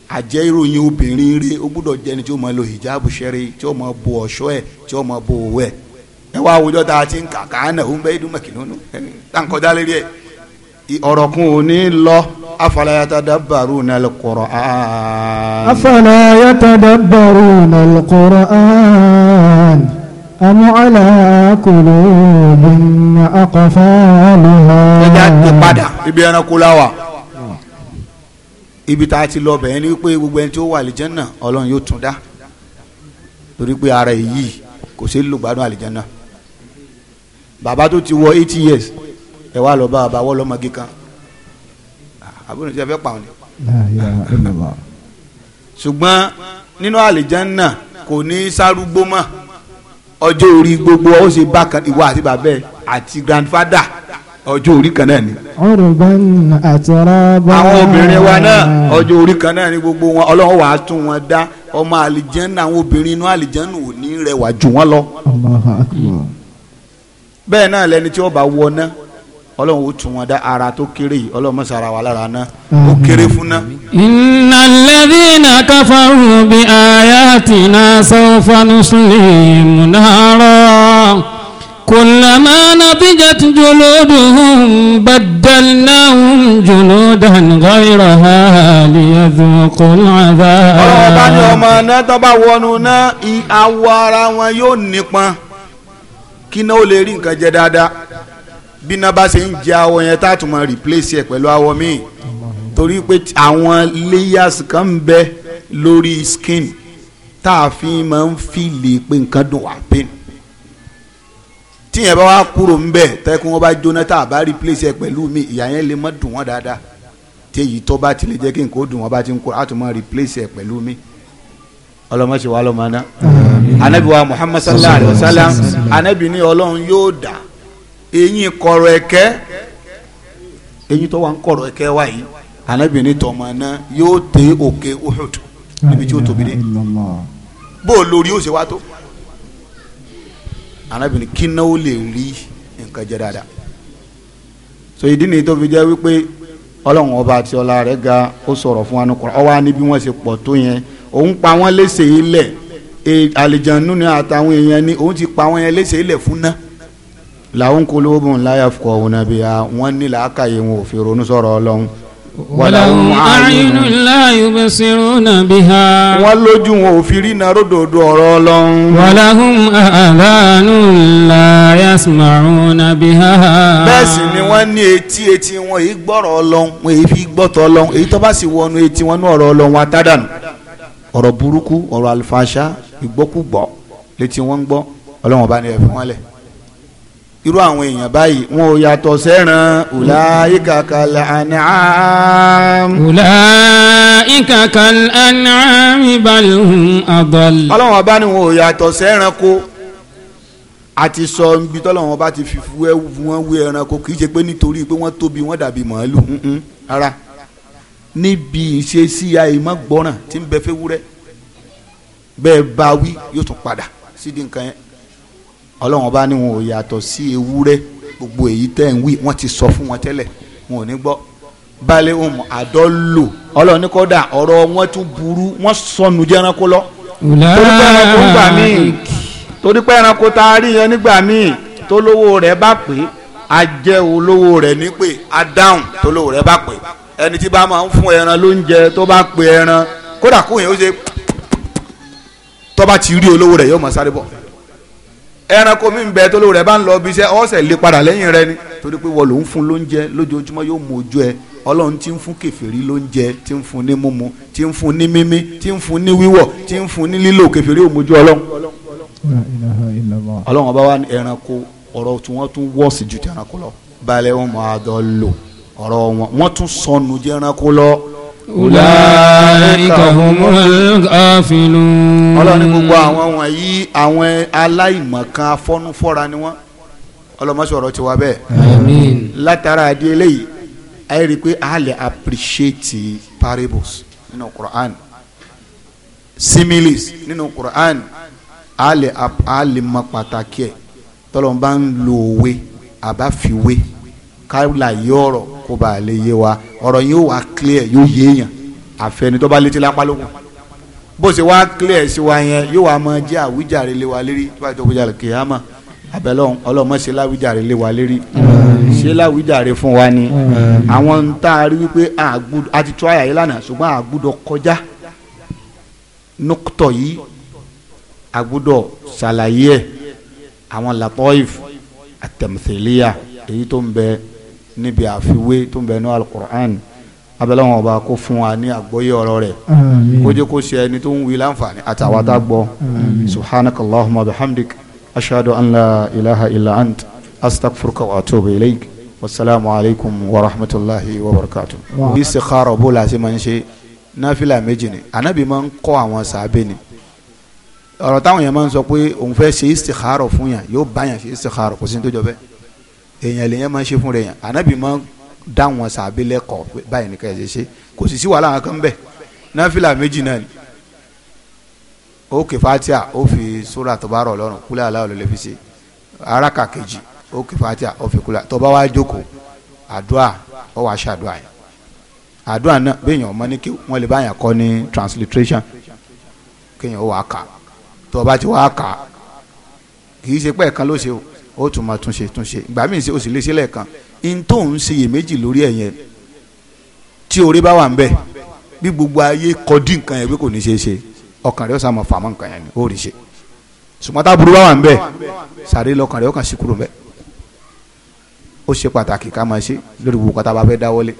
a jẹ́ ìròyìn obìnrin rí o gbúdọ̀ jẹ́ ẹni tí ó máa lo hijabu ṣẹ́rí tí ó máa bo ọ̀ṣọ́ ẹ̀ tí ó máa bo òwò ẹ̀ ẹ wá àwùjọ tá a ti ń kà káà náà ó ń bẹ́ ẹ̀dùn mọ̀kìnnú tá à lérí ẹ̀ ọ̀rọ̀ kún ò ní lọ afalayatadabbaruna al-Qur'an. afalayatadabbaruna al-Qur'an am ala qulubin aqfaluha. ẹ jáde padà ibi ẹranko la wà ibi tá a ti lọ bẹ̀yẹn ni wípé gbogbo ẹni tí ó wà àlìjẹ́nà ọlọ́run yóò tún dá torí pé ara èyí kò ṣeé lùgbàdùn àlìjẹ́nà bàbá tó ti wọ eighty years ẹ wá lọ bá bàbá wọ́ lọ́mọge kan àbúrò tí a fẹ́ pa wọn. ṣùgbọ́n nínú àlìjánná kò ní sárúgbó mọ́ ọjọ́ orí gbogbo ó ṣe bákan ìwọ àti bàbá ẹ àti grandfather ọjọ́ orí kan náà ni. ọ̀rùnbọ̀n àtọ̀rọ̀bọ̀. àwọn obìnrin wa náà ọjọ́ orí kan náà ni gbogbo wọn ọlọ́run wàá tún wọn dá ọmọ àlìjánná àwọn obìnrin inú àlìjánná ò ní rẹwà jù wọn lọ. bẹ́ẹ̀ náà lẹni tí ó bá wọ náà ọlọ́run ó tún wọn dá ara tó kéré yìí ọlọ́run mọ̀ sára wa lára ná ó kéré fún ná. innal ladhina kafaru bi ayatina sawfa nuslihim nara kullama nadijat juluduhum baddalnahum juludan ghayraha liyadhuqul adhab. ọlọ́run bá ní ọmọ náà tó bá wọnú náà awọ ara wọn yóò nípọn kí náà ó lè rí nǹkan jẹ dáadáa bí iná bá ṣe ń jẹ awọ yẹn tá a tún máa replace ẹ pẹ̀lú awọ míì torí pé àwọn layers kan ń bẹ lórí skin tá a fi máa ń fìlè pé nǹkan dùn wá pain tíyẹn bá wá kúrò ń bẹ tẹ́kun wọn bá jóná tá a bá replace ẹ pẹ̀lú mi ìyá yẹn lè má dùn wọ́n dáadáa tí èyí tó bá ti jẹ́ kí nǹkan dùn wọ́n bá ti ń kó a tún máa replace ẹ pẹ̀lú mi ọlọmọṣẹ wa lọmọ náà anabi wa muhammad sallallahu alayhi wa sallam anabi ni ọlọ́run yóò dà eyín kọrọ ẹkẹ eyín tó wà ń kọ̀rọ̀ ẹ̀kẹ́ wa yìí anábìnrin tọmọ náà yóò tẹ òkè Uhud níbi tí ó tóbi dé bó o lórí ó ṣe wá tó anábìnrin kí ó lè rí nǹkan jẹ dáadáa so ìdí nìyí tó fi jẹ wípé ọlọ́run ọba àti ọlá rẹ ga ó sọ̀rọ̀ fún wa ọwọ Kùránì ọwọ́ á ní bí wọ́n ṣe pọ̀ tó yẹn òun pa wọn léṣe ilẹ̀ àlìjànú ni àtàwọn èèyàn ni òun ti pa wọn yẹn léṣe ilẹ̀ fún náà làwọn kolóbùn láyà fukọ òun náà bí a wọn ní làákàyè wọn ò fi ronú sọ̀rọ̀ Ọlọ́run. wàlàhùn àyínú láàyò bẹ sẹrù náà bí a. wọn lójú wọn ò fi rí iná ròdòdó ọ̀rọ̀ Ọlọ́run. wàlàhùn àdánù láyà sùmàrún náà bí a. bẹ́ẹ̀ sì ni wọ́n ní etí etí wọn èyí gbọ́rọ̀ Ọlọ́run wọn èyí fi gbọ́tọ̀ Ọlọ́run èyí tó bá sì wọnú etí wọn ní ọ̀rọ̀ Ọlọ́run wa tádànù ọ̀rọ̀ burúkú ọ̀rọ̀ àlùfáàṣá ìgbọ́kúgbọ́ létí wọn gbọ́ Ọlọ́run ọba ni ẹ̀ wọn lẹ̀ irú àwọn èèyàn báyìí wọn ò yàtọ̀ sẹ́ran ulaika kal an'am. ulaika kal an'am bal hum adall. ọlọ́wọ́n bá ní wọn ò yàtọ̀ sẹ́ran kó àti sọ ibi tọ́lọ́wọ́n bá ti fi wọ́n wé ẹranko kì í ṣe pé nítorí pé wọ́n tóbi wọ́n dàbí màálù rárá níbi ìṣesí àìmọ́ gbọ́ràn tí ń bẹ fẹ́ wúrẹ́ bẹ́ẹ̀ bá wí yóò tún padà sídìí nǹkan yẹn ọlọ́run bá ní wọn ò yàtọ̀ sí ewúrẹ́ gbogbo èyí tẹ́ ń wí wọ́n ti sọ fún wọn tẹ́lẹ̀ wọn ò ní gbọ́ balẹ̀ ohun umm àdọ́lò ọlọ́run ní kọ́dà ọ̀rọ̀ wọn tún burú wọ́n sọnù jẹ́ ẹranko lọ. torí pé ẹranko ń gbà míì torí pé ẹranko tá a rí yẹn nígbà míì tó lówó rẹ̀ bá pé a jẹ́ olówó rẹ̀ ní a dáhùn tó lówó rẹ̀ bá pé ẹni tí bá máa ń fún ẹran lóúnjẹ tó bá pé ẹran kódà kóyìn ó ṣe tó bá ti rí olówó rẹ̀ yóò máa sáré bọ̀ ẹranko mi bẹ tó ló rẹ bá ń lọ bí iṣẹ́ ọsẹ lè padà lẹ́yìn rẹ ni torí pé wọn ló ń fún lóúnjẹ yóò mú ojú ẹ Ọlọ́run ti ń fún kẹfìrí lóúnjẹ ti ń fún ní mímu ti ń fún ní mímí ti ń fún ní wíwọ̀ ti ń lọ balẹ̀ wọn máa lò wọn wọn tún Ulaika humul ghafilun. Ọlọ́run gbogbo àwọn wọ̀nyí àwọn aláìmọ̀kan afọ́nufọ́ra ni wọ́n. Ọlọ́mọsọ̀rọ̀ ti wá bẹ́ẹ̀. Látara àdé eléyìí, a rí i pé a lè appreciate parables nínú Quran. Similes nínú Quran a lè mọ pàtàkì ẹ̀ tọ́lọ́mọba ń lo òwe àbáfiwé káwùlà yé ọ̀rọ̀ kó bá lè yé wa ọ̀rọ̀ yóò wá clear yóò yé èèyàn àfẹni bá létí lápá lókun bó ṣe wá clear sí wa yẹn yóò wá máa jẹ́ àwíjàre lé wa lérí tó bá jọ bójá kìyàmà abẹ́lẹ́ ọlọ́mọ ṣe láwíjàre lé wa lérí ṣe láwíjàre fún wa ni àwọn ń tá a rí wípé a ti tó àyà yìí lánàá ṣùgbọ́n a kọjá nukutọ yìí a gbọ́dọ̀ ṣàlàyé àwọn latoif àtẹ̀mùsẹ̀lẹ́yà èyí tó ń bẹ níbi àfiwé tó ń bẹ ní alukur'an abẹ́lẹ́wọ̀n ọba kó fún wa ní àgbọ́yé ọ̀rọ̀ rẹ̀ kó jẹ́ kó ṣe ẹni tó ń wí láǹfààní àtàwọn tá a gbọ́ subhanaka allahumma bihamdik ashhadu an la ilaha illa ant astaghfiruka wa atubu ilayk wasalaamu alaykum wa rahmatulahi wa barakatu. istikhara bó la ṣe máa ń ṣe náfìlà méjì ni anabi máa ń kọ́ àwọn sàábẹ́ ni ọ̀rọ̀ táwọn yẹn máa ń sọ pé òun fẹ́ ṣe istikhara fún yàn yóò bá yàn ṣe istikhara kò sí ní tó jọ bẹ́ẹ̀ èèyàn lèèyàn máa ń ṣe fún rẹ̀ yàn ànábì máa ń dá wọn sàbí lẹ́kọ̀ọ́ báyìí nìkan ẹ̀ṣẹ̀ ṣe kò sì sí wàhálà àwọn kan bẹ̀ náfìlà méjì náà ni ó kè fatia ó fi sóra tó bá rọ̀ lọ́rùn kúlẹ̀ aláwọ̀ ló lè fi ṣe araka kejì ó kè fatia ó fi kúlẹ̀ tó bá jókòó àdúrà ó wàá ṣàdúrà yẹn àdúrà náà béèyàn ọmọ ní kí wọ́n lè báyàn kọ́ ní transliteration kéèyàn ó wàá kà tó bá ti wàá kà kì í ṣe pé ló ṣe o ó tún máa túnṣe túnṣe ìgbà míì ṣe òsì lè ṣe lẹ́ẹ̀kan in tó ń ṣe iyèméjì lórí ẹ̀ yẹn tí orí bá wà ń bẹ̀ bí gbogbo ayé kọdí nǹkan yẹn pé kò ní ṣe é ṣe ọkàn rẹ ó sá mọ fàmọ́ nǹkan yẹn ni ó rí ṣe sùmọ́tà burú bá wà ń bẹ̀ sàrí lọkàn rẹ ó kàn sí kúrò ń bẹ̀ ó ṣe pàtàkì ká máa ṣe lórí gbogbo kọ́tà bá fẹ́ dáwọ́lé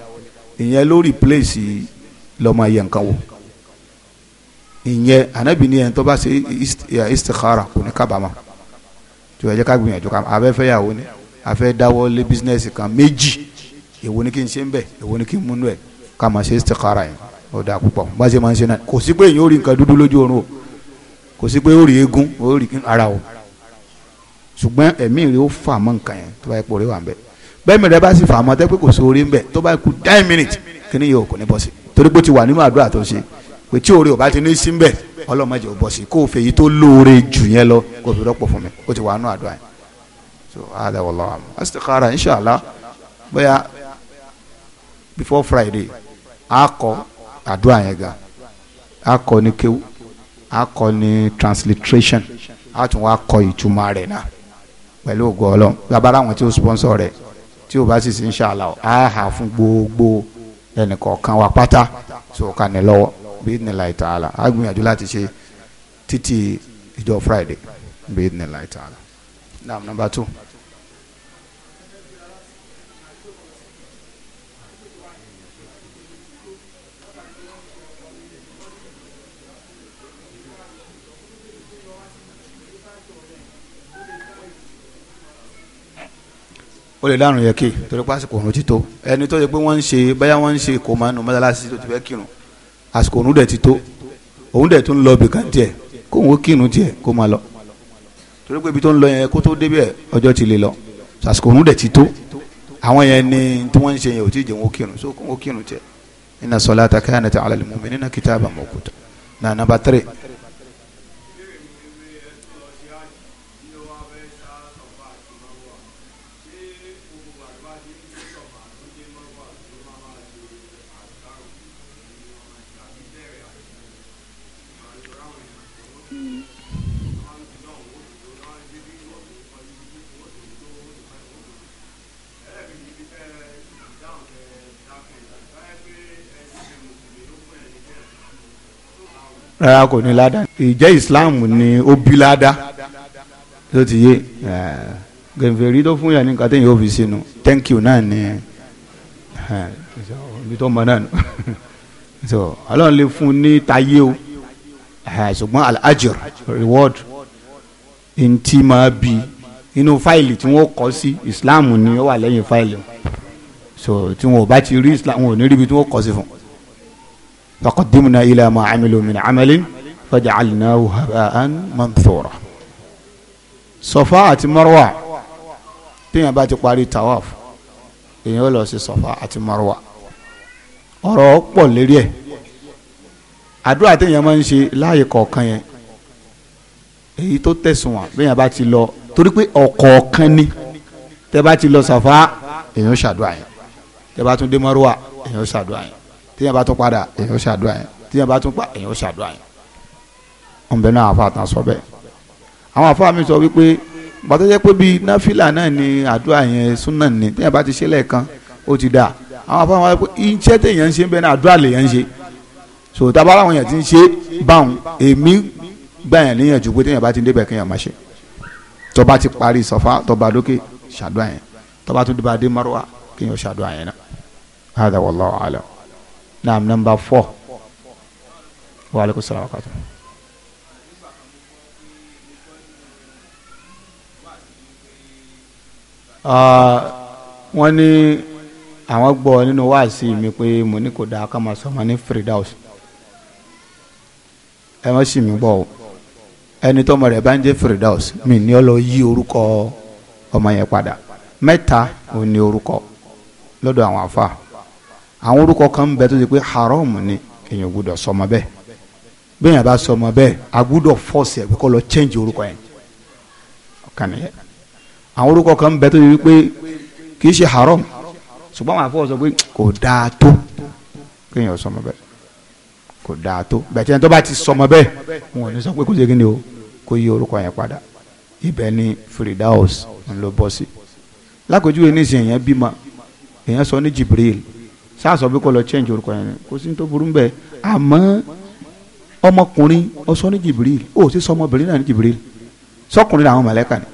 ìyẹn lórí pílẹ̀sì lọ́mọ ayé nǹkan wò ìyẹn ànábì ni ẹni tó bá ṣe istikhara kò ní tó ẹ jẹ́ ká gbìyànjú ká abẹ́ fẹ́ yàwó ni afẹ́ dáwọ́ lé bísínẹ́sì kan méjì èwo ni kí n ṣe ń bẹ̀ èwo ni kí n múnú ẹ̀ ká máa ṣe istikara yẹn ó dáa púpọ̀ bá ṣe máa ń ṣe náà kò sí pé èyàn ó rí nǹkan dúdú lójú oorun o kò sí pé ó rí eégún ó rí ara o ṣùgbọ́n ẹ̀mí rẹ ó fà mọ́ nǹkan yẹn tó bá yẹ kó rí wà ń bẹ̀ bẹ́ẹ̀ mi rẹ bá sì fà mọ́ tẹ́pẹ́ kò sí ń bẹ̀ tó bá kú ten minutes kí ni yóò kò ní bọ́ sí torí pé ó ti wà nínú àdúrà tó ṣe pé tí orí ò bá ti ní sí ń bẹ̀ ọlọ́mọdé ò bọ̀ sí kó o fẹ́ yìí tó lóore jù yẹn lọ kó o fi rọ́pò fún mi o ti wà nù àdúrà yẹn so ala wallahu alam astikhara inshallah bóyá before friday a kọ àdúrà yẹn ga a kọ ní kéwú a kọ ní transliteration a tún kọ ìtumọ̀ rẹ̀ náà pẹ̀lú ògo ọlọ́run babara àwọn tí ó sponsor rẹ̀ tí o bá sì sí inshallah a hà fún gbogbo ẹnìkọ̀ọ̀kan wa pátá so ká ní lọ́wọ́ bíidìnnìláì tààlà á gbìyànjú láti ṣe títí ìjọ friday bíidìnnìláì tààlà. now number two. ó lè dárun yẹ kí torí pásítọ̀ ọ̀run ti tó ẹni tó yẹ pé wọ́n ń ṣe báyà wọ́n ń ṣe kò máa nù mọ́tàlásí tó ti fẹ́ kírun àsìkò òun dẹ̀ ti tó òun dẹ̀ tó ń lọ bìkan tiẹ̀ kó òun ó kírun tiẹ̀ kó máa lọ torí pé ibi tó ń lọ yẹn kó tó débẹ̀ ọjọ́ ti lè lọ àsìkò òun dẹ̀ ti tó àwọn yẹn ni tí wọ́n ń ṣe yẹn ò tí ì jẹ́ ó kírun so kó òun kírun tiẹ̀ inna salata kanat ala al-mu'minina kitaban mawquta na number three. rárá kò ní ládàá ìjẹ́ islam ni ó bí ládàá tó ti yé gẹ̀ǹfẹ̀rí tó fún yà ní kàtẹ́yìn ó fi sínú thank you náà ni ibi tó mọ náà so ọlọ́run lè fún ní tayé o ṣùgbọ́n al-ajr reward ntí máa bí inú fáìlì tí wọ́n kọ́ sí islam ni ó wà lẹ́yìn fáìlì so tí wọn ò bá ti rí islam wọn ò ní rí tí wọ́n kọ́ sí fún un. فقدمنا إلى ما amilu من عمل، faja'alnahu haba'an manthura sọfà àti marwa téèyàn قاري ti parí tawaf èèyàn lọ sí sọfà àti marwa ọ̀rọ̀ pọ̀ lérí ẹ̀ àdúrà téèyàn máa ń ṣe láàyè kọ̀ọ̀kan yẹn èyí tó tẹ̀sùn wà béèyàn bá ti lọ torí pé ọ̀kọ̀ọ̀kan ni tẹ́ bá ti lọ sọfà èèyàn ṣàdúrà yẹn tẹ́ bá tún dé marwa èèyàn ṣàdúrà yẹn tíyẹn bá tún padà èyàn ó ṣàdúrà yẹn tíyẹn bá tún padà èyàn ó ṣàdúrà yẹn. ọ̀n bẹ́ẹ̀ náà àfa àtàn sọ bẹ́ẹ̀ àwọn àfa mi sọ wípé bàtọ́ pé bíi náfìlà náà ni àdúrà yẹn súnà ni tíyẹn bá ti ṣe lẹ́ẹ̀kan ó ti dà àwọn àfa wọn pé iṣẹ́ téèyàn ń ṣe bẹ́ẹ̀ náà àdúrà lèèyàn ń ṣe so tábàlà àwọn èèyàn ti ń ṣe báwọn èmi gbà yẹn níyànjú pé téèyàn bá ti débẹ̀ kéèyàn má ṣe tó bá ti parí sọfá tó bá dókè ṣàdúrà yẹn tó bá tún dé bá dé kéèyàn ṣàdúrà yẹn náà naam number four wa aleykum salaam wa rahmatulah. Uh, wọ́n ní àwọn gbọ́ nínú wáàsí mi pé mo ní kò dáa ká máa sọ ọmọ ní Firdaus ẹ má sì mí gbọ́ o ẹni tọ́mọ rẹ̀ bá ń jẹ́ Firdaus mi ní ọ lọ yí orúkọ ọmọ yẹn padà mẹ́ta ò ní orúkọ lọ́dọ̀ àwọn afa àwọn orúkọ kan ń bẹ tó ṣe pé haram ni èèyàn gbúdọ̀ sọmọ bẹ́ẹ̀ bẹ́ẹ̀ yẹn bá sọmọ bẹ́ẹ̀ a gbúdọ̀ fọ́ọ̀sì ẹ̀ pé kó lọ change orúkọ yẹn ọ̀kan nìyẹn àwọn orúkọ kan ń bẹ tó ṣe pé kì í ṣe haram ṣùgbọ́n àwọn àfọwọ́sọ pé kò dáa tó kéèyàn sọmọ bẹ́ẹ̀ kò dáa tó bẹ̀tẹ̀ ẹni tó bá ti sọmọ bẹ́ẹ̀ wọn ò ní sọ pé kò ṣe kí ni o kò yí orúkọ yẹn padà ibẹ̀ ni Firdaus ń lọ bọ́ sí lákòójú yẹn ní ìsìn èèyàn bímọ èèyàn sọ ní Jibril sáàsọ bí kò lọ change orúkọ yẹn kò sí tó burú bẹ́ẹ̀ àmọ́ ọmọkùnrin ọsọ ní Jibril ó sì sọ ọmọbìnrin náà ní Jibril sọkùnrin làwọn mọ̀lẹ́kà ni.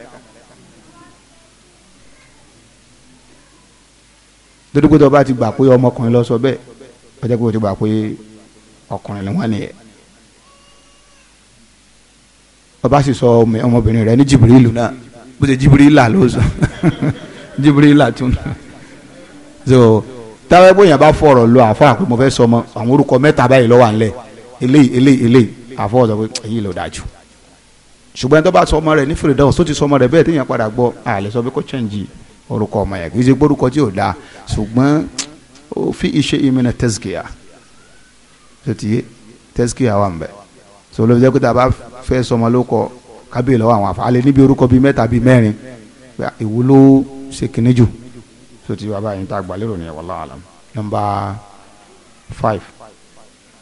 dodo pé tó bá ti gbà pé ọmọkùnrin lọ sọ bẹ́ẹ̀ ọjọ́ pé o ti gbà pé ọkùnrin ni wọ́n nìyẹn ọba sì sọ ọmọbìnrin rẹ ní Jibril náà bó ṣe Jibril là ló sọ Jibril là tún so táwọn ẹgbẹ́ yẹn bá fọ̀rọ̀ lọ àfọ àpè mo fẹ́ sọ ọmọ àwọn orúkọ mẹ́ta báyìí lọ́wọ́ àlẹ́ eléyìí eléyìí eléyìí àfọ ọ̀sọ̀ pé èyí ló dájú ṣùgbọ́n tó bá sọ ọmọ rẹ̀ ní fèrèdà ọ̀sọ́ ti sọ ọmọ rẹ̀ bẹ́ẹ̀ téèyàn padà gbọ́ àlẹ́ sọ pé kò chẹ́ǹjì orúkọ ọmọ yẹn kì í ṣe gbórúkọ tí ò dáa ṣùgbọ́n ó fi iṣẹ́ ìmìnà tẹ́síkìá so ti wá báyìí tá a lérò nìyẹn wallahu alam number five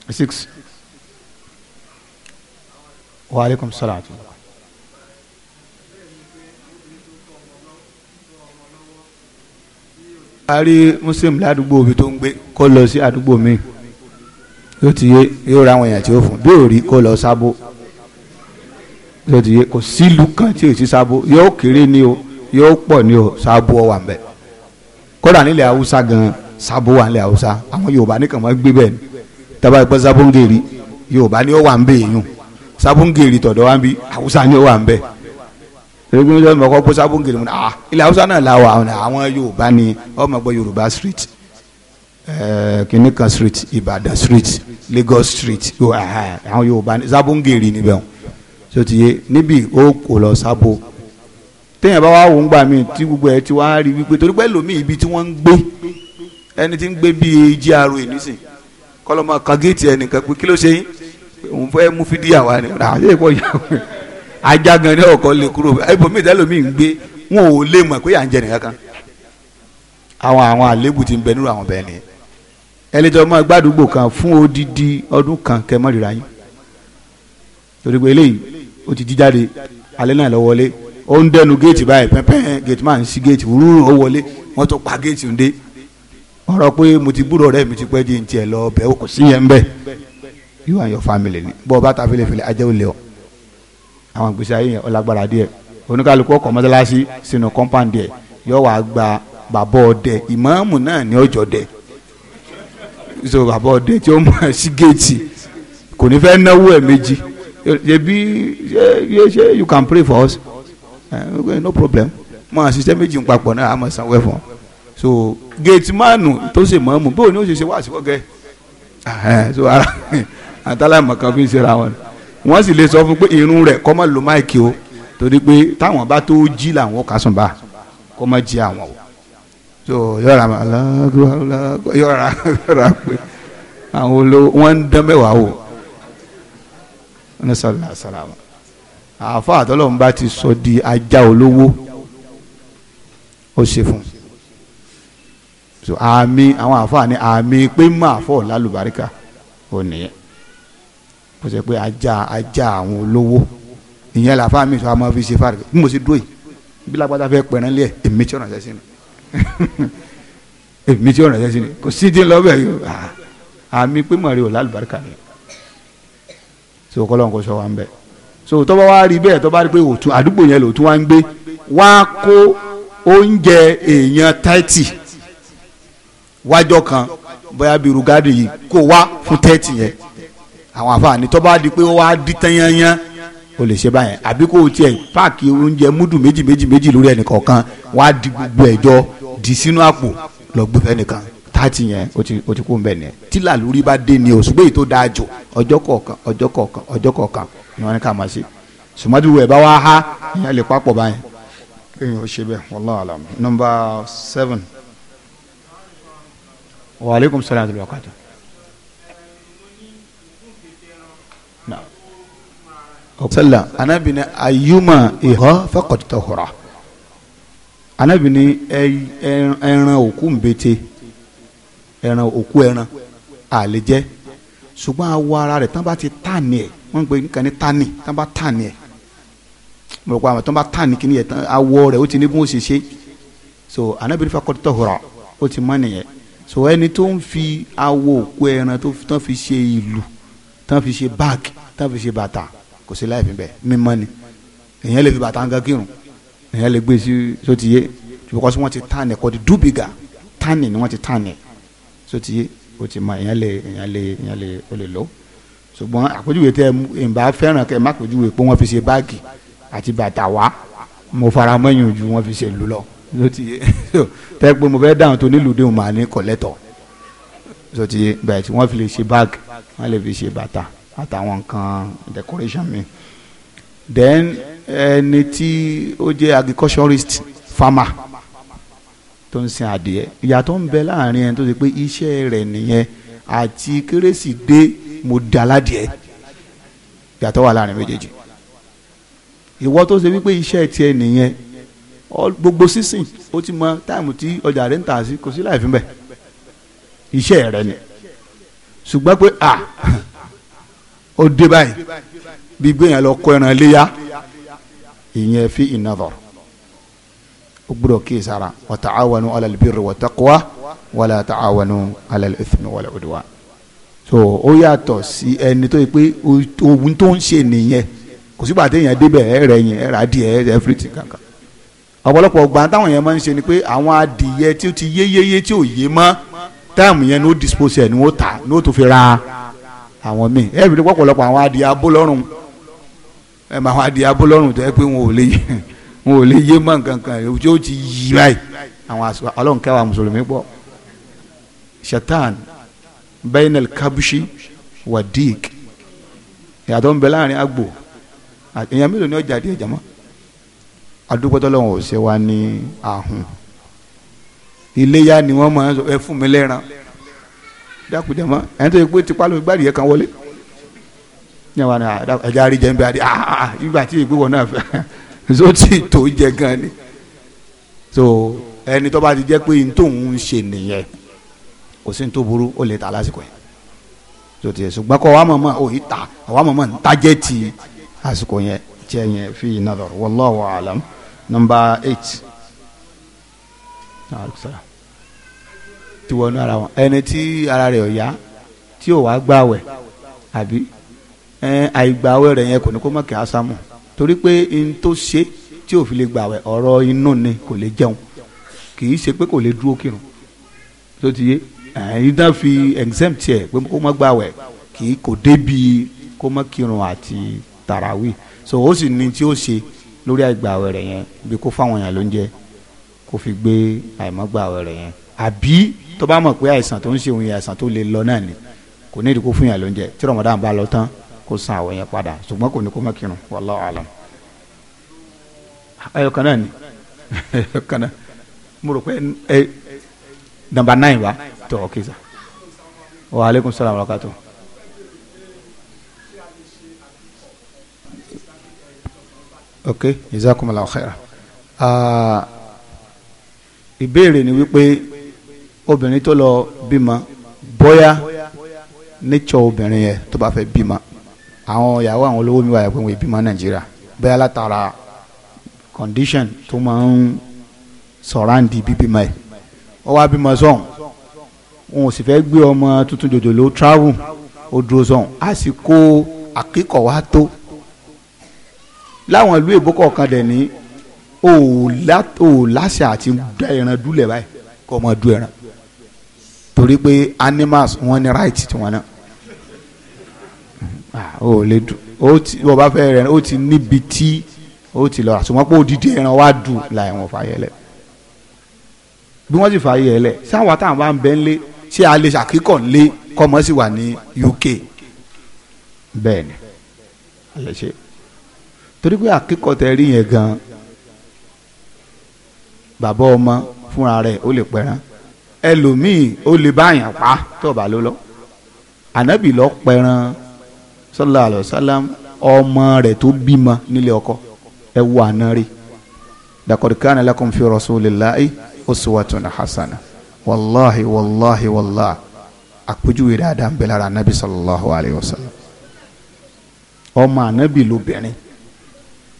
six wa aleykum salaam. a rí muslim ládùúgbò mi tó ń gbé kó lọ sí àdúgbò mi yóò ti yé yóò ra àwọn èèyàn tí ó fún bí ò rí kó lọ sábó yóò ti yé kò sílùú kan tí ò sí sábó yóò kéré ni o yóò pọ̀ ni o sábó ọ̀wà ń bẹ̀ kódà nílẹ̀ haúsá gan sábó wà nílẹ̀ haúsá àwọn yorùbá nìkan máa gbé bẹ́ẹ̀ ni tábà gbọ́ sábóńgèrì yorùbá ni ó wà ń bẹ̀ yùn sábóńgèrì tọ̀dọ̀ wa ń bí haúsá ni ó wà ń bẹ̀ erékùn sọ ma kọ́ pé sábóńgèrì mu ah ilẹ̀ haúsá náà la wà àwọn yorùbá ni ọmọ gbọ́ yorùbá street eh, kìnnìkan street ìbàdàn street lagos street àwọn yorùbá ni sábóńgèrì níbẹ̀ wọn sọ ti yé níbi ó kò lọ sábó téèyàn bá wà wò ń gbà mí tí gbogbo ẹ ti wá rí wípé torí pé lómi ibi tí wọ́n ń gbé ẹni tí gbé bíi GRA nísìn kọlọmọ kan géètì ẹnìkan pé kí ló ṣe yín òun fẹ́ mú fídíà wa ni àti yà ọkọ lè kúrò ibòmí ń gbé wọn ò lè mọ̀ pé à ń jẹ nìkan kan àwọn àwọn kan fún odidi ọdún kan torí pé eléyìí ó ti lọ wọlé ó ń dẹnu géètì báyìí pẹ́pẹ́ géètì máa ń sí géètì wúrú ó wọlé wọ́n tó pa géètì ń dé ọ̀rọ̀ pé mo ti gbúrò rẹ̀ mi ti pẹ́ di ntí lọ bẹ́ẹ̀ kò sí yẹn bẹ́ẹ̀ you and your family ni bọ́ ọ bá ta fẹlẹ́fẹlẹ́ ajẹ́ olè ọ àwọn ìgbésí ayé yẹn ọlágbára díẹ̀ oníkàlùkù ọkọ̀ mọ́sálásí sínú kọ́ńpáǹdì ẹ̀ yọ wàá gba bàbá ọdẹ ìmáàmù náà ní ọjọ́ dẹ so bàbá ọdẹ tí ó mọ̀ sí géètì kò ní fẹ́ náwó ẹ̀ méjì yẹ bí ṣe you can pray for us ẹ eh, no problem máa ṣiṣẹ́ méjì ń papọ̀ náà a máa sanwó ẹ̀ fún ọ so gate manu tó ṣe mọ́ mu bóun ni ó ṣe ṣe wá sí ọ̀gẹ́ so ara àtàlámọ̀ kan fi ń ṣera wọn wọ́n sì lè sọ fún pé irun rẹ̀ kọ́ mọ́ lo máìkì o torí pé táwọn bá tó jí làwọn kà sùn bá kọ́ mọ́ jí àwọn o so yọ̀ra yọ̀ra yọ̀ra pé àwọn olówó wọ́n ń dán mẹ́wàá o ní sọ̀rọ̀ àṣàlámà àáfà àtọ́lọ́run bá ti sọ di ajá olówó ó ṣe fún so àmì àwọn àáfà ni àmì pé máa fọ̀ lálùbáríkà ò nìyẹn kò sẹ́ pé ajá ajá àwọn olówó ìyẹn làáfà mi sọ àmọ́ fi ṣe fàrẹ̀ bí mo ṣe dúró yìí bí lágbàdá fẹ́ pẹ̀rẹ́ lé ẹ̀ èmi tí ọ̀nà ṣẹ́ sí ni èmi tí ọ̀nà ṣẹ́ sí ni kò sí dín lọ́bẹ̀ yìí ah, àmì pé mọ̀ọ́rẹ́ ò lálùbáríkà ni so kọ́lọ́n kò sọ wa ń bẹ́ẹ̀ so tó bá wá rí bẹ́ẹ̀ tó bá rí pé òtún àdúgbò yẹn lòtún wá ń gbé wá kó oúnjẹ èèyàn tẹ́tì wájọ kan bóyá bíi rúgádì yìí kó wá fún tẹ́tì yẹn àwọn àfààní tó bá di pé ó wá di tán yányán o lè ṣe báyẹn àbí kó o tiẹ̀ páàkì oúnjẹ múdù méjì méjì méjì lórí ẹnìkọ̀ọ̀kan wá di gbogbo ẹ̀jọ dì sínú àpò lọ gbé fẹ́ nìkan tààtì yẹn o ti o ti kú nbẹ nìyẹn tí làlúrí bá dé ni o ṣùgbọ́n èyí tó dáa jù ọjọ́ kọ̀ọ̀kan ọjọ́ kọ̀ọ̀kan ọjọ́ kọ̀ọ̀kan ni wọ́n ní ká máa ṣe sùmọ́tì wẹ̀ bá wá há ìyẹn lè papọ̀ báyẹn kéèyàn ó ṣe bẹ́ẹ̀ seven wa salaam wa rahmatulah. sallam anabini ayuma ihọ faqad tahura anabini ẹran òkú nbete ẹran òkú ẹran àlè jẹ ṣùgbọ́n awọ ara rẹ̀ tán bá ti tàní ẹ̀ wọ́n ń pè nǹkan ní tàní tán bá tàní ẹ̀ mo rò pé àwọn tán bá tàní kí ni yẹn tán awọ rẹ̀ ó ti ní bí wọ́n ṣe ṣe so anabi nífa kọ́tọ́ hùrọ̀ ó ti mọ́ nìyẹn so ẹni tó ń fi awọ òkú ẹran tó tán fi ṣe ìlú tán fi ṣe báàgì tán fi ṣe bàtà kò sí láì fi bẹ́ẹ̀ mímọ́ ni èèyàn lè fi bàtà ń ga kírun èèyàn lè gbé sí sótìyé ṣùgbọ́n wọ́n ti tàní kọ́ di dúbìgà tàní ni wọ́n ti tàní so ti o ti mọ èèyàn lè èèyàn lè èèyàn lè o lè lò ṣùgbọ́n àpèjúwe tẹ ìbá fẹ́ràn kẹ má pèjúwe pé wọ́n fi ṣe báàgì àti bàtà wá mo fara mọ́yìn ju wọ́n fi ṣe lù lọ so ti tẹ pé mo fẹ́ dáhùn tó nílùú déhùn màá ní kọ̀lẹ́tọ̀ so bẹ́ẹ̀ wọ́n fi lè ṣe báàgì wọ́n lè fi ṣe bàtà àtàwọn nǹkan decoration mi then ẹni tí ó jẹ́ agriculturist farmer tó ń sin adìẹ ìyàtọ̀ ń bẹ láàrin ẹni tó ṣe pé iṣẹ́ rẹ̀ nìyẹn àti kérésì dé mo dà ládìẹ ìyàtọ̀ wà láàrin méjèèjì ìwọ tó ṣe wípé iṣẹ́ tiẹ̀ nìyẹn gbogbo sísìn ó ti mọ táìmù tí ọjà rẹ̀ ń tà sí kò sí láì fi bẹ̀ iṣẹ́ rẹ̀ ni ṣùgbọ́n pé à ó dé báyìí bí gbé yẹn lọ kó ẹran léyà ìyẹn fi ìnàvọ̀rọ̀ ó gbúdọ̀ kíyèsára wa ta'awanu alal birri wa taqwa wala ta'awanu alal ithmi wal udwan so ó yàtọ̀ sí ẹni tó yẹ pé ohun tó ń ṣe nìyẹn kò sígbà téèyàn débẹ̀ ẹ̀ rẹ̀ yẹn ẹ̀ rà díẹ̀ ẹ̀ everything kankan ọ̀pọ̀lọpọ̀ ọgbà táwọn yẹn máa ń ṣe ni pé àwọn adìyẹ tí ó ti yéyéyé tí ò yé mọ́ táàmù yẹn ní ó dispose ẹ̀ ní ó tà ní ó tó fi ra àwọn míì ẹ̀ bí pọ̀pọ̀lọpọ̀ àwọn adìyẹ abólọ́rùn ẹ̀ wọn ò lè yé mọ́ nǹkan kan rẹ̀ ojú ó ti yí báyìí àwọn àṣọ ọlọ́run kẹwàá mùsùlùmí pọ̀ shaitan bainal kabushi wadik ìyàtọ̀ ń bẹ láàrin agbo èèyàn mélòó ni ọjà díẹ̀ jàmọ́ adúgbòtọ́ lọ́wọ́ ò ṣe wá ní ahun iléyà ni wọ́n máa ń sọ ẹ fún mi lẹ́ran dákújẹ mọ́ ẹni tó yẹ pé tipa ló gbàdìyẹ kan wọlé ní àwọn ẹja àríjẹ ń bẹ àdé ah, ah ah ìgbà tí ìgbéwọ̀ náà fẹ́ so tí tó jẹ gan ni so ẹni tó bá ti jẹ pé ntòun ń ṣe nìyẹn kò sí tó burú ó lè ta lásìkò yẹn so tiẹ̀ ṣùgbọ́n kọ́ wa mọ̀mọ́ ò yí ta àwa mọ̀mọ́ ń tajẹ́ ti àsìkò yẹn tiẹ̀ yẹn fi nadhar wallahu alam number eight ah, ti wọnú ara wọn ẹni tí ara rẹ̀ ò yá tí ò wá gbàwẹ̀ àbí àìgbàwẹ̀ rẹ̀ yẹn kò ní kó mọ̀ kí á sámù torí pé n tó ṣe tí ò fi lè gbàwẹ̀ ọ̀rọ̀ inú ni kò lè jẹun kì í ṣe pé kò lè dúró kírun tó ti yé ẹ̀yin dá fi exempt tiẹ̀ pé kó má gbàwẹ̀ kì í kò débi kó má kírun àti tàràwì so ó sì ní tí ó ṣe lórí àìgbàwẹ̀ rẹ̀ yẹn bí kó fáwọn èèyàn ló ń jẹ kó fi gbé àìmọ́gbàwẹ̀ rẹ̀ yẹn àbí tó bá mọ̀ pé àìsàn tó ń ṣe òun yẹn àìsàn tó lè lọ náà ni kò ní ìdíkó fún èèyàn ló ń jẹ tí rọmọdán bá lọ tán kó san àwẹ̀ yẹn padà ṣùgbọ́n kò ní kó má kírun wallahu alam. ẹyọ kan náà ni ẹyọ kan náà mo rò pé ẹ nàmbà náà wa tọ ọ kìsà wa aleykum salaam wa rahmatulah. ok jazakumullahu khaira ìbéèrè ni wípé obìnrin tó lọ bímọ bóyá nature obìnrin yẹn tó bá fẹ́ bímọ àwọn ìyàwó àwọn olówó mi wà pé wọn ìbímọ nàìjíríà bẹ́ẹ̀ látara condition tó máa ń sọ̀ráǹdì bíbímọ ẹ̀ ó wá bímọ sọ̀hún wọn ò sì fẹ́ gbé ọmọ tuntun jòjòló travel ó dúró sọ̀hún àsìkò àkíkọ̀ wa tó láwọn ìlú èbó kọ̀ọ̀kan dẹ̀ ní ò láṣà àti da ẹran dúlẹ̀ báyìí kọ́ ọmọ du ẹran torí pé animals wọ́n ní right tiwọn náà ó ah, lè dùn o ti bó bá fẹ́ rẹ̀ o ti níbi tí ó ti lọ àsùnwọ́n pé òdìdí ẹran wá dùn láì wọn fààyè lẹ̀ bí wọ́n sì fààyè lẹ̀ sáwọn táwọn bá ń bẹ́ lé ṣé a lè ṣàkíkọ̀ lé kọ́mọ sì wà ní UK bẹ́ẹ̀ ni a lè ṣe torí pé àkíkọ̀ tẹ rí yẹn gan bàbá ọmọ fúnra rẹ̀ ó lè pẹran ẹlòmíì ó lè bá pa tó bá ló lọ ànábì lọ pẹran sallallahu alayhi wa sallam ọmọ rẹ̀ tó bímọ nílé ọkọ ẹ wọ àná rí laqad kana lakum fi rasulillahi uswatun hasana wàláhi wàláhi wàláhi àpèjúwe dáadáa ń bẹ lára anabi sallallahu alayhi wa sallam ọmọ anabi lóbìnrin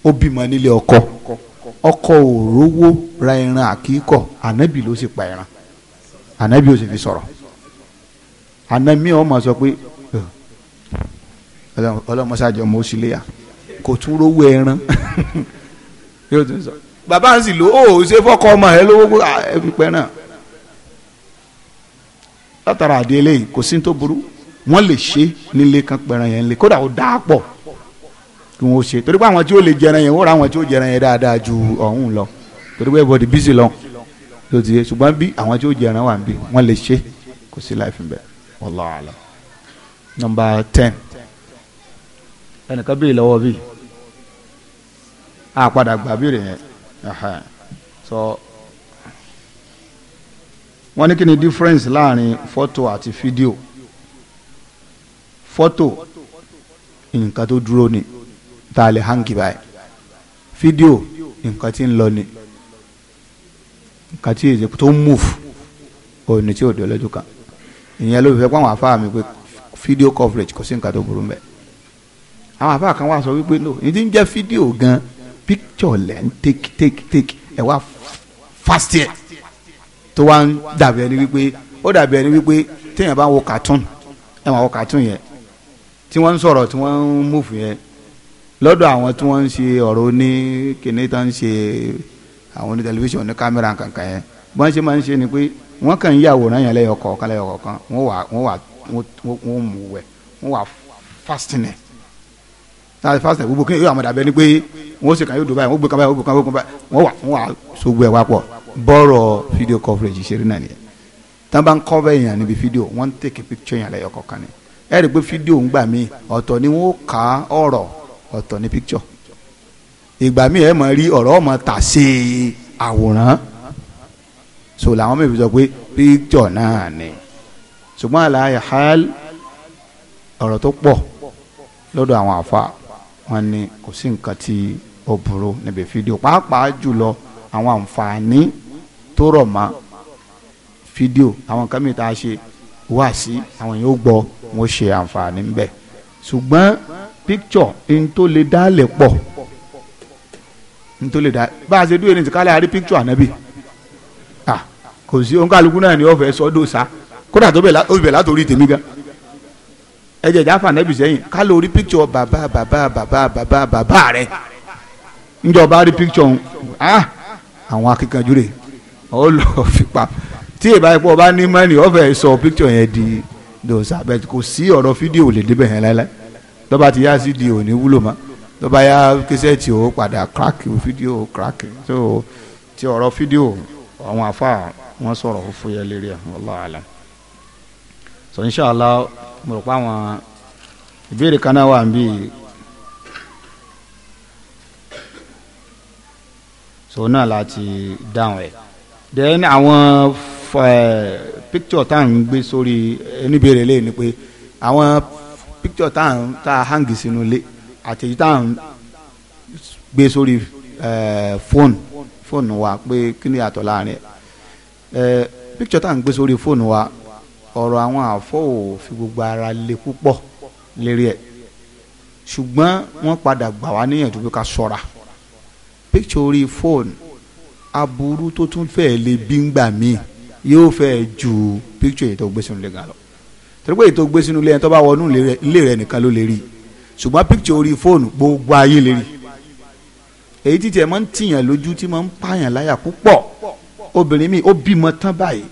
ó bímọ nílé ọkọ ọkọ ò rówó ra ẹran àkíkọ ànábì ló sì pa ẹran ànábì ó sì fi sọ̀rọ̀ ànámi ọmọ sọ pé ọlọmọsájọ ọmọ oṣù léyà kò tún rówó ẹran yóò tún sọ bàbá ń sì lò ó ṣe fọkọ ọmọ ah, ẹ lówó ẹbí pẹ náà látara àdé eléyìí kò sí ní tó burú wọn lè ṣe nílé kan pẹran yẹn lé kódà ó dáa pọ̀ kí wọn ó ṣe torí pé àwọn tí ó lè jẹran yẹn ó ra àwọn tí ó jẹran yẹn dáadáa ju ọ̀hún lọ torí pé everybody busy lọ tó ti yẹ ṣùgbọ́n bí àwọn tí ó jẹran wà ń bí wọn lè ṣe kò sí láìfin bẹ́ẹ̀ wallahu alam nọmba ten ẹnìkan béèrè lọ́wọ́ bíi a padà gbà béèrè yẹn sọ wọ́n ní kí ni difference láàrin fọ́tò àti fídíò fọ́tò nǹkan tó dúró ni tá a lè hangi báyìí fídíò nǹkan tí ń lọ ni nǹkan tí èdè tó ń move òní tí ò dé lójú kan ìyẹn ló fi fẹ́ pọ́n afáàmì pé fídíò coverage kò sí nǹkan tó burú mbẹ́ àwọn àbá kan wá sọ wípé no ní ti ń jẹ́ fídíò gan picture lẹ̀ ń take take take ẹ̀ wá fast yẹ tó wá ń dàbí ẹni wípé ó dàbí ẹni wípé téèyàn bá ń wo cartoon ẹ̀ wọ́n wo cartoon yẹn tí wọ́n ń sọ̀rọ̀ tí wọ́n ń move yẹn lọ́dọ̀ àwọn tí wọ́n ń ṣe ọ̀rọ̀ ní kìnìún tó ń ṣe àwọn oní tẹlifíṣàn ní kámẹ́rà kankan yẹn bọ́n ṣe máa ń ṣe ni pé wọ́n kàn ń yà àwòrán yẹn lẹ́yọ̀ kọ̀ọ̀kan lẹ́yọ̀ kọ̀ọ̀kan wọ́n wà wọ́n wà wọ́n mú wẹ̀ wọ́n wà fasting it náà fásitì gbogbo kí yóò àmọ́ ni pé wọ́n sì kàn yóò dùn báyìí wọ́n gbé kan báyìí wọ́n gbé kan wọ́n wà wọ́n wà sógbó ẹ̀ wá pọ̀ bọ́ọ̀rọ̀ fídíò coverage ṣeré náà nìyẹn tí wọ́n bá ń cover èèyàn níbi fídíò wọ́n ń take picture yàn lẹ́yọ̀ kọ̀ọ̀kan ni ẹ rí i pé fídíò ń gbà mí ọ̀tọ̀ ni wọ́n kà ọ̀rọ̀ ọ̀tọ̀ ni picture ìgbà mí ẹ mọ̀ rí ọ̀rọ̀ ọmọ tà sí àwòrán so làwọn mẹ́fì sọ pé picture náà ni ṣùgbọ́n àlàyé hal ọ̀rọ̀ tó pọ̀ lọ́dọ̀ àwọn àfa wọ́n ní kò sí nǹkan tí ó burú níbi fídíò pàápàá jùlọ àwọn àǹfààní tó rọ̀ mọ́ fídíò àwọn kan mìíràn tá a ṣe wá sí àwọn yóò gbọ́ wọ́n ṣe àǹfààní ńbẹ̀ ṣùgbọ́n píkṣọ̀ n tó lè dá lè pọ̀ n tó lè dá bá a ṣe dúró ní ìsìnkálẹ̀ àrí píkṣọ̀ ànábì kò sí òǹkàlùkù náà ni ó fẹ́ sọ́dọ̀ sá kódà tó bẹ̀ látòrí tèmi gan ẹ̀jẹ̀ ìjà fànẹ́bì sẹ́yìn ká ló rí píkṣọ bàbá bàbá bàbá bàbá bàbá rẹ̀ ńjọba rí píkṣọ ń ah àwọn akíkanjú rẹ̀ ó lọ fipá tí ìbá ipò ọba ní mẹ́rin ọ̀fẹ́ sọ píkṣọ yẹn di dòṣà bẹ́ẹ̀ kò sí ọ̀rọ̀ fídíò lè débẹ̀ yẹn láéláé tọ́ba ti yá sí di òní wúlò mọ́ tọ́ba yá kíṣẹ́ tí ó padà crack fídíò crack so ti ọ̀rọ̀ fídíò àwọn àfa wọn sọ̀rọ̀ fúyẹ́ lérí ẹ̀ wallahu alam so inshàlá mo rò pé àwọn ìbéèrè kan náà wà ń bí so náà láti dáhùn ẹ̀ then àwọn eh, picture tá à ń gbé sórí ẹni béèrè lé ni pé àwọn picture tá à ń tá a hang sínú ilé àti èyí tá à ń gbé sórí fóònù eh, fóònù wa pé kí ni yàtọ̀ láàrin ẹ̀ eh, picture tá à ń gbé sórí fóònù wa ọ̀rọ̀ àwọn àfọ ò fi gbogbo ara le púpọ̀ lérí ẹ̀ ṣùgbọ́n wọ́n padà gbà wá níyànjú pé ká ṣọ́ra píkṣọ orí fóònù aburú tó tún fẹ́ẹ́ lè bí ń gbà míì yóò fẹ́ẹ́ ju píkṣọ èyí tó gbé sínú ilé gan lọ torí pé èyí tó gbé sínú ilé yẹn tó bá wọnú ilé rẹ nìkan ló lè rí ṣùgbọ́n píkṣọ orí fóònù gbogbo ayé lè rí èyí títí ẹ̀ máa ń tìyàn lójú tí máa ń pààyàn láyà púpọ̀ obìnrin mi ó bímọ tán báyìí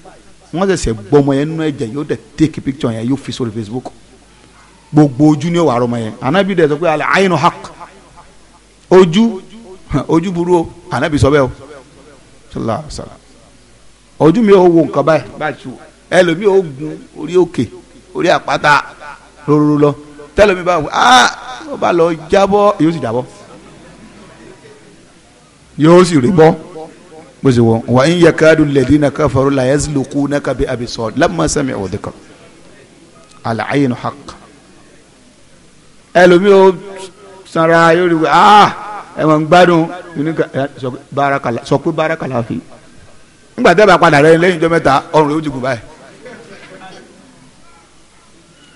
wọ́n ṣẹ̀ṣẹ̀ gbọ́mọ yẹn nínú ẹ̀jẹ̀ yóò dẹ̀ take picture yẹn yóò fi sórí Facebook gbogbo ojú ni ó wà rọmọ yẹn anabi dẹ̀ sọ pé alẹ́ àyìnú hak ojú ojú burú o anabi sọ bẹ́ẹ̀ o sallallahu alaihi wasallam ojú mi ò wo nǹkan báyìí báyìí tu ẹlòmíì ò gun orí òkè orí àpáta rororo lọ tẹlẹmi bá wò ah ó bá lọ jábọ́ yóò sì jábọ́ yóò sì rí bọ́ bó ṣe wọ wà ń yakadu lẹ́dínà káfàrú la yazluku naka bi abisọ lamma sami ọ̀ dìkan alaayinu haq ẹlòmíì ó sanra yóò rí wẹ ah ẹ mọ̀ ń gbádùn sọ pé bárakàlà fi ńgbà tẹ́ bá padà rẹ lẹ́yìn ìjọ mẹ́ta ọrùn rẹ ó jìgùn báyìí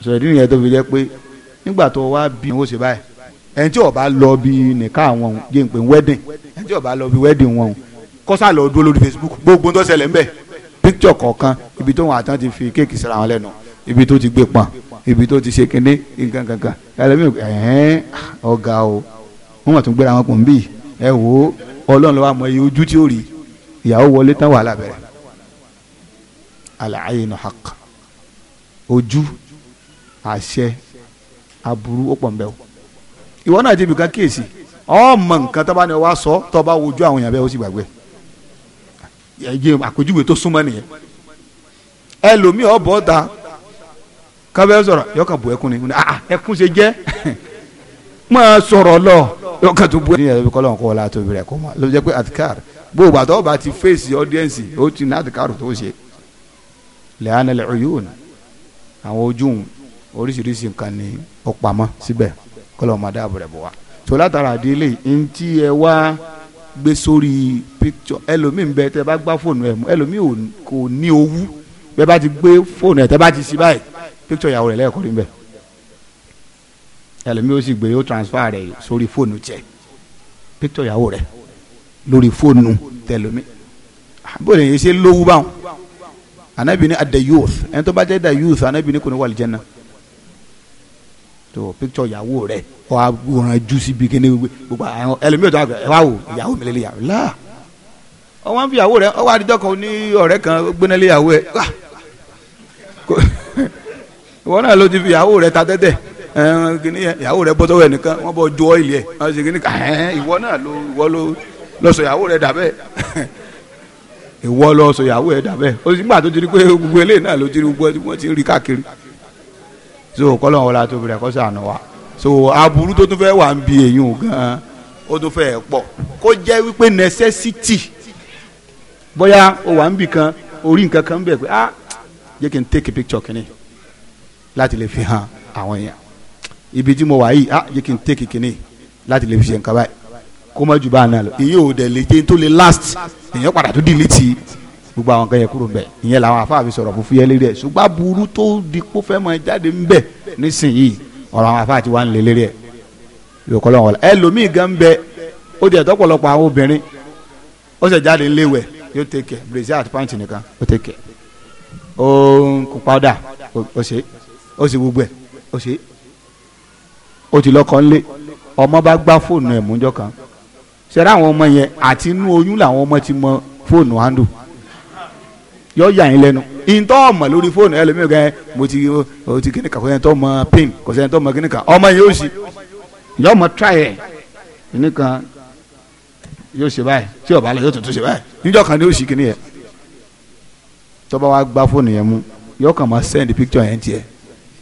sọ̀rọ̀dí nìyẹn tó fi jẹ́ pé nígbà tó wá bí owó ṣe báyìí ẹni tí ó bá lọ bí nìka àwọn jẹ́ ń pè wedding ẹni tí ó bá lọ wedding wọn kọ́sà lọ dúró lórí facebook gbogbo tó ṣẹlẹ̀ ńbẹ̀ picture kọ̀ọ̀kan ibi tó wọn àtàn ti fi kéèkì síra wọn lẹ́nu ibi tó ti gbé pọn ibi tó ti ṣe kinní nǹkan kankan ẹlẹ́mìí ẹ̀hẹ́n ọ̀gá o wọ́n mọ̀ tó ń gbéra wọn pọ̀ nbí ẹ wo ọlọ́run lọ́wọ́ àmọ́ iye ojú tí ó rí ìyàwó wọlé tán wà lábẹ́rẹ́ alaayé nù haq ojú àṣẹ aburú ó pọ̀ nbẹ́ o ìwọ náà ti bìkan kíyèsí ọmọ nǹkan tó bá ní ọ wá sọ tó bá wojú àwọn èèyàn bẹ́ẹ̀ ó sì gbàgbé ẹ̀jẹ̀ àkójúwe tó súnmọ́ nìyẹn ẹlòmíì ọ̀bọ̀ ta kábẹ́ sọ̀rọ̀ yọkà bu ẹkún ni ah, ah ẹkún ṣe jẹ́ máa sọ̀rọ̀ lọ yọkà tó bu ẹkún ni ẹ̀rọ kọ́lọ́n kọ́ la tóbi rẹ̀ kọ́ ma ló jẹ́ pé àtikár bó o bá tọ́ bá ti fèsì ọ́díẹ̀nsì ó ti ní àtikár tó ṣe lẹ́yìn alẹ́ ọ̀yọ́n àwọn ojú oríṣiríṣi nǹkan ni ó pamọ́ síbẹ̀ kọ́lọ́n ma dáàbò rẹ̀ bọ̀ wá. tòlátara àdílé ntí ẹ wá gbé sórí picture ẹlòmíì ń bẹ tẹ bá gbá fóònù ẹ mú ẹlòmíì kò ní owú bẹ bá ti gbé fóònù ẹ tẹ bá ti sí báyìí picture ìyàwó rẹ lẹ́ẹ̀kọ́ rí bẹ́ẹ̀ ẹlòmíì ó sì gbé yóò transfer rẹ sórí fóònù tiẹ̀ picture ìyàwó rẹ lórí fóònù tẹlòmíì bóyá èyí ṣe lówú báwọn anabi ni adayuth ẹni tó bá jẹ́ dayuth anabi ni kò ní wà lìjẹ́ náà tó picture ìyàwó rẹ ọ àwòrán ju síbi kí ni gbogbo àwọn ẹlòmíràn tó àgbẹ̀ ẹ wá wò ìyàwó mi lélẹ̀ yàrá là ọwọ́ ń fi ìyàwó rẹ ọwọ́ àdìjọ́ kan ní ọ̀rẹ́ kan gbóná lé ìyàwó ẹ ìwọ náà ló ti fi ìyàwó rẹ ta tẹ́tẹ́ kìnìún yẹn ìyàwó rẹ bọ́ sọ́wọ́ ẹnìkan wọ́n bọ́ ju ọ́ìlì ẹ̀ wọ́n sì kìnìún kàn ìwọ náà ló ìwọ ló lọ sọ ìyàwó rẹ dàbẹ́ ìwọ lọ sọ ìyàwó rẹ dàbẹ́ ó sì gbà tó ti rí pé gbogbo eléyìí náà ló ti rí gbogbo so kọ́lọ̀ wọlé àtòbí rẹ̀ kọ́ sànù wa so aburú tó tún fẹ́ wà ń bi èyàn gan ó tún fẹ́ pọ̀ kó jẹ́ wípé necessity bóyá o wà ń bì kan orí nǹkan kan bẹ̀ pé ah jẹ́ kí n take a picture kìíní láti lè fi hàn àwọn èèyàn ibi tí mo wà yìí ah jẹ́ kí n take kìíní láti lè fi ṣe nǹkan báyìí kó má jù bá a nà lọ èyí ò dẹ̀ lè jẹ́ tó lè last èèyàn padà tó delete gbogbo àwọn kan yẹ kúrò nbẹ ìyẹn làwọn afáàfin sọ̀rọ̀ fún fúyẹ́lẹ́ rẹ̀ ṣùgbọ́n aburú tó di kó fẹ́ mọ jáde nbẹ nísìnyìí ọ̀rọ̀ àwọn afáàtì wà ń lé lérí ẹ̀ yóò kọ́ lọ́wọ́ ẹlòmíì gan bẹ ó di ẹ̀tọ́pọ̀lọpọ̀ àwọn obìnrin ó sì jáde léwẹ̀ yóò tẹ̀ brazil àti pàǹtì nìkan ó tẹ̀ kẹ̀ ó ń kó pàdà ó ṣe ó sì gbogbo ẹ̀ ó ṣe ó ti lọ́kọ́ ńlé ọmọ bá gbá fóònù ẹ̀ mújọ́ yọ yà yín lẹ́nu ìntọ́ ọmọ lórí fóònù ẹlòmíràn gan mo ti o ti kíni kan kò sẹ́ni tó mọ pin kò sẹ́ni tó mọ kíni kan ọmọ yóò sì yọ ọmọ try ẹ̀ kíni kan yóò ṣe báyìí tí ọba lọ yóò tuntun ṣe báyìí níjọ́ kan ni yóò ṣì kíni yẹ tọ́ba wa gba fóònù yẹn mú yọ kàn máa send picture yẹn tiẹ̀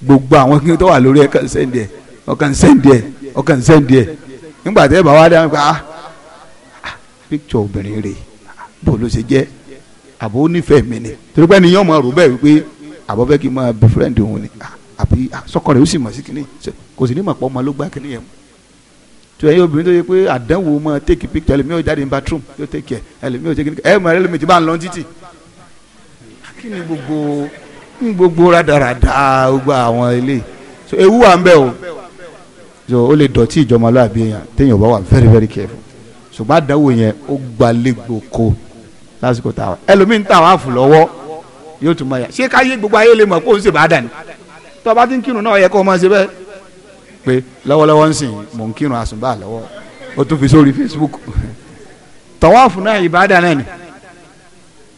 gbogbo àwọn kíni tó wà lórí ẹ̀ kàn send yẹ ọkàn send yẹ ọkàn send yẹ nígbà tẹ́ bá wa dá ah, ah, picture obìnrin rè bó ló àbò onífẹ̀ẹ́ mi ni torí pé ènìyàn máa rò bẹ́ẹ̀ wípé àbọ̀ fẹ́ kí n máa bí friend òun ni àbí sọ́kọ̀ rẹ̀ ó sì mọ̀ sí kínní kò sì ní mọ̀ pọ̀ ọmọ ló gbá kínní yẹn mu tí wọ́n yé obìnrin tó yẹ pé àdánwò máa take picture ẹlòmíì ò jáde ní bathroom yóò take care ẹlòmíì ò take care ẹ mọ̀ ẹlòmíì ti bá ń lọ títì kí ni gbogbo ní gbogbo rádaràdà gbogbo àwọn ilé so ewu wà ń bẹ o so ó lè dọ̀tí ìjọba lọ́àbí èèyàn téèyàn bá wà very very careful ṣùgbọ́n àdánwò yẹn ó gbalẹ̀ gbòko lásìkò táwa ẹlòmíì ń tà wá fù lọ́wọ́ yóò tún mọ yà ṣé káyé gbogbo ayé lè mọ̀ pé òun ṣe bá dàní tó o bá ti ń kírun náà yẹ kó o máa ṣe bẹ́ẹ̀ pé lọ́wọ́lọ́wọ́ ń sìn mò ń kírun àsùnbà lọ́wọ́ o tún fi sórí Facebook tọ́wọ́fù náà ìbáàdà náà ni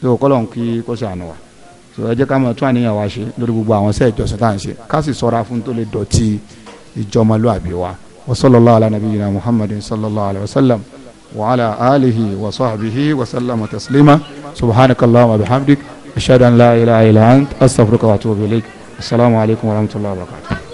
tó kọ́lọ̀ ń kí kó ṣàánú wa tó ẹ jẹ́ ká máa tún àníyàn wa ṣe lórí gbogbo àwọn sẹ́ẹ̀ ìjọsìn tá à ń ṣe ká sì sọ́ra fún tó lè dọ̀tí ìjọmọlúàbí wa wa sallallahu ala nabiyyina Muhammadin sallallahu alayhi wa sallam. وعلى آله وصحبه وسلم تسليما سبحانك اللهم وبحمدك أشهد أن لا إله إلا أنت أستغفرك وأتوب إليك السلام عليكم ورحمة الله وبركاته